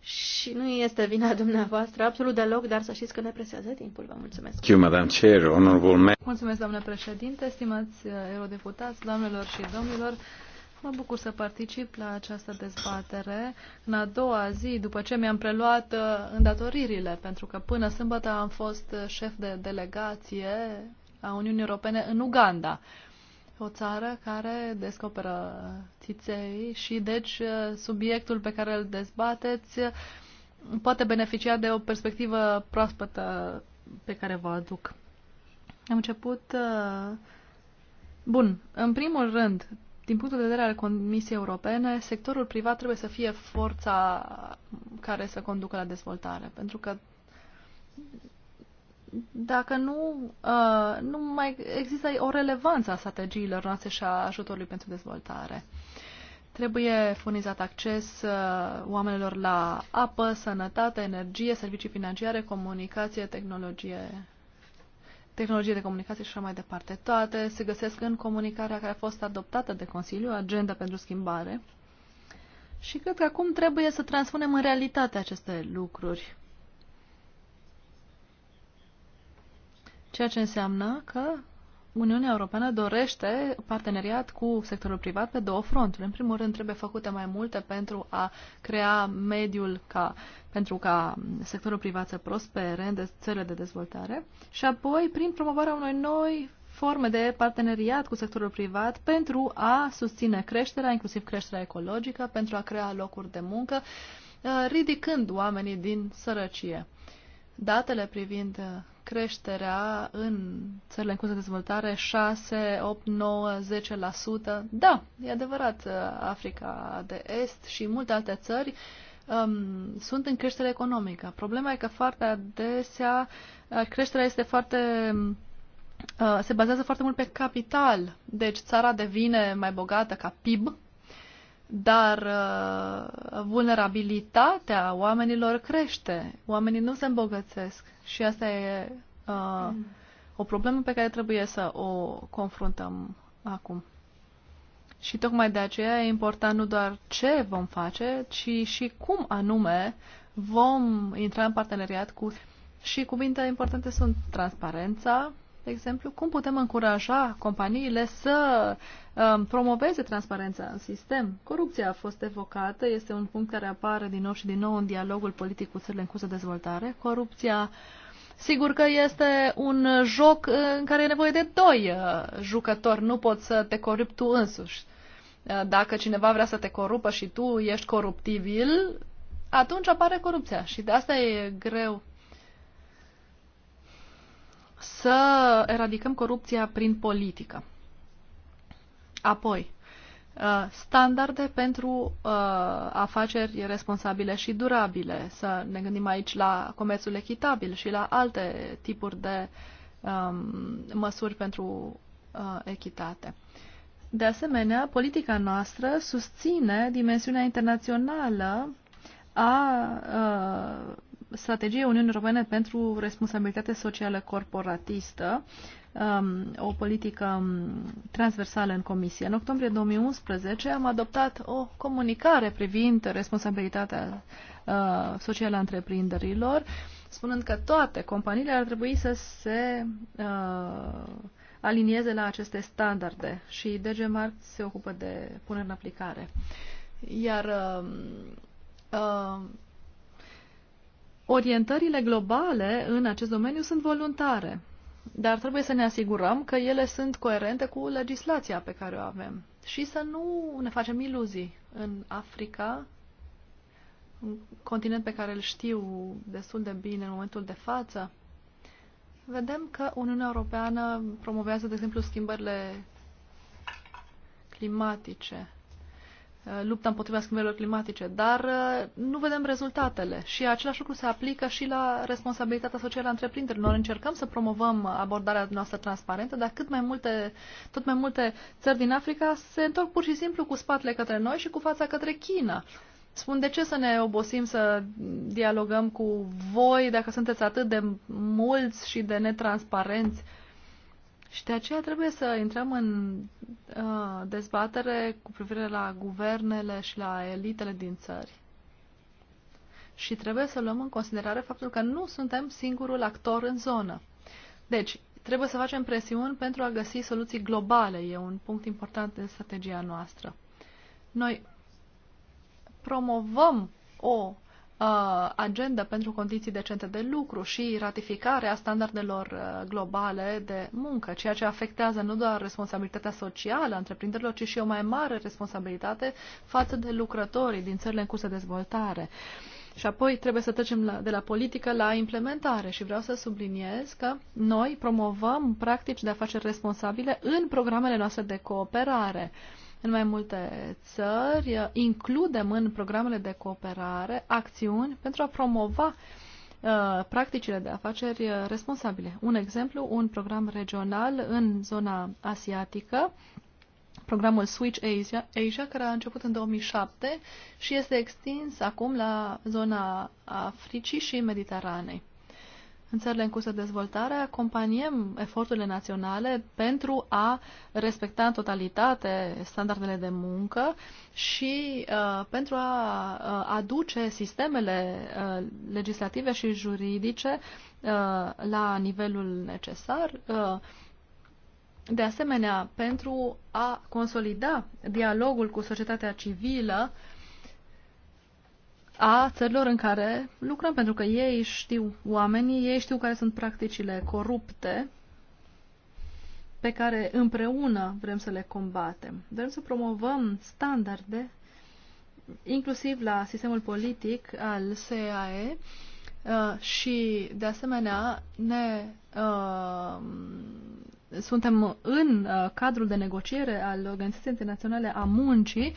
și nu este vina dumneavoastră absolut deloc, dar să știți că ne presează timpul. Vă mulțumesc. You, Madam Chair, honorable mulțumesc, doamnă președinte, stimați uh, eurodeputați, doamnelor și domnilor. Mă bucur să particip la această dezbatere în a doua zi după ce mi-am preluat uh, îndatoririle, pentru că până sâmbătă am fost șef de delegație a Uniunii Europene în Uganda o țară care descoperă țiței și deci subiectul pe care îl dezbateți poate beneficia de o perspectivă proaspătă pe care vă aduc. Am început... Uh, bun, în primul rând, din punctul de vedere al Comisiei Europene, sectorul privat trebuie să fie forța care să conducă la dezvoltare, pentru că dacă nu, uh, nu mai există o relevanță a strategiilor noastre și a ajutorului pentru dezvoltare. Trebuie furnizat acces uh, oamenilor la apă, sănătate, energie, servicii financiare, comunicație, tehnologie, tehnologie de comunicație și așa mai departe. Toate se găsesc în comunicarea care a fost adoptată de Consiliu, Agenda pentru Schimbare. Și cred că acum trebuie să transpunem în realitate aceste lucruri Ceea ce înseamnă că Uniunea Europeană dorește parteneriat cu sectorul privat pe două fronturi. În primul rând, trebuie făcute mai multe pentru a crea mediul ca, pentru ca sectorul privat să prospere în țările de dezvoltare și apoi prin promovarea unor noi forme de parteneriat cu sectorul privat pentru a susține creșterea, inclusiv creșterea ecologică, pentru a crea locuri de muncă, eh, ridicând oamenii din sărăcie. Datele privind eh, creșterea în țările în curs de dezvoltare 6, 8, 9, 10%. Da, e adevărat, uh, Africa de Est și multe alte țări um, sunt în creștere economică. Problema e că foarte adesea uh, creșterea este foarte uh, se bazează foarte mult pe capital. Deci țara devine mai bogată ca PIB dar uh, vulnerabilitatea oamenilor crește. Oamenii nu se îmbogățesc și asta e uh, mm. o problemă pe care trebuie să o confruntăm acum. Și tocmai de aceea e important nu doar ce vom face, ci și cum anume vom intra în parteneriat cu. Și cuvinte importante sunt transparența, de exemplu, cum putem încuraja companiile să um, promoveze transparența în sistem. Corupția a fost evocată, este un punct care apare din nou și din nou în dialogul politic cu țările în curs de dezvoltare. Corupția, sigur că este un joc uh, în care e nevoie de doi uh, jucători, nu poți să te corupți tu însuși. Uh, dacă cineva vrea să te corupă și tu ești coruptibil, atunci apare corupția și de asta e greu să eradicăm corupția prin politică. Apoi, uh, standarde pentru uh, afaceri responsabile și durabile. Să ne gândim aici la comerțul echitabil și la alte tipuri de um, măsuri pentru uh, echitate. De asemenea, politica noastră susține dimensiunea internațională a strategie Uniunii Europene pentru responsabilitate socială corporatistă, um, o politică um, transversală în comisie. În octombrie 2011 am adoptat o comunicare privind responsabilitatea uh, socială a întreprinderilor, spunând că toate companiile ar trebui să se uh, alinieze la aceste standarde și DG Mart se ocupă de punere în aplicare. Iar um, uh, Orientările globale în acest domeniu sunt voluntare, dar trebuie să ne asigurăm că ele sunt coerente cu legislația pe care o avem și să nu ne facem iluzii. În Africa, un continent pe care îl știu destul de bine în momentul de față, vedem că Uniunea Europeană promovează, de exemplu, schimbările climatice Uh, lupta împotriva schimbărilor climatice, dar uh, nu vedem rezultatele și același lucru se aplică și la responsabilitatea socială a întreprinderilor. Încercăm să promovăm abordarea noastră transparentă, dar cât mai multe, tot mai multe țări din Africa se întorc pur și simplu cu spatele către noi și cu fața către China. Spun, de ce să ne obosim să dialogăm cu voi dacă sunteți atât de mulți și de netransparenți? Și de aceea trebuie să intrăm în uh, dezbatere cu privire la guvernele și la elitele din țări. Și trebuie să luăm în considerare faptul că nu suntem singurul actor în zonă. Deci, trebuie să facem presiuni pentru a găsi soluții globale. E un punct important în strategia noastră. Noi promovăm o uh, agenda pentru condiții decente de lucru și ratificarea standardelor uh, globale de muncă, ceea ce afectează nu doar responsabilitatea socială a întreprinderilor, ci și o mai mare responsabilitate față de lucrătorii din țările în curs de dezvoltare. Și apoi trebuie să trecem la, de la politică la implementare și vreau să subliniez că noi promovăm practici de afaceri responsabile în programele noastre de cooperare. Uh, în mai multe țări, includem în programele de cooperare acțiuni pentru a promova uh, practicile de afaceri uh, responsabile. Un exemplu, un program regional în zona asiatică, programul Switch Asia, Asia, care a început în 2007 și este extins acum la zona Africii și Mediteranei în țările în curs de dezvoltare, acompaniem eforturile naționale pentru a respecta în totalitate standardele de muncă și uh, pentru a uh, aduce sistemele uh, legislative și juridice uh, la nivelul necesar. Uh, de asemenea, pentru a consolida dialogul cu societatea civilă uh, a țărilor în care lucrăm, pentru că ei știu oamenii, ei știu care sunt practicile corupte pe care împreună vrem să le combatem. Vrem să promovăm standarde, inclusiv la sistemul politic al SAE, uh, și, de asemenea, ne, uh, suntem în uh, cadrul de negociere al Organizației Internaționale a Muncii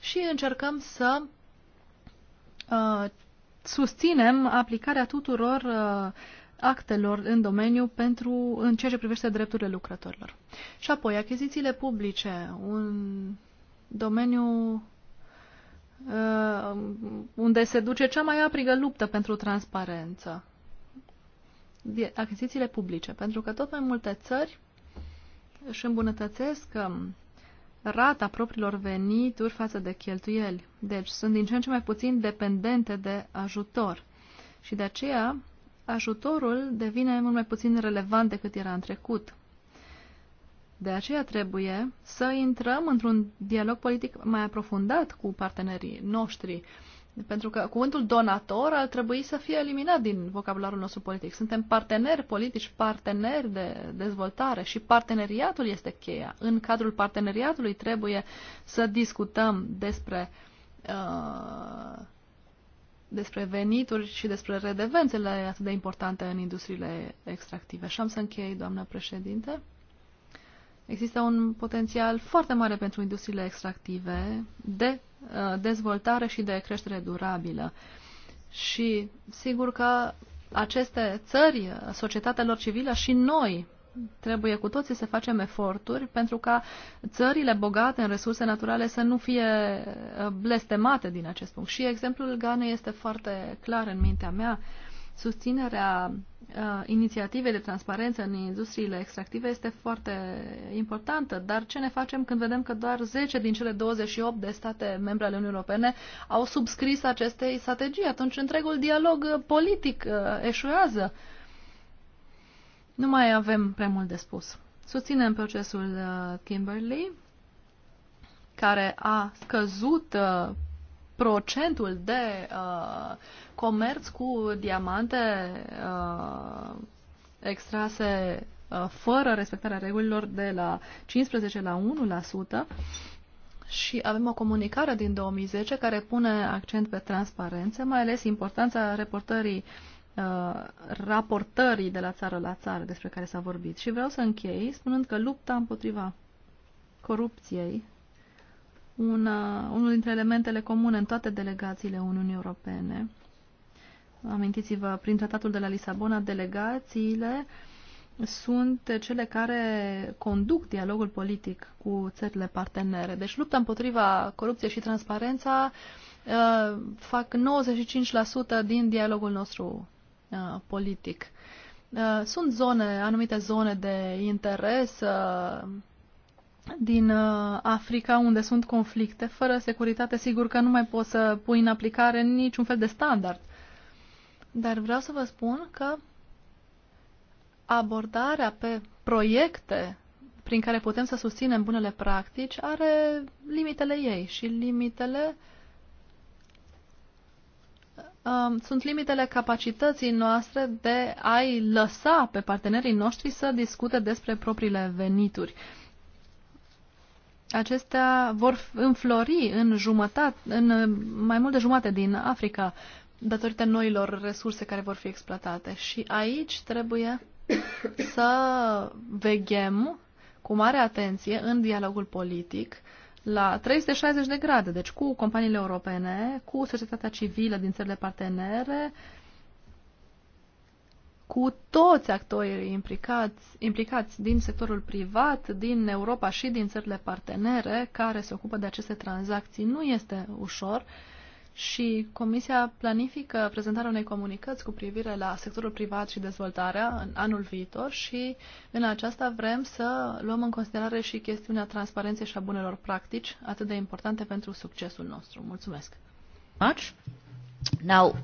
și încercăm să Uh, susținem aplicarea tuturor uh, actelor în domeniu pentru, în ceea ce privește drepturile lucrătorilor. Și apoi, achizițiile publice, un domeniu uh, unde se duce cea mai aprigă luptă pentru transparență. Achizițiile publice, pentru că tot mai multe țări își îmbunătățesc um, rata propriilor venituri față de cheltuieli. Deci sunt din ce în ce mai puțin dependente de ajutor. Și de aceea ajutorul devine mult mai puțin relevant decât era în trecut. De aceea trebuie să intrăm într-un dialog politic mai aprofundat cu partenerii noștri, uh, pentru că cuvântul donator ar trebui să fie eliminat din vocabularul nostru politic. Suntem parteneri politici, parteneri de dezvoltare și parteneriatul este cheia. În cadrul parteneriatului trebuie să discutăm despre, uh, despre venituri și despre redevențele atât de importante în industriile extractive. Și am să închei, doamnă președinte. Există un potențial foarte mare pentru industriile extractive de Uh, dezvoltare și de creștere durabilă. Și sigur că aceste țări, societatea lor civilă și noi trebuie cu toții să facem eforturi pentru ca țările bogate în resurse naturale să nu fie uh, blestemate din acest punct. Și exemplul Ghanei este foarte clar în mintea mea. Susținerea uh, inițiative de transparență în industriile extractive este foarte importantă, dar ce ne facem când vedem că doar 10 din cele 28 de state membre ale Uniunii Europene au subscris acestei strategii? Atunci întregul dialog uh, politic uh, eșuează. Nu mai avem prea mult de spus. Susținem procesul uh, Kimberley, care a scăzut uh, procentul de uh, comerț cu diamante uh, extrase uh, fără respectarea regulilor de la 15 la 1% și avem o comunicare din 2010 care pune accent pe transparență, mai ales importanța reportării uh, raportării de la țară la țară despre care s-a vorbit. Și vreau să închei spunând că lupta împotriva corupției una, uh, unul dintre elementele comune în toate delegațiile Uniunii Europene. Amintiți-vă, prin tratatul de la Lisabona, delegațiile sunt cele care conduc dialogul politic cu țările partenere. Deci lupta împotriva corupției și transparența uh, fac 95% din dialogul nostru uh, politic. Uh, sunt zone, anumite zone de interes uh, din uh, Africa, unde sunt conflicte, fără securitate, sigur că nu mai poți să pui în aplicare niciun fel de standard. Dar vreau să vă spun că abordarea pe proiecte prin care putem să susținem bunele practici are limitele ei și limitele um, sunt limitele capacității noastre de a-i lăsa pe partenerii noștri să discute despre propriile venituri. Uh, acestea vor înflori în, jumătate, în mai mult de jumate din Africa datorită noilor resurse care vor fi exploatate. Și aici trebuie să veghem cu mare atenție în dialogul politic la 360 de grade, deci cu companiile europene, cu societatea civilă din țările partenere, cu toți actorii implicați, implicați din sectorul privat, din Europa și din țările partenere care se ocupă de aceste tranzacții. Nu este ușor și Comisia planifică prezentarea unei comunicăți cu privire la sectorul privat și dezvoltarea în anul viitor și în aceasta vrem să luăm în considerare și chestiunea transparenței și a bunelor practici, atât de importante pentru succesul nostru. Mulțumesc! Much. Now...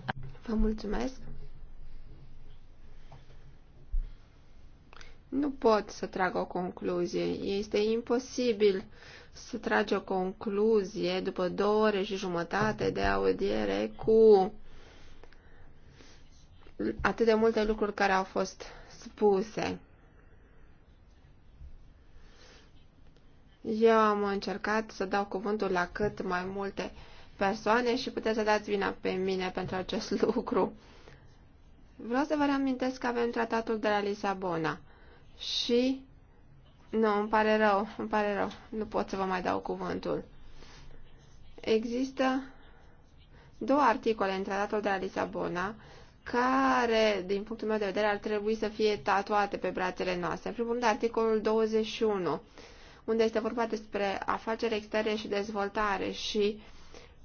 Vă mulțumesc! nu pot să trag o concluzie. Este imposibil să tragi o concluzie după două ore și jumătate de audiere cu atât de multe lucruri care au fost spuse. Eu am încercat să dau cuvântul la cât mai multe persoane și puteți să dați vina pe mine pentru acest lucru. Vreau să vă reamintesc că avem tratatul de la Lisabona și... Nu, îmi pare rău, îmi pare rău. Nu pot să vă mai dau cuvântul. Există două articole în tratatul de la Lisabona care, din punctul meu de vedere, ar trebui să fie tatuate pe brațele noastre. În primul rând, articolul 21, unde este vorba despre afaceri externe și dezvoltare și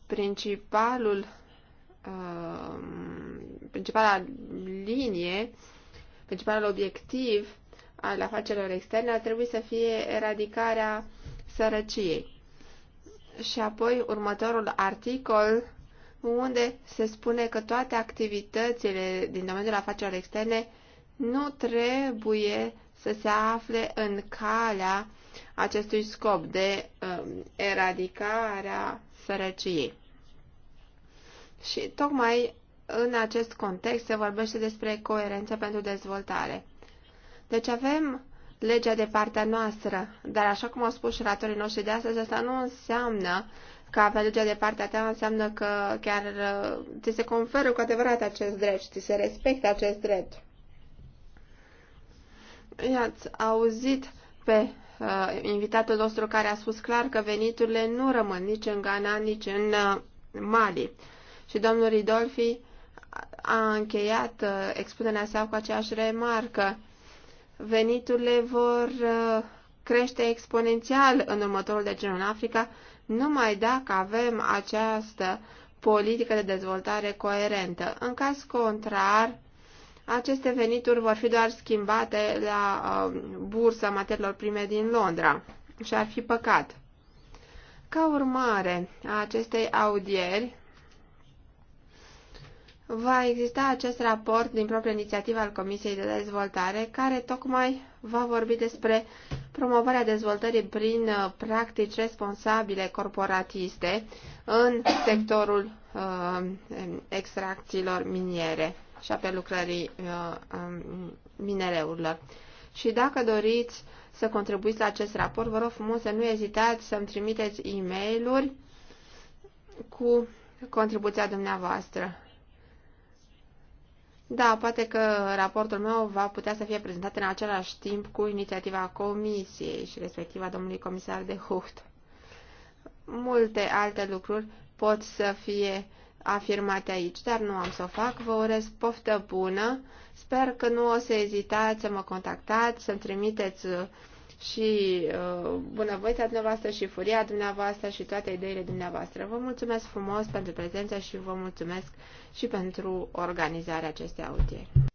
principalul uh, principala linie, principalul obiectiv al afacerilor externe ar trebui să fie eradicarea sărăciei. Și apoi următorul articol unde se spune că toate activitățile din domeniul afacerilor externe nu trebuie să se afle în calea acestui scop de um, eradicarea sărăciei. Și tocmai în acest context se vorbește despre coerență pentru dezvoltare. Deci avem legea de partea noastră, dar așa cum au spus și ratorii noștri de astăzi, asta nu înseamnă că avea legea de partea ta înseamnă că chiar uh, ți se conferă cu adevărat acest drept, ți se respectă acest drept. I-ați auzit pe uh, invitatul nostru care a spus clar că veniturile nu rămân nici în Ghana, nici în uh, Mali. Și domnul Ridolfi a încheiat uh, expunerea sa cu aceeași remarcă veniturile vor uh, crește exponențial în următorul deceniu în Africa, numai dacă avem această politică de dezvoltare coerentă. În caz contrar, aceste venituri vor fi doar schimbate la uh, bursa materiilor prime din Londra și ar fi păcat. Ca urmare a acestei audieri, va exista acest raport din propria inițiativă al Comisiei de Dezvoltare, care tocmai va vorbi despre promovarea dezvoltării prin uh, practici responsabile corporatiste în sectorul uh, extracțiilor miniere și a prelucrării uh, minereurilor. Și dacă doriți să contribuiți la acest raport, vă rog frumos să nu ezitați să-mi trimiteți e-mail-uri cu contribuția dumneavoastră. Da, poate că raportul meu va putea să fie prezentat în același timp cu inițiativa Comisiei și respectiva domnului comisar de Hucht. Multe alte lucruri pot să fie afirmate aici, dar nu am să o fac. Vă urez poftă bună. Sper că nu o să ezitați să mă contactați, să-mi trimiteți și uh, bunăvoința dumneavoastră și furia dumneavoastră și toate ideile dumneavoastră. Vă mulțumesc frumos pentru prezența și vă mulțumesc și pentru organizarea acestei audieri.